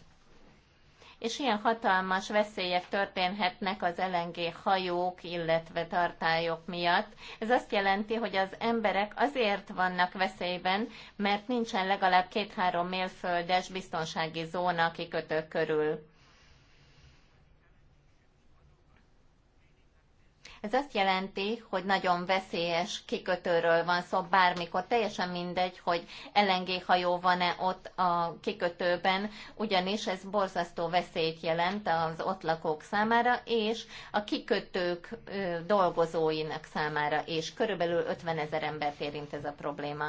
[SPEAKER 3] És ilyen hatalmas veszélyek történhetnek az LNG hajók, illetve tartályok miatt. Ez azt jelenti, hogy az emberek azért vannak veszélyben, mert nincsen legalább két-három mérföldes biztonsági zóna kikötő körül Ez azt jelenti, hogy nagyon veszélyes kikötőről van szó bármikor, teljesen mindegy, hogy LNG hajó van-e ott a kikötőben, ugyanis ez borzasztó veszélyt jelent az ott lakók számára, és a kikötők dolgozóinak számára, és körülbelül 50 ezer embert érint ez a probléma.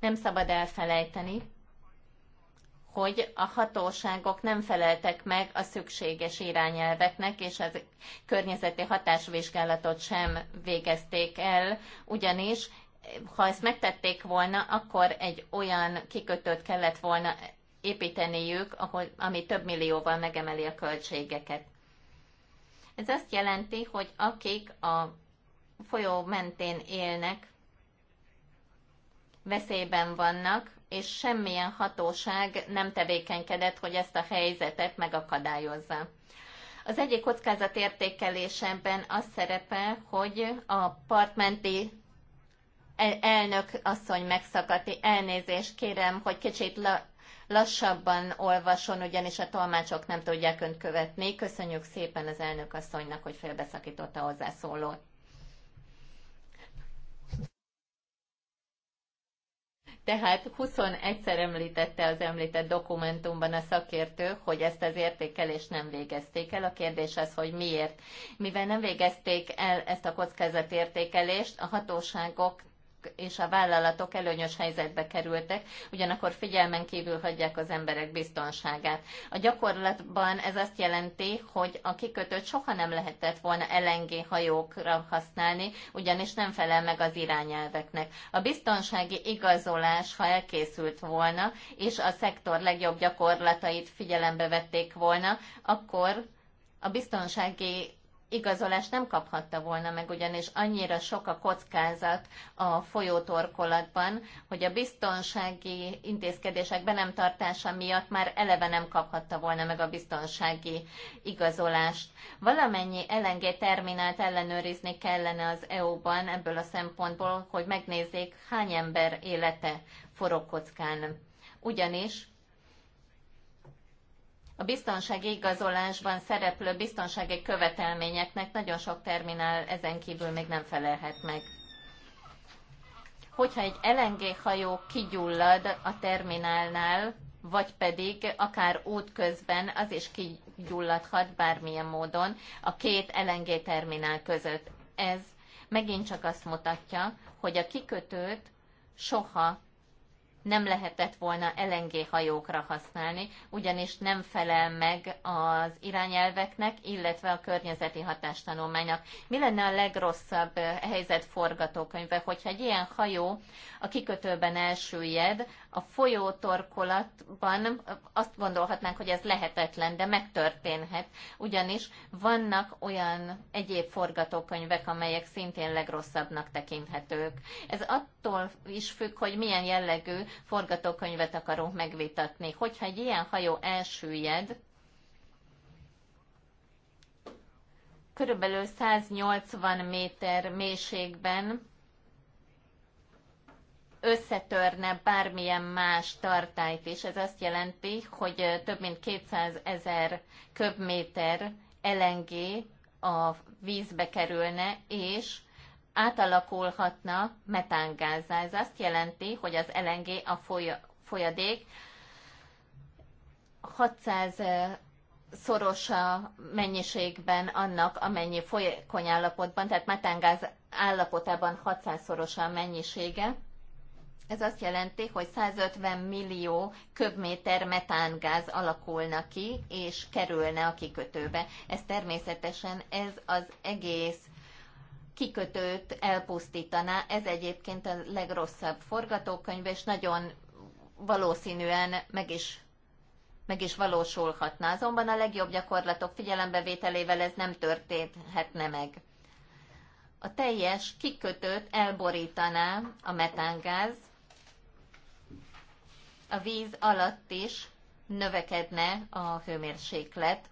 [SPEAKER 3] Nem szabad elfelejteni, hogy a hatóságok nem feleltek meg a szükséges irányelveknek, és a környezeti hatásvizsgálatot sem végezték el, ugyanis ha ezt megtették volna, akkor egy olyan kikötőt kellett volna építeniük, ahol, ami több millióval megemeli a költségeket. Ez azt jelenti, hogy akik a folyó mentén élnek, veszélyben vannak, és semmilyen hatóság nem tevékenykedett, hogy ezt a helyzetet megakadályozza. Az egyik értékelésemben az szerepel, hogy a partmenti elnök asszony megszakati elnézést kérem, hogy kicsit la, lassabban olvason, ugyanis a tolmácsok nem tudják önt követni. Köszönjük szépen az elnök asszonynak, hogy félbeszakította a hozzászólót. Tehát 21-szer említette az említett dokumentumban a szakértő, hogy ezt az értékelést nem végezték el. A kérdés az, hogy miért. Mivel nem végezték el ezt a kockázatértékelést, a hatóságok és a vállalatok előnyös helyzetbe kerültek, ugyanakkor figyelmen kívül hagyják az emberek biztonságát. A gyakorlatban ez azt jelenti, hogy a kikötőt soha nem lehetett volna LNG hajókra használni, ugyanis nem felel meg az irányelveknek. A biztonsági igazolás, ha elkészült volna, és a szektor legjobb gyakorlatait figyelembe vették volna, akkor a biztonsági igazolást nem kaphatta volna meg, ugyanis annyira sok a kockázat a folyótorkolatban, hogy a biztonsági intézkedések be nem tartása miatt már eleve nem kaphatta volna meg a biztonsági igazolást. Valamennyi LNG terminált ellenőrizni kellene az EU-ban ebből a szempontból, hogy megnézzék, hány ember élete forog kockán. Ugyanis a biztonsági igazolásban szereplő biztonsági követelményeknek nagyon sok terminál ezen kívül még nem felelhet meg. Hogyha egy LNG hajó kigyullad a terminálnál, vagy pedig akár útközben az is kigyulladhat bármilyen módon a két LNG terminál között. Ez megint csak azt mutatja, hogy a kikötőt soha nem lehetett volna LNG hajókra használni, ugyanis nem felel meg az irányelveknek, illetve a környezeti hatástanulmánynak. Mi lenne a legrosszabb eh, helyzet forgatókönyve, hogyha egy ilyen hajó a kikötőben elsüllyed, a folyótorkolatban eh, azt gondolhatnánk, hogy ez lehetetlen, de megtörténhet, ugyanis vannak olyan egyéb forgatókönyvek, amelyek szintén legrosszabbnak tekinthetők. Ez attól is függ, hogy milyen jellegű forgatókönyvet akarunk megvitatni. Hogyha egy ilyen hajó elsüllyed, körülbelül 180 méter mélységben összetörne bármilyen más tartályt is. Ez azt jelenti, hogy több mint 200 ezer köbméter LNG a vízbe kerülne, és átalakulhatna metángázzá. Ez azt jelenti, hogy az LNG a folyadék 600 szoros a mennyiségben annak, amennyi folyékony állapotban, tehát metángáz állapotában 600-szoros a mennyisége. Ez azt jelenti, hogy 150 millió köbméter metángáz alakulna ki, és kerülne a kikötőbe. Ez természetesen ez az egész kikötőt elpusztítaná. Ez egyébként a legrosszabb forgatókönyv, és nagyon valószínűen meg is, meg is valósulhatna. Azonban a legjobb gyakorlatok figyelembevételével ez nem történhetne meg. A teljes kikötőt elborítaná a metángáz, a víz alatt is növekedne a hőmérséklet,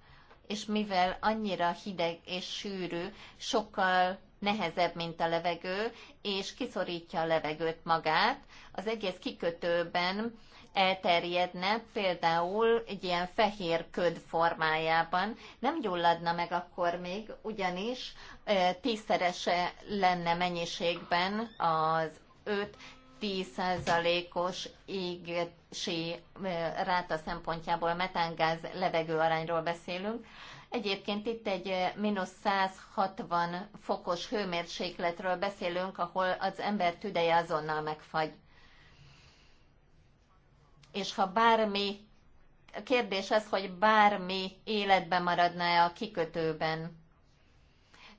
[SPEAKER 3] és mivel annyira hideg és sűrű, sokkal nehezebb, mint a levegő, és kiszorítja a levegőt magát. Az egész kikötőben elterjedne, például egy ilyen fehér köd formájában, nem gyulladna meg akkor még, ugyanis e, tízszerese lenne mennyiségben az 5-10%-os égési ráta szempontjából metángáz levegő arányról beszélünk, Egyébként itt egy mínusz 160 fokos hőmérsékletről beszélünk, ahol az ember tüdeje azonnal megfagy. És ha bármi, a kérdés az, hogy bármi életben maradna-e a kikötőben.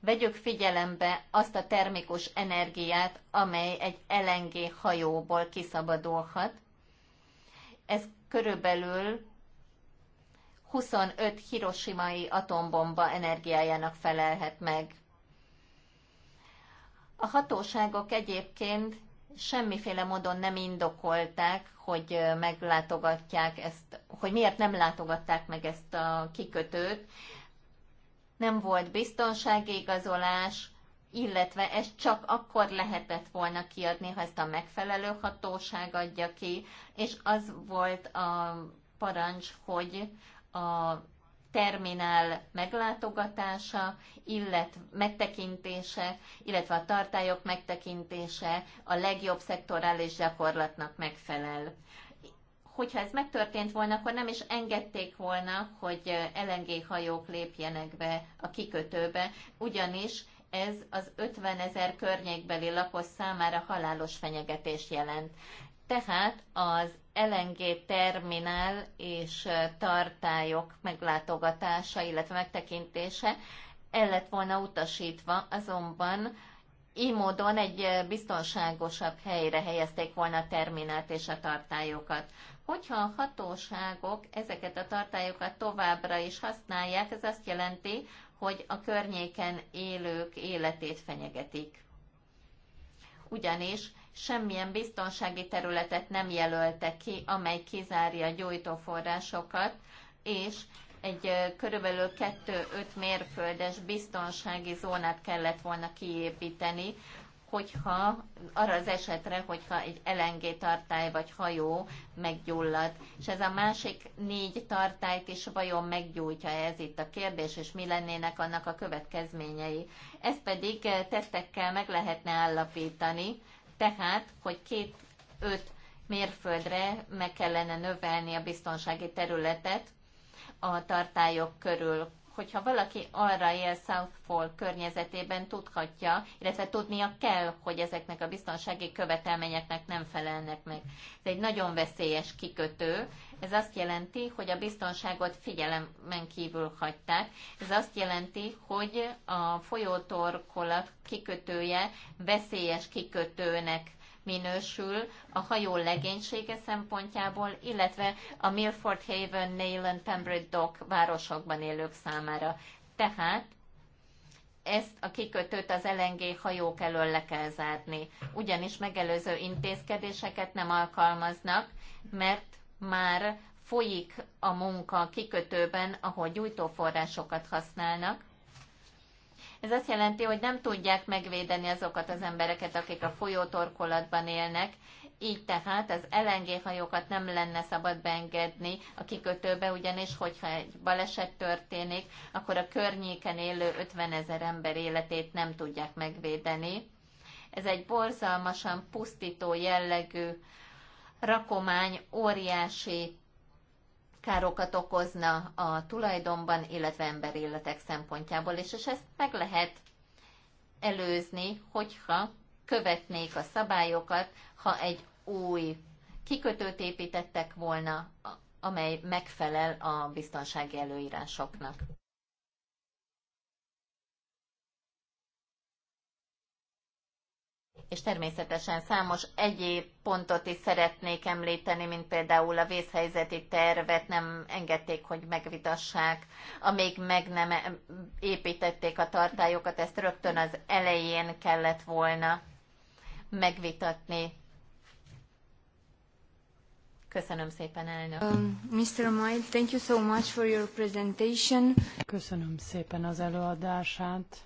[SPEAKER 3] Vegyük figyelembe azt a termikus energiát, amely egy LNG hajóból kiszabadulhat. Ez körülbelül 25 hiroshimai atombomba energiájának felelhet meg. A hatóságok egyébként semmiféle módon nem indokolták, hogy meglátogatják ezt, hogy miért nem látogatták meg ezt a kikötőt. Nem volt biztonsági igazolás, illetve ezt csak akkor lehetett volna kiadni, ha ezt a megfelelő hatóság adja ki, és az volt a parancs, hogy a terminál meglátogatása, illetve megtekintése, illetve a tartályok megtekintése a legjobb szektorális gyakorlatnak megfelel. Hogyha ez megtörtént volna, akkor nem is engedték volna, hogy LNG hajók lépjenek be a kikötőbe, ugyanis ez az 50 ezer környékbeli lakos számára halálos fenyegetés jelent. Tehát az LNG terminál és tartályok meglátogatása, illetve megtekintése el lett volna utasítva, azonban így módon egy biztonságosabb helyre helyezték volna a terminált és a tartályokat. Hogyha a hatóságok ezeket a tartályokat továbbra is használják, ez azt jelenti, hogy a környéken élők életét fenyegetik. Ugyanis semmilyen biztonsági területet nem jelölte ki, amely kizárja a gyújtóforrásokat, és egy körülbelül 2-5 mérföldes biztonsági zónát kellett volna kiépíteni, hogyha arra az esetre, hogyha egy LNG tartály vagy hajó meggyullad. És ez a másik négy tartályt is vajon meggyújtja ez itt a kérdés, és mi lennének annak a következményei. Ezt pedig tettekkel meg lehetne állapítani, tehát, hogy két-öt mérföldre meg kellene növelni a biztonsági területet a tartályok körül. Hogyha valaki arra él South Pole környezetében, tudhatja, illetve tudnia kell, hogy ezeknek a biztonsági követelményeknek nem felelnek meg. Ez egy nagyon veszélyes kikötő, ez azt jelenti, hogy a biztonságot figyelemen kívül hagyták. Ez azt jelenti, hogy a folyótorkolat kikötője veszélyes kikötőnek minősül a hajó legénysége szempontjából, illetve a Milford Haven, Nayland, Pembroke Dock városokban élők számára. Tehát ezt a kikötőt az LNG hajók elől le kell zárni, ugyanis megelőző intézkedéseket nem alkalmaznak, mert már folyik a munka kikötőben, ahol gyújtóforrásokat használnak. Ez azt jelenti, hogy nem tudják megvédeni azokat az embereket, akik a folyótorkolatban élnek, így tehát az LNG hajókat nem lenne szabad beengedni a kikötőbe, ugyanis hogyha egy baleset történik, akkor a környéken élő 50 ezer ember életét nem tudják megvédeni. Ez egy borzalmasan pusztító jellegű rakomány óriási károkat okozna a tulajdonban, illetve emberéletek szempontjából, és, és ezt meg lehet előzni, hogyha követnék a szabályokat, ha egy új kikötőt építettek volna, amely megfelel a biztonsági előírásoknak. és természetesen számos egyéb pontot is szeretnék említeni, mint például a vészhelyzeti tervet nem engedték, hogy megvitassák, amíg meg nem e- építették a tartályokat, ezt rögtön az elején kellett volna megvitatni. Köszönöm szépen, elnök. Um,
[SPEAKER 4] Mr. Mai, thank you so much for your presentation. Köszönöm szépen az előadását.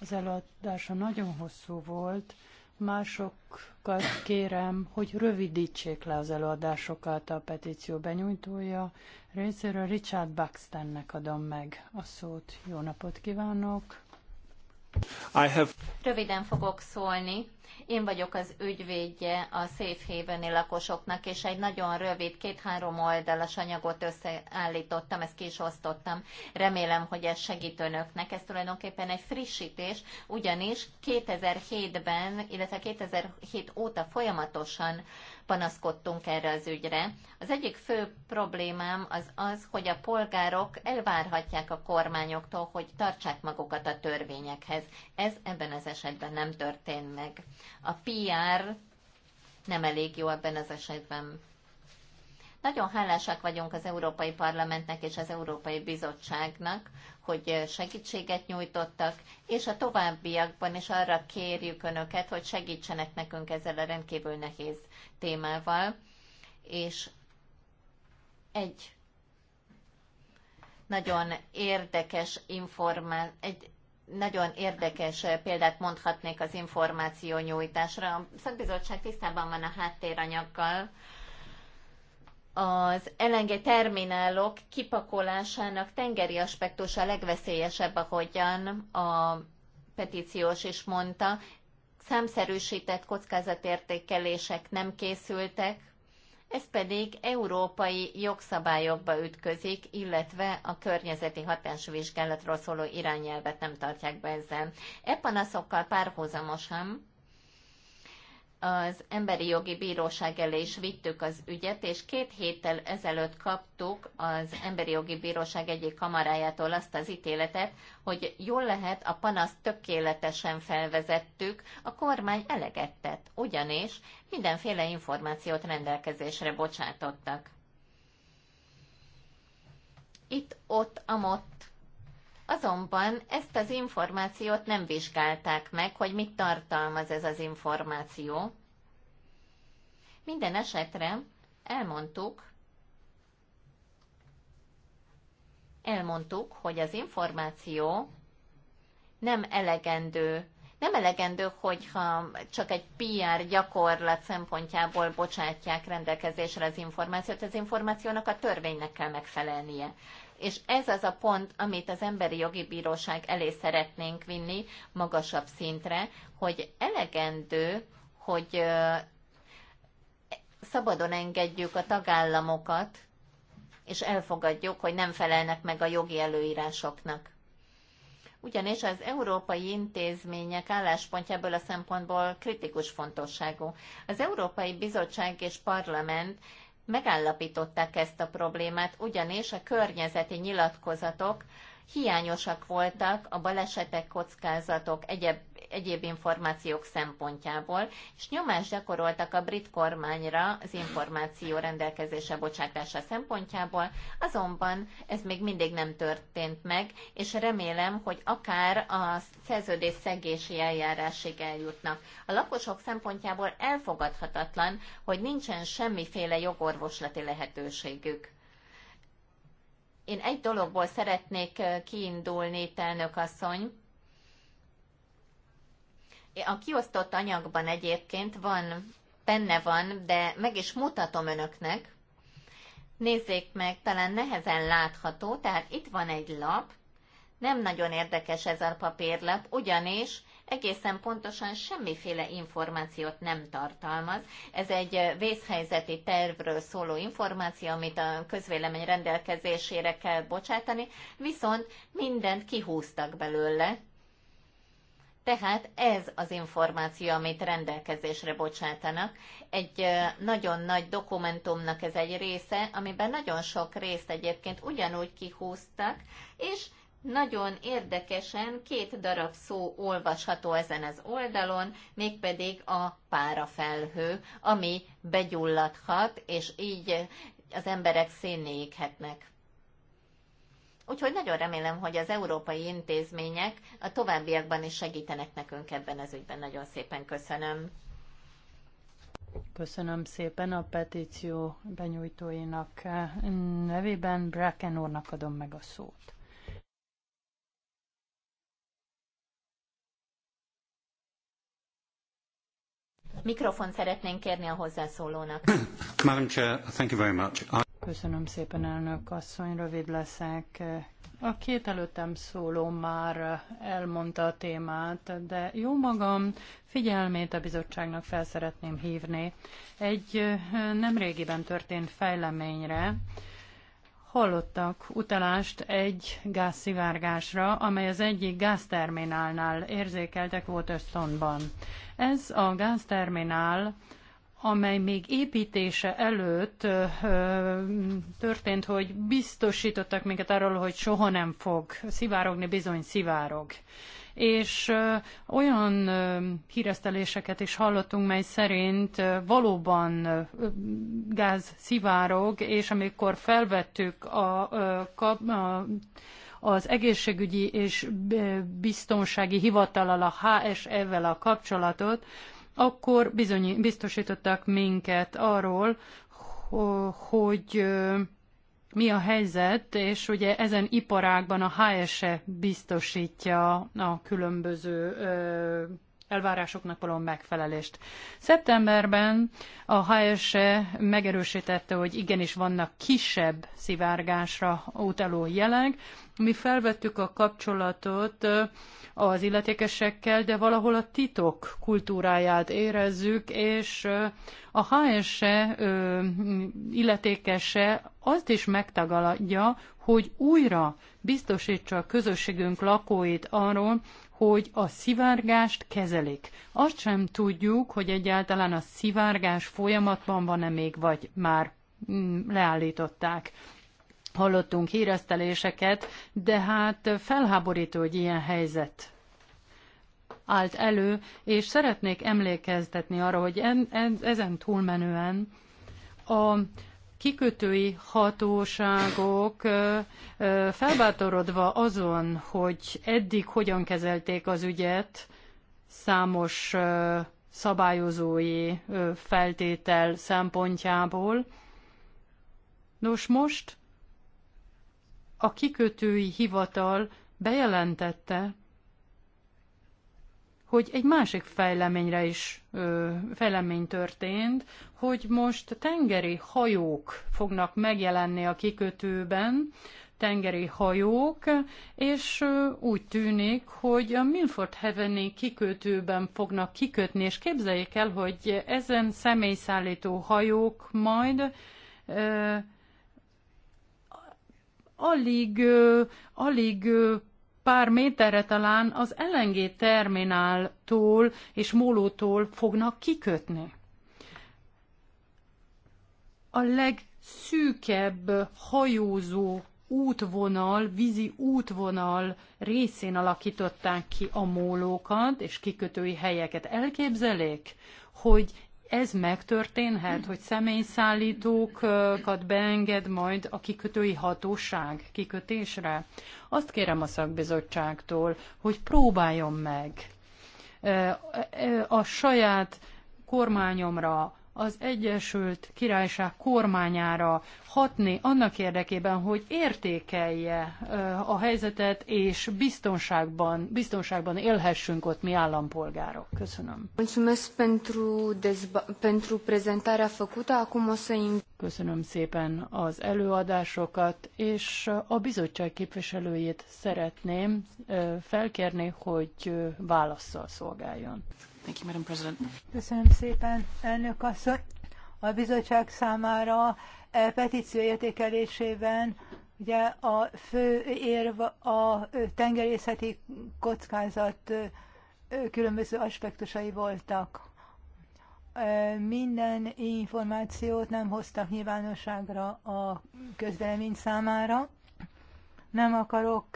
[SPEAKER 4] Az előadása nagyon hosszú volt. Másokat kérem, hogy rövidítsék le az előadásokat a petíció benyújtója. Részéről Richard Buxtonnek adom meg a szót. Jó napot kívánok!
[SPEAKER 5] I have...
[SPEAKER 3] Röviden fogok szólni. Én vagyok az ügyvédje a Safe haven lakosoknak, és egy nagyon rövid, két-három oldalas anyagot összeállítottam, ezt ki is osztottam. Remélem, hogy ez segít önöknek. Ez tulajdonképpen egy frissítés, ugyanis 2007-ben, illetve 2007 óta folyamatosan panaszkodtunk erre az ügyre. Az egyik fő problémám az az, hogy a polgárok elvárhatják a kormányoktól, hogy tartsák magukat a törvényekhez. Ez ebben az esetben nem történt meg. A PR nem elég jó ebben az esetben. Nagyon hálásak vagyunk az Európai Parlamentnek és az Európai Bizottságnak, hogy segítséget nyújtottak, és a továbbiakban is arra kérjük Önöket, hogy segítsenek nekünk ezzel a rendkívül nehéz témával, és egy nagyon érdekes információ, egy nagyon érdekes példát mondhatnék az információ nyújtásra. A szakbizottság tisztában van a háttéranyaggal. Az LNG terminálok kipakolásának tengeri aspektusa legveszélyesebb, ahogyan a petíciós is mondta, számszerűsített kockázatértékelések nem készültek, ez pedig európai jogszabályokba ütközik, illetve a környezeti hatásvizsgálatról szóló irányelvet nem tartják be ezzel. E panaszokkal párhuzamosan az Emberi Jogi Bíróság elé is vittük az ügyet, és két héttel ezelőtt kaptuk az Emberi Jogi Bíróság egyik kamarájától azt az ítéletet, hogy jól lehet, a panaszt tökéletesen felvezettük, a kormány eleget tett, ugyanis mindenféle információt rendelkezésre bocsátottak. Itt, ott, amott Azonban ezt az információt nem vizsgálták meg, hogy mit tartalmaz ez az információ. Minden esetre elmondtuk, elmondtuk, hogy az információ nem elegendő, nem elegendő, hogyha csak egy PR gyakorlat szempontjából bocsátják rendelkezésre az információt, az információnak a törvénynek kell megfelelnie és ez az a pont, amit az Emberi Jogi Bíróság elé szeretnénk vinni magasabb szintre, hogy elegendő, hogy szabadon engedjük a tagállamokat, és elfogadjuk, hogy nem felelnek meg a jogi előírásoknak. Ugyanis az európai intézmények álláspontjából a szempontból kritikus fontosságú. Az Európai Bizottság és Parlament megállapították ezt a problémát, ugyanis a környezeti nyilatkozatok hiányosak voltak a balesetek, kockázatok, egyéb egyéb információk szempontjából, és nyomást gyakoroltak a brit kormányra az információ rendelkezése bocsátása szempontjából, azonban ez még mindig nem történt meg, és remélem, hogy akár a szerződés szegési eljárásig eljutnak. A lakosok szempontjából elfogadhatatlan, hogy nincsen semmiféle jogorvoslati lehetőségük. Én egy dologból szeretnék kiindulni, elnök asszony, a kiosztott anyagban egyébként van, benne van, de meg is mutatom önöknek. Nézzék meg, talán nehezen látható, tehát itt van egy lap, nem nagyon érdekes ez a papírlap, ugyanis egészen pontosan semmiféle információt nem tartalmaz. Ez egy vészhelyzeti tervről szóló információ, amit a közvélemény rendelkezésére kell bocsátani, viszont mindent kihúztak belőle. Tehát ez az információ, amit rendelkezésre bocsátanak. Egy nagyon nagy dokumentumnak ez egy része, amiben nagyon sok részt egyébként ugyanúgy kihúztak, és nagyon érdekesen két darab szó olvasható ezen az oldalon, mégpedig a párafelhő, ami begyulladhat, és így az emberek szénné éghetnek. Úgyhogy nagyon remélem, hogy az európai intézmények a továbbiakban is segítenek nekünk ebben az ügyben. Nagyon szépen köszönöm.
[SPEAKER 4] Köszönöm szépen a petíció benyújtóinak eh, nevében. Bracken úrnak adom meg a szót.
[SPEAKER 3] Mikrofon szeretnénk kérni a hozzászólónak.
[SPEAKER 5] Madam Chair, thank you very much. I...
[SPEAKER 4] Köszönöm szépen, elnök asszony, rövid
[SPEAKER 3] leszek. A két
[SPEAKER 4] előttem szóló már elmondta a témát, de jó magam figyelmét a bizottságnak fel szeretném hívni. Egy nemrégiben történt fejleményre, hallottak utalást egy gázszivárgásra, amely az egyik gázterminálnál érzékeltek Waterstone-ban. Ez a gázterminál amely még építése előtt történt, hogy biztosítottak minket arról, hogy soha nem fog szivárogni, bizony szivárog. És olyan híreszteléseket is hallottunk, mely szerint valóban gáz szivárog, és amikor felvettük a, a az egészségügyi és biztonsági hivatalal, a HSE-vel a kapcsolatot, akkor bizony, biztosítottak minket arról, hogy mi a helyzet, és ugye ezen iparágban a HSE biztosítja a különböző elvárásoknak való megfelelést. Szeptemberben a HSE megerősítette, hogy igenis vannak kisebb szivárgásra utaló jelek. Mi felvettük a kapcsolatot az illetékesekkel, de valahol a titok kultúráját érezzük, és a HSE illetékese azt is megtagadja, hogy újra biztosítsa a közösségünk lakóit arról, hogy a szivárgást kezelik. Azt sem tudjuk, hogy egyáltalán a szivárgás folyamatban van-e még, vagy már mm, leállították. Hallottunk híreszteléseket, de hát felháborító, hogy ilyen helyzet állt elő, és szeretnék emlékeztetni arra, hogy en, en, ezen túlmenően a kikötői hatóságok felbátorodva azon, hogy eddig hogyan kezelték az ügyet, számos szabályozói feltétel szempontjából. Nos, most a kikötői hivatal bejelentette, hogy egy másik fejleményre is ö, fejlemény történt, hogy most tengeri hajók fognak megjelenni a kikötőben, tengeri hajók, és úgy tűnik, hogy a Milford Heaveni kikötőben fognak kikötni, és képzeljék el, hogy ezen személyszállító hajók majd ö, alig, alig pár méterre talán az LNG termináltól és mólótól fognak kikötni. A legszűkebb hajózó útvonal, vízi útvonal részén alakították ki a mólókat és kikötői helyeket. Elképzelék, hogy ez megtörténhet, hogy személyszállítókat beenged majd a kikötői hatóság kikötésre? Azt kérem a szakbizottságtól, hogy próbáljon meg eh, eh, a saját kormányomra az Egyesült Királyság kormányára hatni annak érdekében, hogy értékelje a helyzetet, és biztonságban, biztonságban élhessünk ott mi állampolgárok. Köszönöm. Köszönöm szépen az előadásokat, és a bizottság képviselőjét szeretném felkérni, hogy válaszsal szolgáljon. Thank you,
[SPEAKER 5] Madam President.
[SPEAKER 2] Köszönöm szépen, elnök asszony. A bizottság számára e petíció értékelésében ugye a fő érv a tengerészeti kockázat különböző aspektusai voltak. E, minden információt nem hoztak nyilvánosságra a közvélemény számára. Nem akarok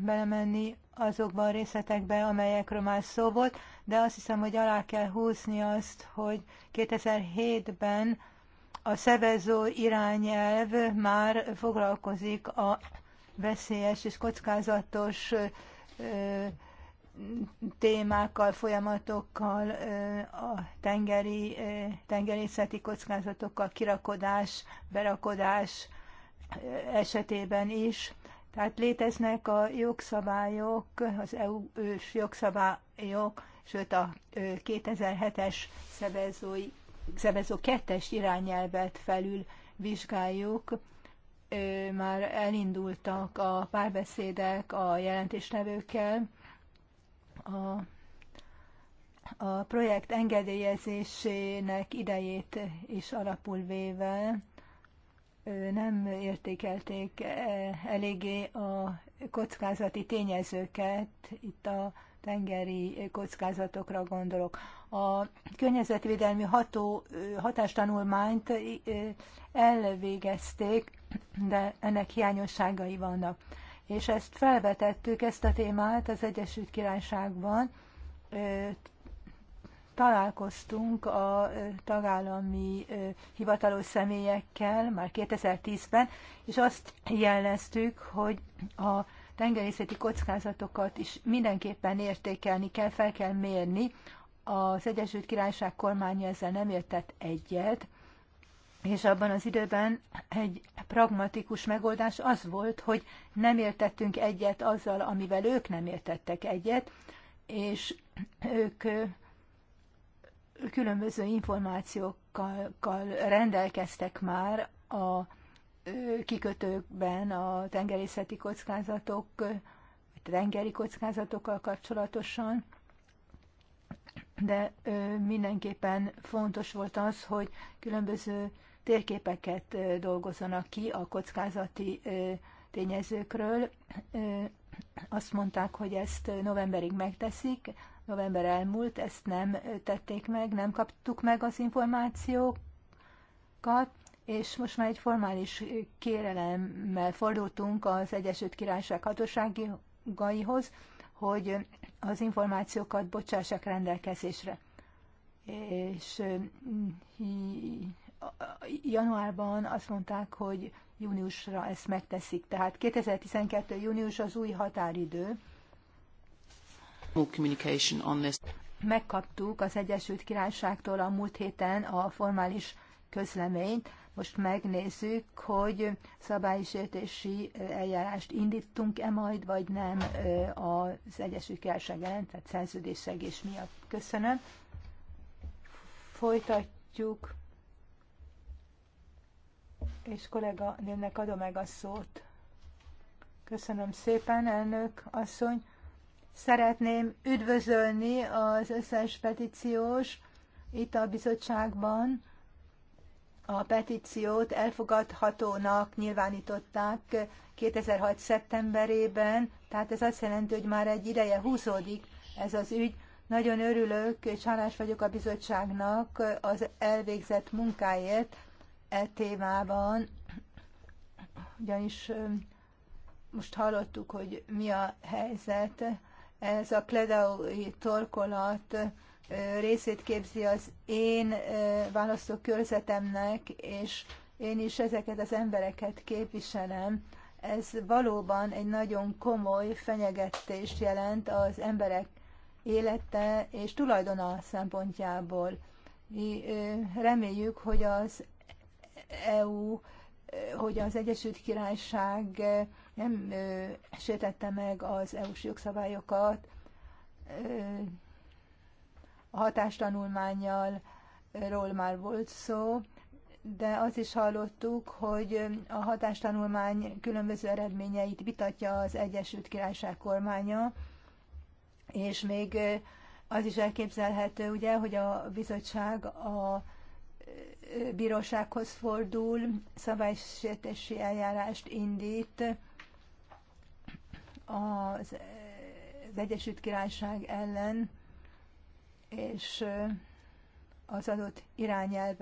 [SPEAKER 2] belemenni azokba a részletekbe, amelyekről már szó volt, de azt hiszem, hogy alá kell húzni azt, hogy 2007-ben a szevező irányelv már foglalkozik a veszélyes és kockázatos témákkal, folyamatokkal, a tengeri, tengerészeti kockázatokkal, kirakodás, berakodás esetében is. Tehát léteznek a jogszabályok, az EU-s jogszabályok, sőt a 2007-es Szevezó szervező kettes irányelvet felül vizsgáljuk. Már elindultak a párbeszédek a jelentéstevőkkel. A, a projekt engedélyezésének idejét is alapul véve nem értékelték eléggé a kockázati tényezőket itt a tengeri kockázatokra gondolok. A környezetvédelmi ható, hatástanulmányt elvégezték, de ennek hiányosságai vannak. És ezt felvetettük, ezt a témát az Egyesült Királyságban. Találkoztunk a tagállami hivatalos személyekkel már 2010-ben, és azt jeleztük, hogy a tengerészeti kockázatokat is mindenképpen értékelni kell, fel kell mérni. Az Egyesült Királyság kormánya ezzel nem értett egyet, és abban az időben egy pragmatikus megoldás az volt, hogy nem értettünk egyet azzal, amivel ők nem értettek egyet, és ők különböző információkkal rendelkeztek már a kikötőkben a tengerészeti kockázatok, vagy tengeri kockázatokkal kapcsolatosan, de mindenképpen fontos volt az, hogy különböző térképeket dolgozzanak ki a kockázati tényezőkről. Azt mondták, hogy ezt novemberig megteszik, november elmúlt, ezt nem tették meg, nem kaptuk meg az információkat, és most már egy formális kérelemmel fordultunk az Egyesült Királyság hatóságaihoz, hogy az információkat bocsássák rendelkezésre. És januárban azt mondták, hogy júniusra ezt megteszik. Tehát 2012. június az új határidő. Megkaptuk az Egyesült Királyságtól a múlt héten a formális közleményt most megnézzük, hogy szabálysértési eljárást indítunk-e majd, vagy nem az Egyesült Királyság ellen, tehát szerződésszegés miatt. Köszönöm. Folytatjuk. És kollega nőnek adom meg a szót. Köszönöm szépen, elnök asszony. Szeretném üdvözölni az összes petíciós itt a bizottságban, a petíciót elfogadhatónak nyilvánították 2006. szeptemberében, tehát ez azt jelenti, hogy már egy ideje húzódik ez az ügy. Nagyon örülök, és hálás vagyok a bizottságnak az elvégzett munkáért e témában, ugyanis most hallottuk, hogy mi a helyzet. Ez a kledaui torkolat részét képzi az én választókörzetemnek, és én is ezeket az embereket képviselem. Ez valóban egy nagyon komoly fenyegetést jelent az emberek élete és tulajdona szempontjából. Mi reméljük, hogy az EU, hogy az Egyesült Királyság nem sértette meg az EU-s jogszabályokat, hatástanulmányjal ról már volt szó, de azt is hallottuk, hogy a hatástanulmány különböző eredményeit vitatja az Egyesült Királyság kormánya, és még az is elképzelhető, ugye, hogy a bizottság a bírósághoz fordul, szabálysértési eljárást indít az, az Egyesült Királyság ellen, és az adott irányelv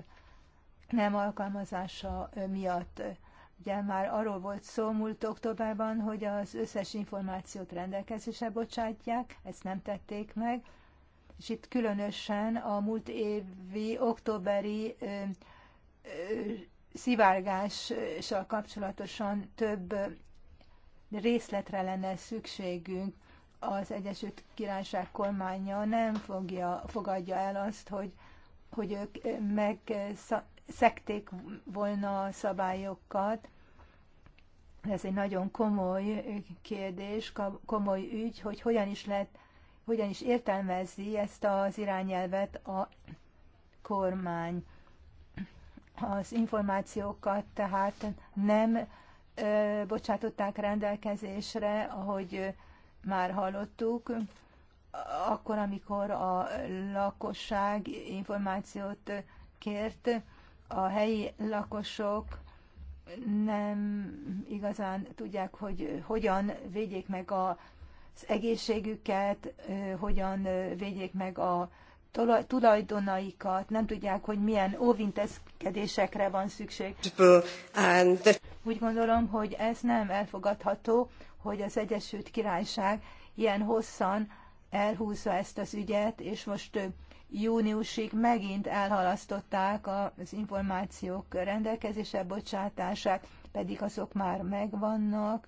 [SPEAKER 2] nem alkalmazása miatt. Ugye már arról volt szó múlt októberben, hogy az összes információt rendelkezésre bocsátják, ezt nem tették meg, és itt különösen a múlt évi októberi ö, ö, szivárgással kapcsolatosan több részletre lenne szükségünk az Egyesült Királyság kormánya nem fogja, fogadja el azt, hogy, hogy ők megszekték volna a szabályokat. Ez egy nagyon komoly kérdés, komoly ügy, hogy hogyan is lehet, hogyan is értelmezi ezt az irányelvet a kormány. Az információkat tehát nem ö, bocsátották rendelkezésre, ahogy ö, már hallottuk, akkor, amikor a lakosság információt kért, a helyi lakosok nem igazán tudják, hogy hogyan védjék meg az egészségüket, hogyan védjék meg a tulajdonaikat, nem tudják, hogy milyen óvintézkedésekre van szükség. Úgy gondolom, hogy ez nem elfogadható, hogy az Egyesült Királyság ilyen hosszan elhúzza ezt az ügyet, és most júniusig megint elhalasztották az információk rendelkezése bocsátását, pedig azok már megvannak,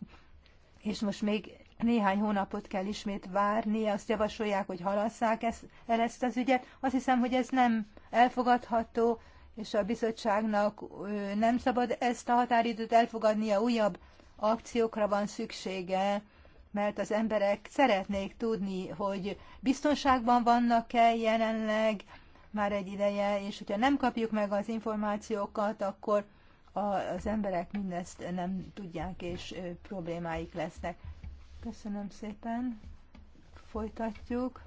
[SPEAKER 2] és most még néhány hónapot kell ismét várni, azt javasolják, hogy halasszák ezt, el ezt az ügyet. Azt hiszem, hogy ez nem elfogadható, és a bizottságnak nem szabad ezt a határidőt elfogadnia újabb akciókra van szüksége, mert az emberek szeretnék tudni, hogy biztonságban vannak-e jelenleg már egy ideje, és hogyha nem kapjuk meg az információkat, akkor az emberek mindezt nem tudják, és problémáik lesznek. Köszönöm szépen. Folytatjuk.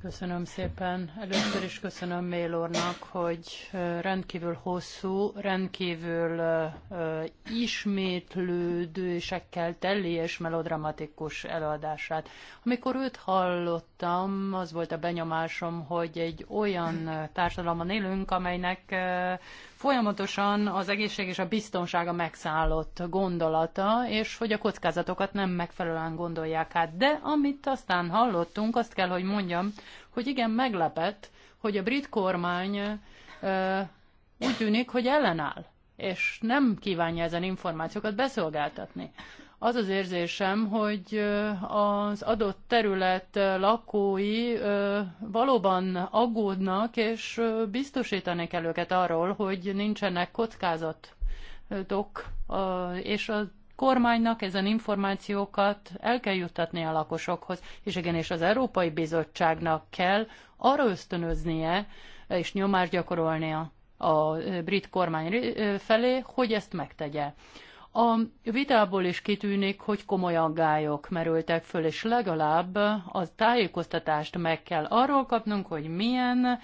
[SPEAKER 4] Köszönöm szépen. Először is köszönöm Mailornak, hogy rendkívül hosszú, rendkívül ismétlődésekkel teli és melodramatikus előadását. Amikor őt hallottam, az volt a benyomásom, hogy egy olyan társadalomban élünk, amelynek folyamatosan az egészség és a a megszállott gondolata, és hogy a kockázatokat nem megfelelően gondolják át. De amit aztán hallottunk, azt kell, hogy mondjam, hogy igen, meglepett, hogy a brit kormány ö, úgy tűnik, hogy ellenáll és nem kívánja ezen információkat beszolgáltatni az az érzésem, hogy az adott terület lakói valóban aggódnak, és biztosítani kell őket arról, hogy nincsenek kockázatok, és a kormánynak ezen információkat el kell juttatni a lakosokhoz, és igenis az Európai Bizottságnak kell arra ösztönöznie és nyomást gyakorolnia a brit kormány felé, hogy ezt megtegye. A vitából is kitűnik, hogy komoly aggályok merültek föl, és legalább a tájékoztatást meg kell arról kapnunk, hogy milyen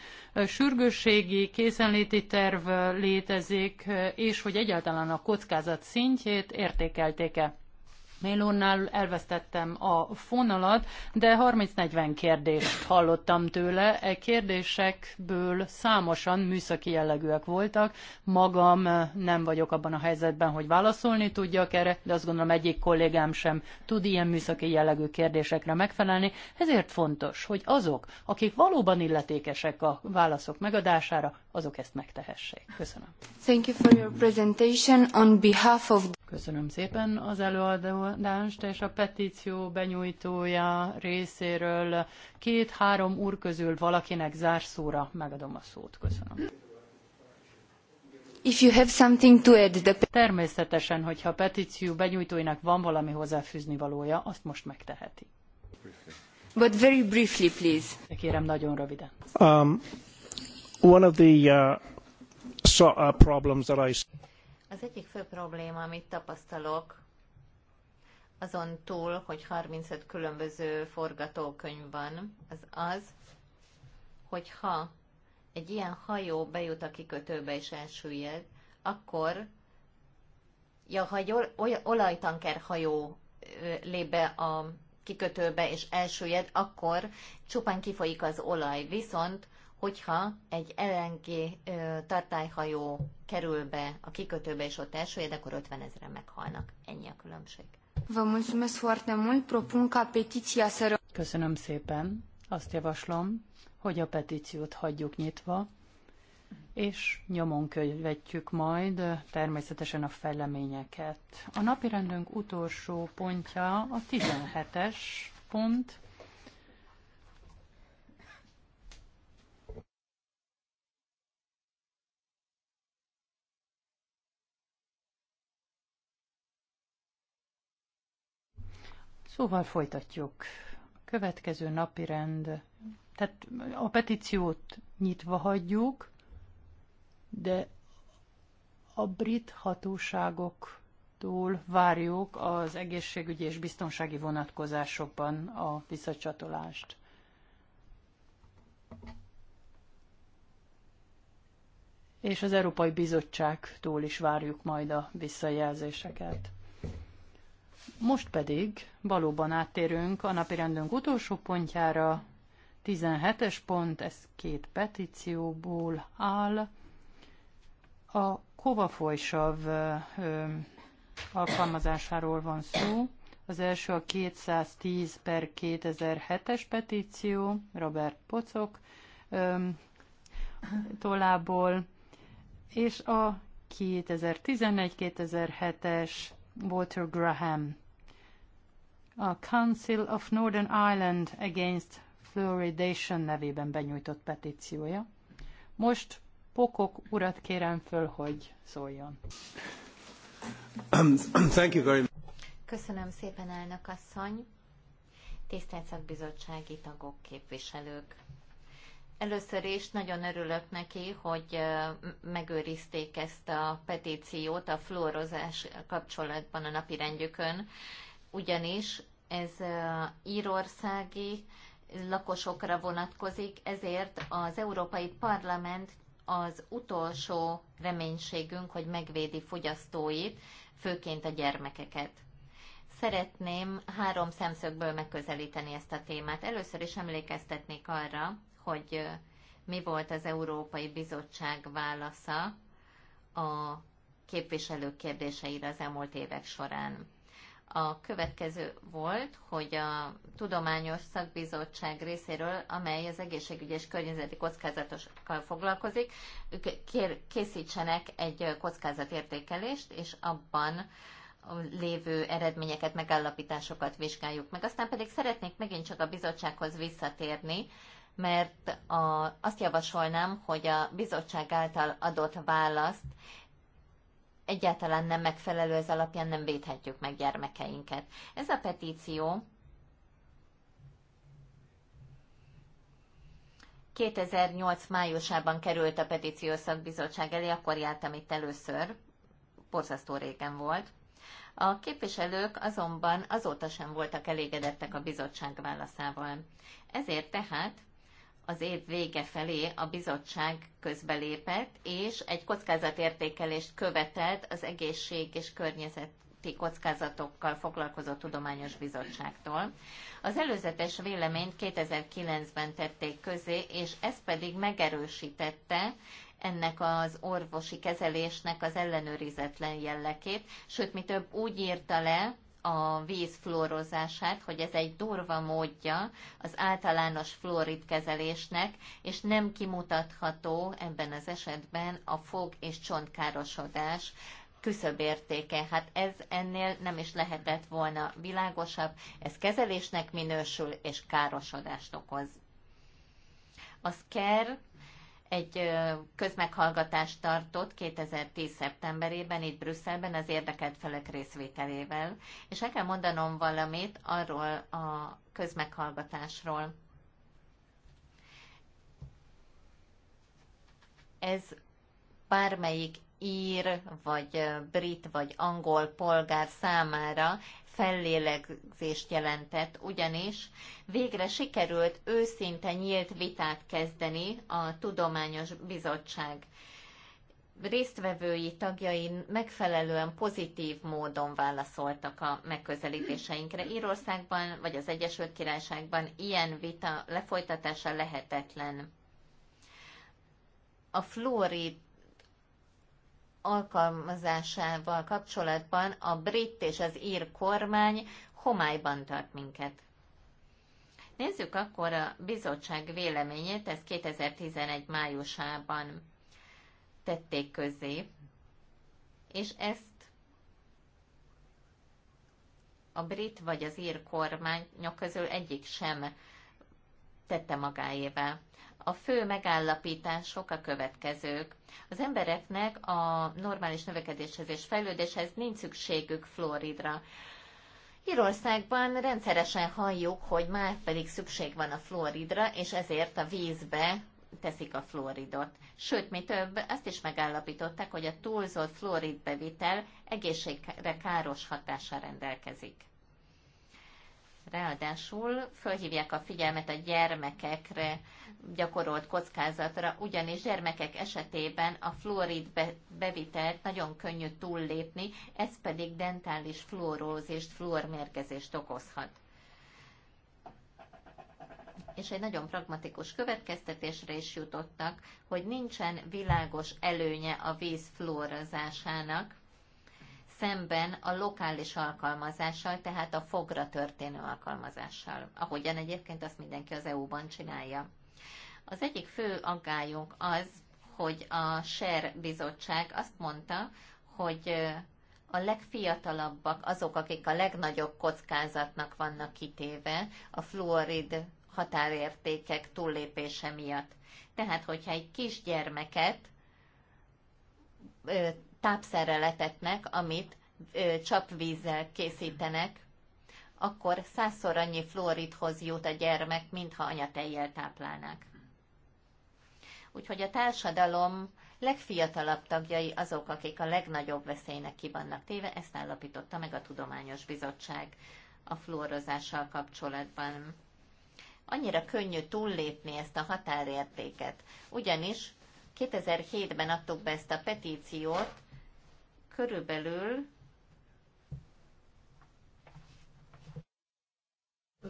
[SPEAKER 4] sürgősségi készenléti terv létezik, és hogy egyáltalán a kockázat szintjét értékelték-e. Mélónál elvesztettem a fonalat, de 30-40 kérdést hallottam tőle. E kérdésekből számosan műszaki jellegűek voltak. Magam eh, nem vagyok abban a helyzetben, hogy válaszolni tudjak erre, de azt gondolom egyik kollégám sem tud ilyen műszaki jellegű kérdésekre megfelelni. Ezért fontos, hogy azok, akik valóban illetékesek a válaszok megadására, azok ezt megtehessék. Köszönöm.
[SPEAKER 1] Thank you for your presentation on behalf of... Köszönöm szépen
[SPEAKER 4] az előadó megoldást, és a petíció benyújtója részéről két-három úr közül valakinek zárszóra megadom a szót. Köszönöm. If you have something to add, the... Természetesen, hogyha a petíció benyújtóinak van valami hozzáfűzni valója, azt most megteheti. But very briefly, please. Kérem, nagyon röviden.
[SPEAKER 5] Um, one of the uh, so, uh, problems that I...
[SPEAKER 3] Az egyik fő probléma, amit tapasztalok, azon túl, hogy 35 különböző forgatókönyv van, az az, hogy ha egy ilyen hajó bejut a kikötőbe és elsüllyed, akkor ja, ha egy olajtanker hajó lép be a kikötőbe és elsüllyed, akkor csupán kifolyik az olaj. Viszont, hogyha egy LNG tartályhajó kerül be a kikötőbe és ott elsüllyed, akkor 50 ezeren meghalnak. Ennyi a különbség. Vă
[SPEAKER 4] mulțumesc foarte mult. Propun ca petiția să... Köszönöm szépen. Azt javaslom, hogy a petíciót hagyjuk nyitva, és nyomon követjük majd eh, természetesen a fejleményeket. A napirendünk utolsó pontja a 17-es pont, Szóval folytatjuk. Következő napi rend. Tehát a petíciót nyitva hagyjuk, de a brit hatóságoktól várjuk az egészségügyi és biztonsági vonatkozásokban a visszacsatolást. És az Európai Bizottságtól is várjuk majd a visszajelzéseket. Most pedig valóban áttérünk a napirendünk utolsó pontjára, 17-es pont, ez két petícióból áll. A kovafolysav alkalmazásáról van szó. Az első a 210 per 2007-es petíció Robert Pocok ö, tollából, és a 2011-2007-es Walter Graham a Council of Northern Ireland against Fluoridation nevében benyújtott petíciója. Most Pokok urat kérem föl, hogy
[SPEAKER 5] szóljon. Thank you very much.
[SPEAKER 3] Köszönöm szépen, elnök asszony. Tisztelt szakbizottsági tagok, képviselők. Először is nagyon örülök neki, hogy megőrizték ezt a petíciót a fluorozás kapcsolatban a napirendjükön ugyanis ez írországi lakosokra vonatkozik, ezért az Európai Parlament az utolsó reménységünk, hogy megvédi fogyasztóit, főként a gyermekeket. Szeretném három szemszögből megközelíteni ezt a témát. Először is emlékeztetnék arra, hogy mi volt az Európai Bizottság válasza a képviselők kérdéseire az elmúlt évek során a következő volt, hogy a Tudományos Szakbizottság részéről, amely az egészségügyi és környezeti kockázatokkal foglalkozik, ők kér, készítsenek egy kockázatértékelést, és abban lévő eredményeket, megállapításokat vizsgáljuk meg. Aztán pedig szeretnék megint csak a bizottsághoz visszatérni, mert a, azt javasolnám, hogy a bizottság által adott választ egyáltalán nem megfelelő, ez alapján nem védhetjük meg gyermekeinket. Ez a petíció 2008 májusában került a petíciós szakbizottság elé, akkor jártam itt először, borzasztó régen volt. A képviselők azonban azóta sem voltak elégedettek a bizottság válaszával. Ezért tehát az év vége felé a bizottság közbelépett, és egy kockázatértékelést követelt az egészség és környezet kockázatokkal foglalkozó tudományos bizottságtól. Az előzetes véleményt 2009-ben tették közé, és ez pedig megerősítette ennek az orvosi kezelésnek az ellenőrizetlen jellegét, sőt, mi több úgy írta le, a víz fluorozását, hogy ez egy durva módja az általános fluorid kezelésnek, és nem kimutatható ebben az esetben a fog- és csontkárosodás küszöbértéke. Hát ez ennél nem is lehetett volna világosabb, ez kezelésnek minősül és károsodást okoz. A SCARE egy közmeghallgatást tartott 2010. szeptemberében itt Brüsszelben az érdekelt felek részvételével, és el kell mondanom valamit arról a közmeghallgatásról. Ez bármelyik ír, vagy brit, vagy angol polgár számára fellélegzést jelentett, ugyanis végre sikerült őszinte nyílt vitát kezdeni a Tudományos Bizottság résztvevői tagjai megfelelően pozitív módon válaszoltak a megközelítéseinkre. Írországban vagy az Egyesült Királyságban ilyen vita lefolytatása lehetetlen. A fluorid alkalmazásával kapcsolatban a brit és az ír kormány homályban tart minket. Nézzük akkor a bizottság véleményét, ezt 2011 májusában tették közé, és ezt a brit vagy az ír kormányok közül egyik sem tette magáével. A fő megállapítások a következők. Az embereknek a normális növekedéshez és fejlődéshez nincs szükségük fluoridra. Írországban rendszeresen halljuk, hogy már pedig szükség van a fluoridra, és ezért a vízbe teszik a fluoridot. Sőt, mi több, azt is megállapították, hogy a túlzott fluoridbevitel bevitel egészségre káros hatással rendelkezik. Ráadásul fölhívják a figyelmet a gyermekekre gyakorolt kockázatra, ugyanis gyermekek esetében a fluorid bevitelt nagyon könnyű túllépni, ez pedig dentális fluorózist, fluormérgezést okozhat. És egy nagyon pragmatikus következtetésre is jutottak, hogy nincsen világos előnye a víz fluorozásának, szemben a lokális alkalmazással, tehát a fogra történő alkalmazással, ahogyan egyébként azt mindenki az EU-ban csinálja. Az egyik fő aggályunk az, hogy a SER bizottság azt mondta, hogy a legfiatalabbak azok, akik a legnagyobb kockázatnak vannak kitéve a fluorid határértékek túllépése miatt. Tehát, hogyha egy kisgyermeket Tápszereletetnek, amit ö, csapvízzel készítenek, akkor százszor annyi fluoridhoz jut a gyermek, mintha anyatejjel táplálnák. Úgyhogy a társadalom legfiatalabb tagjai azok, akik a legnagyobb veszélynek ki vannak téve, ezt állapította meg a Tudományos Bizottság a fluorozással kapcsolatban. Annyira könnyű túllépni ezt a határértéket, ugyanis 2007-ben adtuk be ezt a petíciót, körülbelül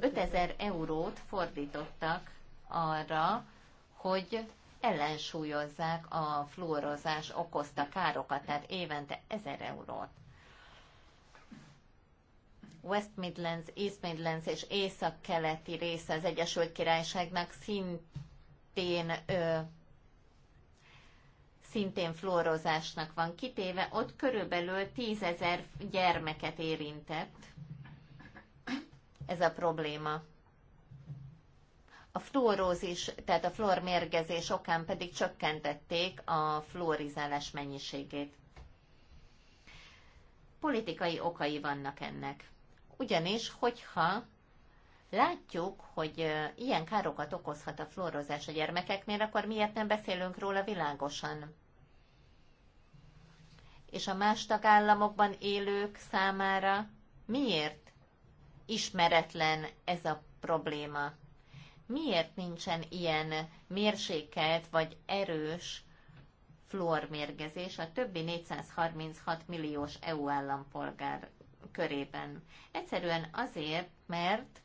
[SPEAKER 3] 5000 eurót fordítottak arra, hogy ellensúlyozzák a fluorozás okozta károkat, tehát évente 1000 eurót. West Midlands, East Midlands és észak-keleti része az Egyesült Királyságnak szintén ö, szintén fluorozásnak van kitéve, ott körülbelül tízezer gyermeket érintett ez a probléma. A fluorózis, tehát a fluormérgezés okán pedig csökkentették a fluorizálás mennyiségét. Politikai okai vannak ennek. Ugyanis, hogyha látjuk, hogy ilyen károkat okozhat a fluorozás a gyermekeknél, akkor miért nem beszélünk róla világosan? és a más tagállamokban élők számára miért ismeretlen ez a probléma? Miért nincsen ilyen mérsékelt vagy erős fluormérgezés a többi 436 milliós EU állampolgár körében? Egyszerűen azért, mert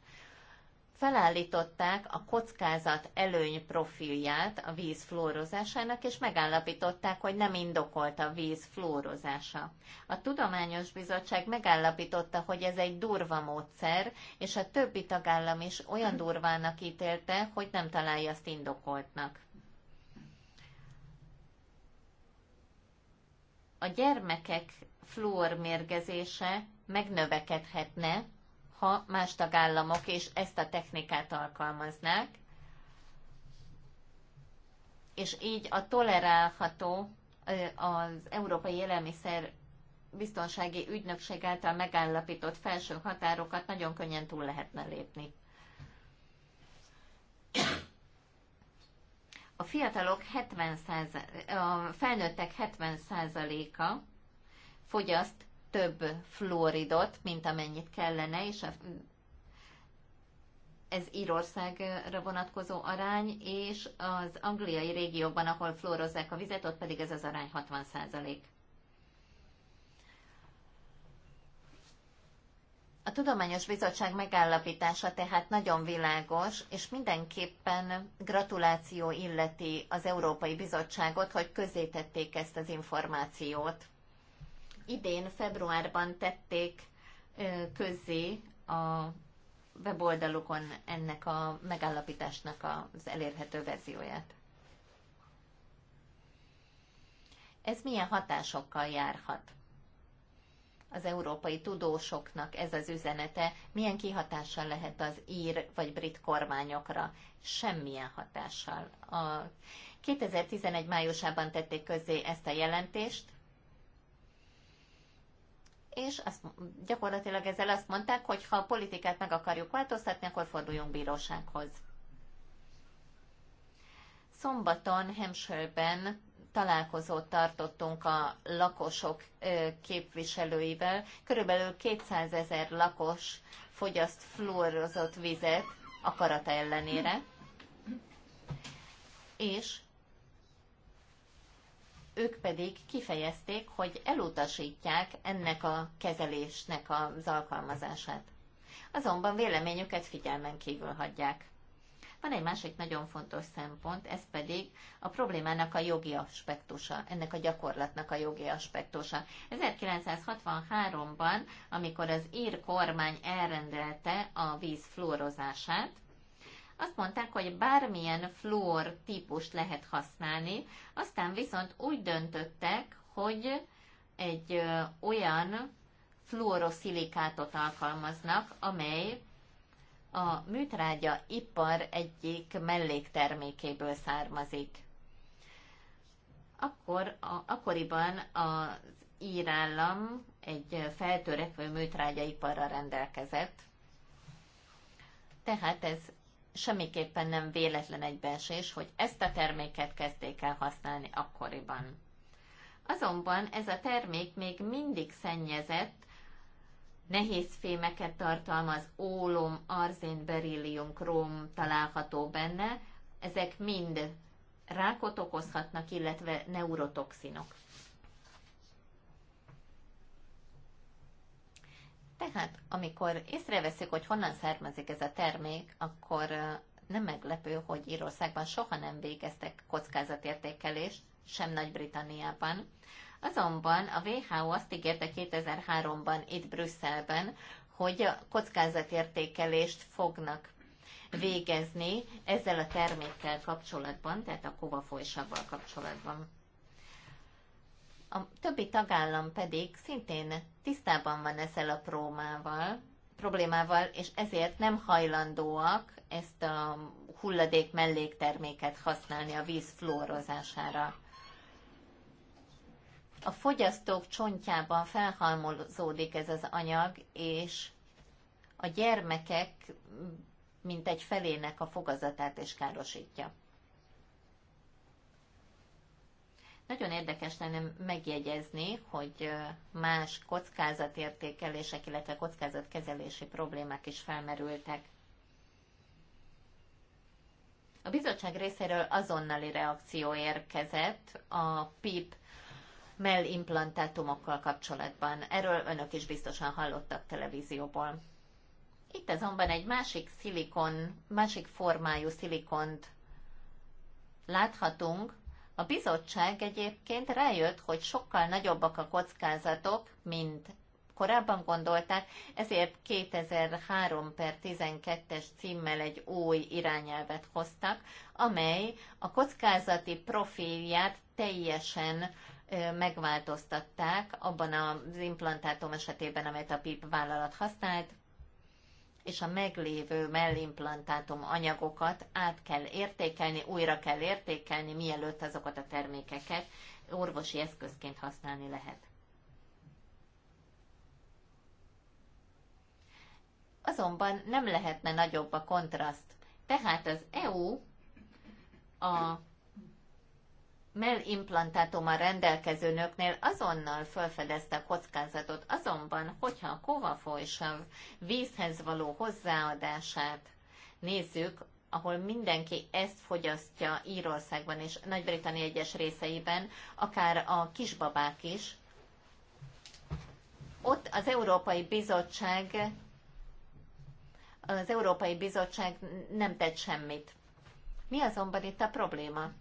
[SPEAKER 3] felállították a kockázat előny profilját a víz fluorozásának, és megállapították, hogy nem indokolt a víz fluorozása. A Tudományos Bizottság megállapította, hogy ez egy durva módszer, és a többi tagállam is olyan durvának ítélte, hogy nem találja azt indokoltnak. A gyermekek fluormérgezése megnövekedhetne, ha más tagállamok és ezt a technikát alkalmaznák, és így a tolerálható az Európai Élelmiszer Biztonsági Ügynökség által megállapított felső határokat nagyon könnyen túl lehetne lépni. A fiatalok 70 a felnőttek 70%-a fogyaszt több fluoridot, mint amennyit kellene, és a, ez Írországra vonatkozó arány, és az angliai régióban, ahol fluorozzák a vizet, ott pedig ez az arány 60 százalék. A Tudományos Bizottság megállapítása tehát nagyon világos, és mindenképpen gratuláció illeti az Európai Bizottságot, hogy közzétették ezt az információt idén februárban tették közzé a weboldalukon ennek a megállapításnak az elérhető verzióját. Ez milyen hatásokkal járhat? Az európai tudósoknak ez az üzenete milyen kihatással lehet az ír vagy brit kormányokra? Semmilyen hatással. A 2011 májusában tették közzé ezt a jelentést, és azt, gyakorlatilag ezzel azt mondták, hogy ha a politikát meg akarjuk változtatni, akkor forduljunk bírósághoz. Szombaton Hampshire-ben találkozót tartottunk a lakosok képviselőivel. Körülbelül 200 ezer lakos fogyaszt fluorozott vizet akarata ellenére, és ők pedig kifejezték, hogy elutasítják ennek a kezelésnek az alkalmazását. Azonban véleményüket figyelmen kívül hagyják. Van egy másik nagyon fontos szempont, ez pedig a problémának a jogi aspektusa, ennek a gyakorlatnak a jogi aspektusa. 1963-ban, amikor az ír kormány elrendelte a víz fluorozását, azt mondták, hogy bármilyen fluor típust lehet használni, aztán viszont úgy döntöttek, hogy egy olyan fluoroszilikátot alkalmaznak, amely a műtrágya ipar egyik melléktermékéből származik. Akkor, a, akkoriban az írállam egy feltörekvő műtrágyaiparra rendelkezett, tehát ez semmiképpen nem véletlen egybeesés, hogy ezt a terméket kezdték el használni akkoriban. Azonban ez a termék még mindig szennyezett, nehéz fémeket tartalmaz, ólom, arzén, berillium, króm található benne, ezek mind rákot okozhatnak, illetve neurotoxinok. Tehát, amikor észreveszik, hogy honnan származik ez a termék, akkor nem meglepő, hogy Írországban soha nem végeztek kockázatértékelést, sem Nagy-Britanniában. Azonban a WHO azt ígérte 2003-ban itt Brüsszelben, hogy a kockázatértékelést fognak végezni ezzel a termékkel kapcsolatban, tehát a kovafolysabbal kapcsolatban. A többi tagállam pedig szintén tisztában van ezzel a prómával, problémával, és ezért nem hajlandóak ezt a hulladék mellékterméket használni a víz fluorozására. A fogyasztók csontjában felhalmozódik ez az anyag, és a gyermekek mint egy felének a fogazatát is károsítja. Nagyon érdekes lenne megjegyezni, hogy más kockázatértékelések, illetve kockázatkezelési problémák is felmerültek. A bizottság részéről azonnali reakció érkezett a PIP mellimplantátumokkal kapcsolatban. Erről önök is biztosan hallottak televízióból. Itt azonban egy másik szilikon, másik formájú szilikont láthatunk, a bizottság egyébként rájött, hogy sokkal nagyobbak a kockázatok, mint korábban gondolták, ezért 2003 per 12-es címmel egy új irányelvet hoztak, amely a kockázati profilját teljesen megváltoztatták abban az implantátum esetében, amelyet a PIP vállalat használt, és a meglévő mellimplantátum anyagokat át kell értékelni, újra kell értékelni, mielőtt azokat a termékeket orvosi eszközként használni lehet. Azonban nem lehetne nagyobb a kontraszt. Tehát az EU a mellimplantátummal rendelkező nőknél azonnal felfedezte a kockázatot, azonban, hogyha a kovafolysav vízhez való hozzáadását nézzük, ahol mindenki ezt fogyasztja Írországban és Nagy-Britannia egyes részeiben, akár a kisbabák is, ott az Európai Bizottság az Európai Bizottság nem tett semmit. Mi azonban itt a probléma?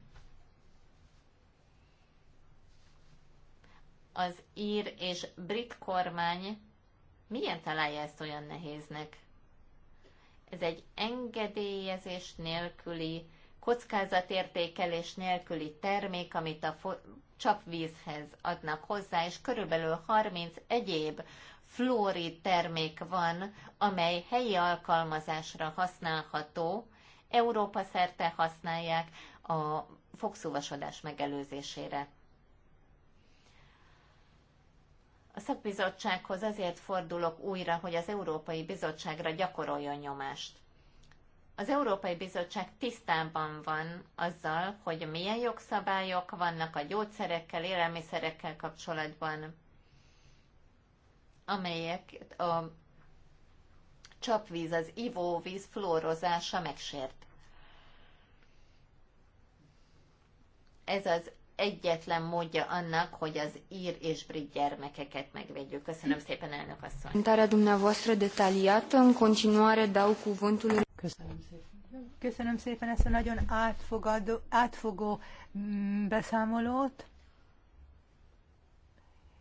[SPEAKER 3] az ír és brit kormány milyen találja ezt olyan nehéznek? Ez egy engedélyezés nélküli, kockázatértékelés nélküli termék, amit a csapvízhez adnak hozzá, és körülbelül 30 egyéb fluorid termék van, amely helyi alkalmazásra használható, Európa szerte használják a fogszúvasodás megelőzésére. A szakbizottsághoz azért fordulok újra, hogy az Európai Bizottságra gyakoroljon nyomást. Az Európai Bizottság tisztában van azzal, hogy milyen jogszabályok vannak a gyógyszerekkel, élelmiszerekkel kapcsolatban, amelyek a csapvíz, az ivóvíz fluorozása megsért. Ez az egyetlen módja annak, hogy az ír és brit gyermekeket megvédjük. Köszönöm szépen, elnök asszony.
[SPEAKER 2] continuare dau
[SPEAKER 1] Köszönöm szépen.
[SPEAKER 2] Köszönöm szépen ezt a nagyon átfogadó, átfogó mm, beszámolót.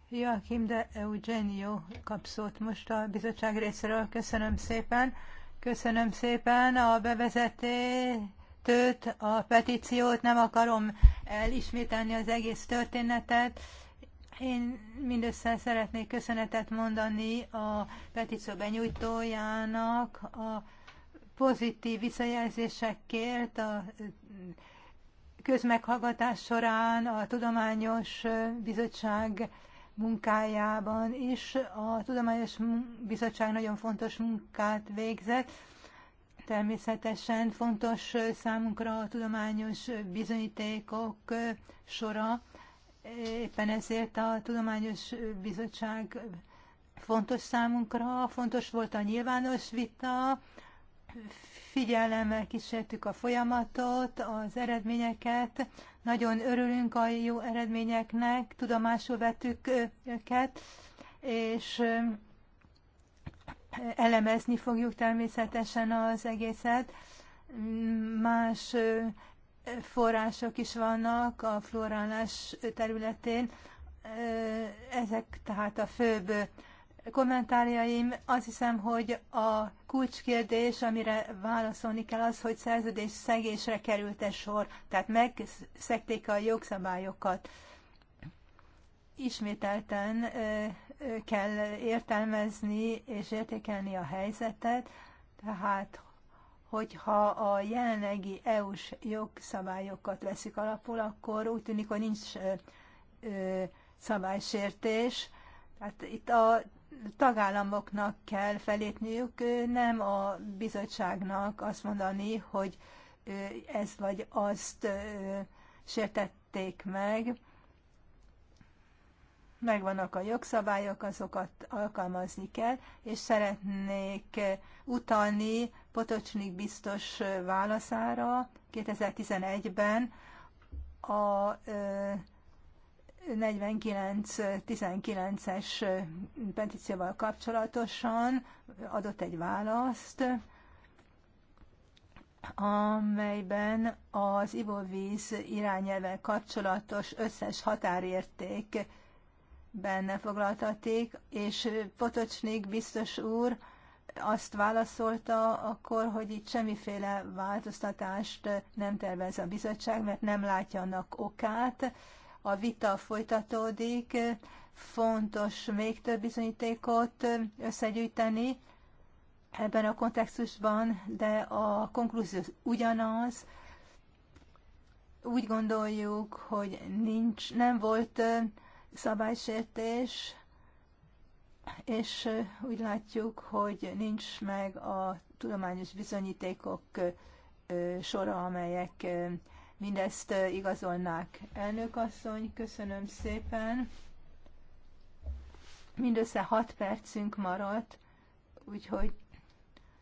[SPEAKER 2] Joachim de Eugenio kap most a bizottság részéről. Köszönöm szépen. Köszönöm szépen a bevezetést kettőt, a petíciót, nem akarom elismételni az egész történetet. Én mindössze szeretnék köszönetet mondani a petíció benyújtójának a pozitív visszajelzésekért a közmeghallgatás során a Tudományos Bizottság munkájában is. A Tudományos Bizottság nagyon fontos munkát végzett, Természetesen fontos számunkra a tudományos bizonyítékok sora, éppen ezért a Tudományos Bizottság fontos számunkra, fontos volt a nyilvános vita, figyelemmel kísértük a folyamatot, az eredményeket, nagyon örülünk a jó eredményeknek, tudomásul vettük őket, és elemezni fogjuk természetesen az egészet. Más források is vannak a florálás területén. Ezek tehát a főbb kommentárjaim. Azt hiszem, hogy a kulcskérdés, amire válaszolni kell, az, hogy szerződés szegésre került-e sor, tehát megszekték a jogszabályokat. Ismételten kell értelmezni és értékelni a helyzetet, tehát hogyha a jelenlegi EU-s jogszabályokat veszik alapul, akkor úgy tűnik, hogy nincs szabálysértés. Tehát itt a tagállamoknak kell felépniük, nem a bizottságnak azt mondani, hogy ez vagy azt sértették meg megvannak a jogszabályok, azokat alkalmazni kell, és szeretnék utalni Potocsnik biztos válaszára 2011-ben a 49-19-es petícióval kapcsolatosan adott egy választ, amelyben az ivóvíz irányelvel kapcsolatos összes határérték benne foglaltatik, és Potocsnik biztos úr azt válaszolta akkor, hogy itt semmiféle változtatást nem tervez a bizottság, mert nem látja annak okát. A vita folytatódik, fontos még több bizonyítékot összegyűjteni ebben a kontextusban, de a konklúzió ugyanaz. Úgy gondoljuk, hogy nincs, nem volt szabálysértés, és úgy látjuk, hogy nincs meg a tudományos bizonyítékok sora, amelyek mindezt igazolnák. Elnök asszony, köszönöm szépen. Mindössze 6 percünk maradt, úgyhogy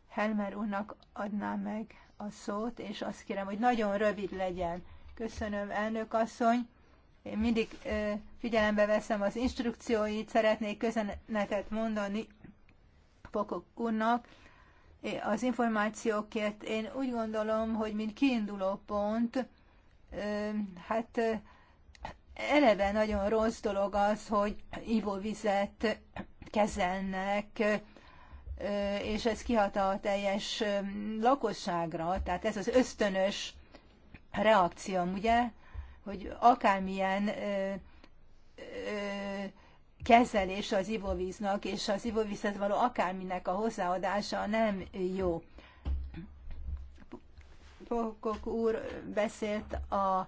[SPEAKER 2] Helmer úrnak adnám meg a szót, és azt kérem, hogy nagyon rövid legyen. Köszönöm, elnök asszony. Én mindig figyelembe veszem az instrukcióit, szeretnék köszönetet mondani Pokok úrnak az információkért. Én úgy gondolom, hogy mint kiinduló pont, hát eleve nagyon rossz dolog az, hogy ivóvizet kezelnek, és ez kihat a teljes lakosságra, tehát ez az ösztönös reakció, ugye? hogy akármilyen ö, ö, kezelés az ivóvíznak, és az ivóvízhez való akárminek a hozzáadása nem jó. Pokok úr beszélt a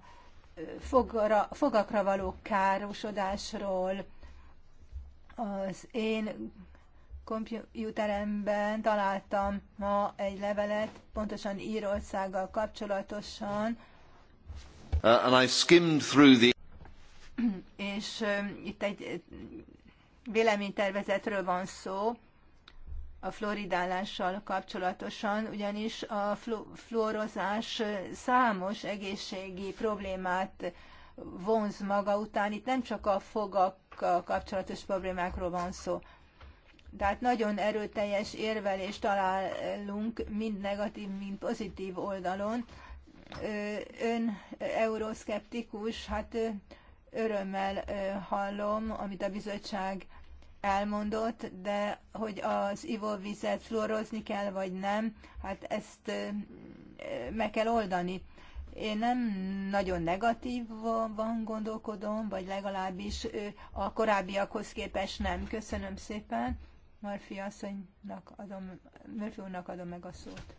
[SPEAKER 2] fogra, fogakra való károsodásról. Az én kompjúteremben találtam ma egy levelet, pontosan Írországgal kapcsolatosan,
[SPEAKER 5] Uh, and I skimmed through the...
[SPEAKER 2] És itt egy véleménytervezetről van szó, a fluoridálással kapcsolatosan, ugyanis a fluorozás számos egészségi problémát vonz maga után. Itt nem csak a fogakkal kapcsolatos problémákról van szó. Tehát nagyon erőteljes érvelést találunk mind negatív, mind pozitív oldalon ön euroszkeptikus, hát örömmel hallom, amit a bizottság elmondott, de hogy az ivóvizet fluorozni kell, vagy nem, hát ezt meg kell oldani. Én nem nagyon negatívan gondolkodom, vagy legalábbis a korábbiakhoz képest nem. Köszönöm szépen. Murphy asszonynak adom, Murphy úrnak adom meg a szót.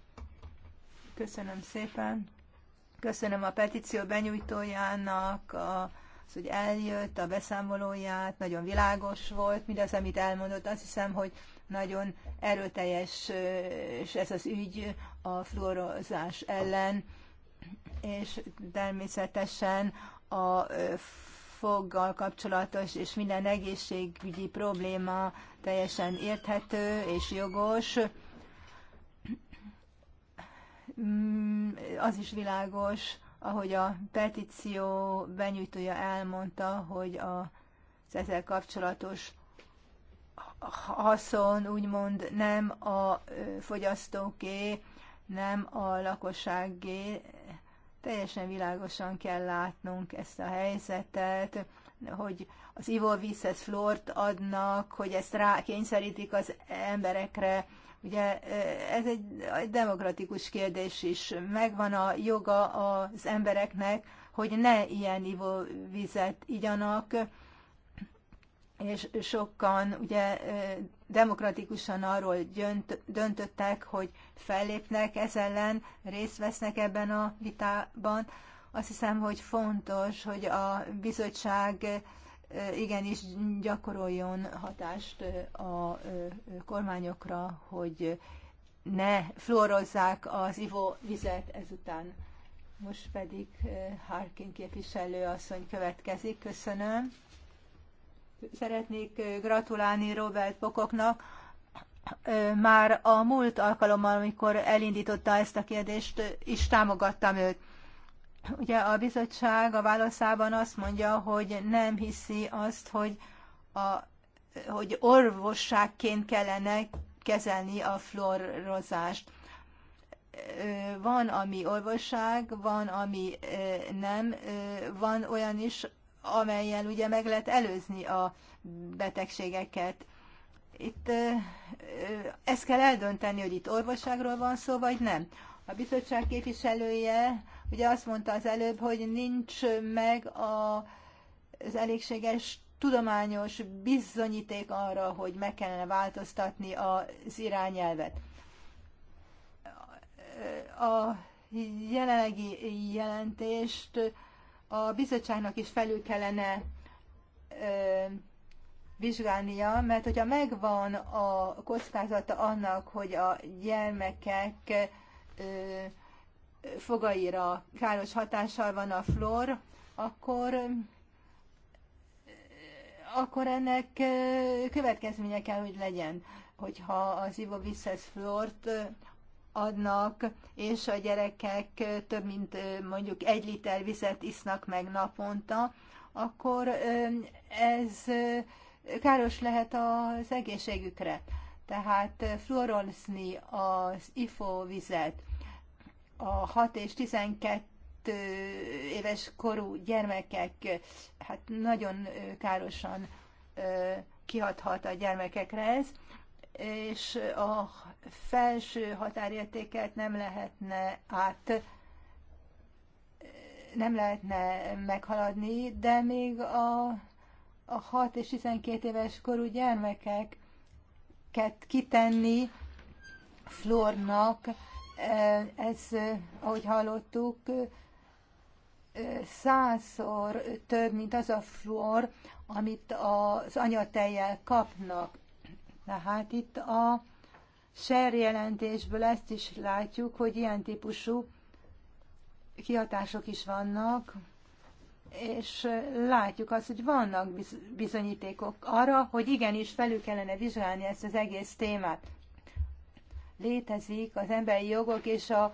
[SPEAKER 2] Köszönöm szépen. Köszönöm a petíció benyújtójának, a, az, hogy eljött, a beszámolóját, nagyon világos volt mindaz, amit elmondott. Azt hiszem, hogy nagyon erőteljes és ez az ügy a fluorozás ellen, és természetesen a foggal kapcsolatos és minden egészségügyi probléma teljesen érthető és jogos. Mm, az is világos, ahogy a petíció benyújtója elmondta, hogy a, az ezzel kapcsolatos haszon úgymond nem a fogyasztóké, nem a lakosságé. Teljesen világosan kell látnunk ezt a helyzetet, hogy az ivóvízhez flort adnak, hogy ezt rá kényszerítik az emberekre, Ugye ez egy, egy demokratikus kérdés is. Megvan a joga az embereknek, hogy ne ilyen ivóvizet igyanak, és sokan ugye demokratikusan arról döntöttek, hogy fellépnek ez ellen, részt vesznek ebben a vitában. Azt hiszem, hogy fontos, hogy a bizottság igenis gyakoroljon hatást a kormányokra, hogy ne fluorozzák az ivóvizet ezután. Most pedig Harkin képviselő asszony következik. Köszönöm. Szeretnék gratulálni Robert Pokoknak. Már a múlt alkalommal, amikor elindította ezt a kérdést, is támogattam őt. Ugye a bizottság a válaszában azt mondja, hogy nem hiszi azt, hogy, a, hogy orvosságként kellene kezelni a fluorozást. Van, ami orvosság, van, ami nem, van olyan is, amelyen ugye meg lehet előzni a betegségeket. Itt ezt kell eldönteni, hogy itt orvosságról van szó, vagy nem. A bizottság képviselője Ugye azt mondta az előbb, hogy nincs meg a, az elégséges tudományos bizonyíték arra, hogy meg kellene változtatni az irányelvet. A jelenlegi jelentést a bizottságnak is felül kellene vizsgálnia, mert hogyha megvan a kockázata annak, hogy a gyermekek fogaira káros hatással van a flor, akkor akkor ennek következménye kell, hogy legyen, hogyha az ivóvízhez flort adnak, és a gyerekek több mint mondjuk egy liter vizet isznak meg naponta, akkor ez káros lehet az egészségükre. Tehát fluorozni az ifóvizet a 6 és 12 éves korú gyermekek, hát nagyon károsan kihathat a gyermekekre ez, és a felső határértéket nem lehetne át nem lehetne meghaladni, de még a, a 6 és 12 éves korú gyermekeket kitenni flornak Eh, ez, eh, ahogy hallottuk, eh, százszor több, mint az a fluor, amit az anyatejjel kapnak. Tehát itt a SER jelentésből ezt is látjuk, hogy ilyen típusú kihatások is vannak, és látjuk azt, hogy vannak bizonyítékok arra, hogy igenis felül kellene vizsgálni ezt az egész témát létezik az emberi jogok és a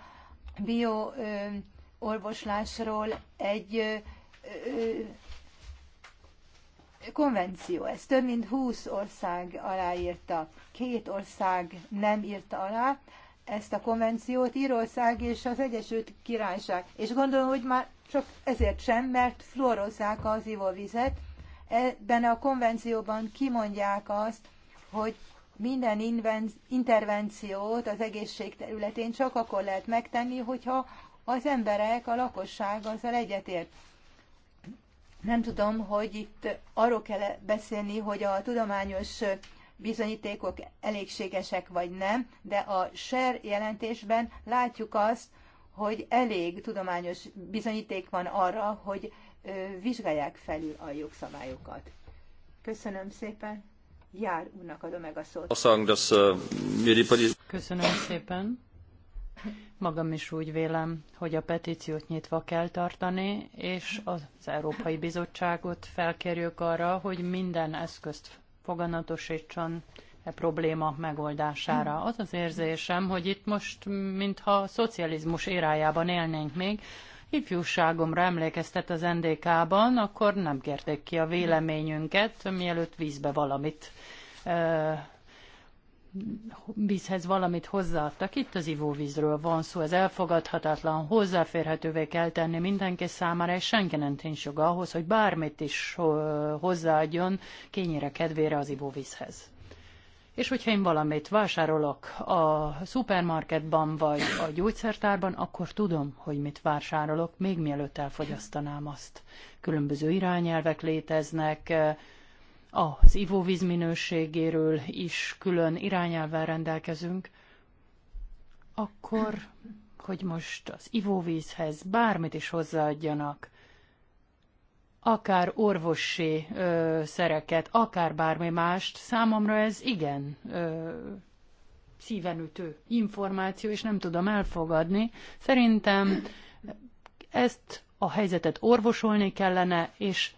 [SPEAKER 2] bioorvoslásról egy konvenció. Ez több mint 20 ország aláírta. Két ország nem írta alá ezt a konvenciót, Írország és az Egyesült Királyság. És gondolom, hogy már csak ezért sem, mert fluorozzák az ivóvizet. Ebben a konvencióban kimondják azt, hogy minden intervenciót az egészség területén csak akkor lehet megtenni, hogyha az emberek, a lakosság azzal egyetért. Nem tudom, hogy itt arról kell -e beszélni, hogy a tudományos bizonyítékok elégségesek vagy nem, de a SER jelentésben látjuk azt, hogy elég tudományos bizonyíték van arra, hogy vizsgálják felül a jogszabályokat. Köszönöm szépen! Jár úrnak adom meg a szót.
[SPEAKER 4] Köszönöm szépen. Magam is úgy vélem, hogy a petíciót nyitva kell tartani, és az Európai Bizottságot felkérjük arra, hogy minden eszközt foganatosítson e probléma megoldására. Az az érzésem, hogy itt most, mintha a szocializmus érájában élnénk még, ifjúságomra emlékeztet az NDK-ban, akkor nem kérték ki a véleményünket, mielőtt vízbe valamit vízhez valamit hozzáadtak. Itt az ivóvízről van szó, ez elfogadhatatlan, hozzáférhetővé kell tenni mindenki számára, és senki nem nincs ahhoz, hogy bármit is hozzáadjon kényére kedvére az ivóvízhez. És hogyha én valamit vásárolok a szupermarketban vagy a gyógyszertárban, akkor tudom, hogy mit vásárolok, még mielőtt elfogyasztanám azt. Különböző irányelvek léteznek, az ivóvíz minőségéről is külön irányelvvel rendelkezünk, akkor, hogy most az ivóvízhez bármit is hozzáadjanak, akár orvosi ö, szereket, akár bármi mást, számomra ez igen ö, szívenütő információ, és nem tudom elfogadni. Szerintem ezt a helyzetet orvosolni kellene, és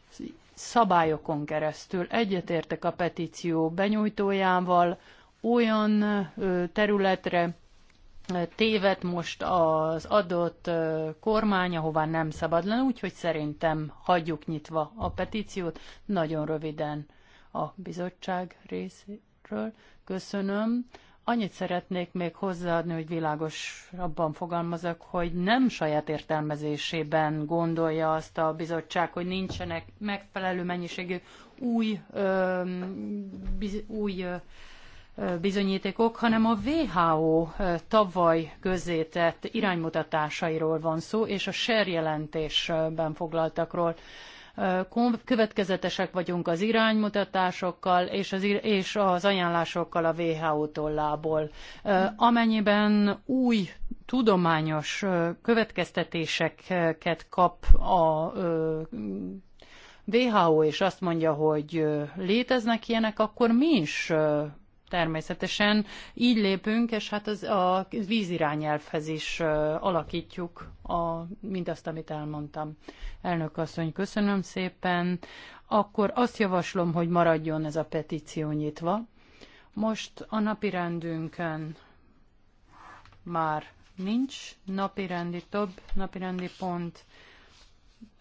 [SPEAKER 4] szabályokon keresztül egyetértek a petíció benyújtójával olyan területre téved most az adott kormány, ahová nem szabad lenni, úgyhogy szerintem hagyjuk nyitva a petíciót. Nagyon röviden a bizottság részéről. Köszönöm. Annyit szeretnék még hozzáadni, hogy világosabban fogalmazok, hogy nem saját értelmezésében gondolja azt a bizottság, hogy nincsenek megfelelő mennyiségű új, ö, biz, új ö, bizonyítékok, hanem a WHO tavaly közzétett iránymutatásairól van szó, és a SER jelentésben foglaltakról következetesek vagyunk az iránymutatásokkal és az, és az ajánlásokkal a WHO tollából. Amennyiben új tudományos következtetéseket kap a WHO, és azt mondja, hogy léteznek ilyenek, akkor mi is természetesen így lépünk, és hát az, a vízirányelvhez is alakítjuk a, mindazt, amit elmondtam. Elnök asszony, köszönöm szépen. Akkor azt javaslom, hogy maradjon ez a petíció nyitva. Most a napirendünkön már nincs napirendi, több napirendi pont.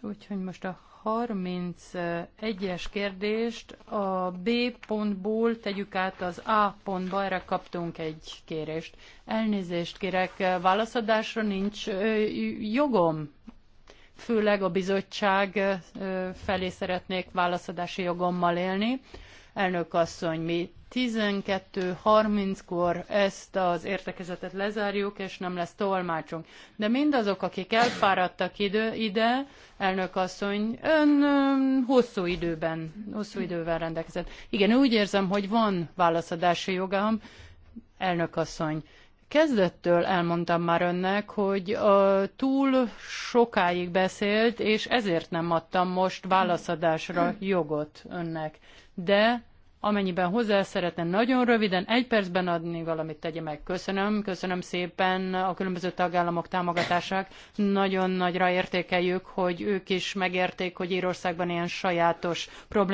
[SPEAKER 4] Úgyhogy most a 31-es kérdést a B pontból tegyük át az A pontba, erre kaptunk egy kérést. Elnézést kérek, válaszadásra nincs jogom. Főleg a bizottság felé szeretnék válaszadási jogommal élni. Elnök asszony, mi 12.30-kor ezt az értekezetet lezárjuk, és nem lesz tolmácsunk. De mindazok, akik elfáradtak idő, ide, elnök asszony, ön hosszú időben, hosszú idővel rendelkezett. Igen, úgy érzem, hogy van válaszadási jogám, elnök asszony. Kezdettől elmondtam már önnek, hogy túl sokáig beszélt, és ezért nem adtam most válaszadásra jogot önnek. De amennyiben hozzá szeretne nagyon röviden, egy percben adni valamit tegye meg. Köszönöm, köszönöm szépen a különböző tagállamok támogatását. Nagyon nagyra értékeljük, hogy ők is megérték, hogy Írországban ilyen sajátos problémák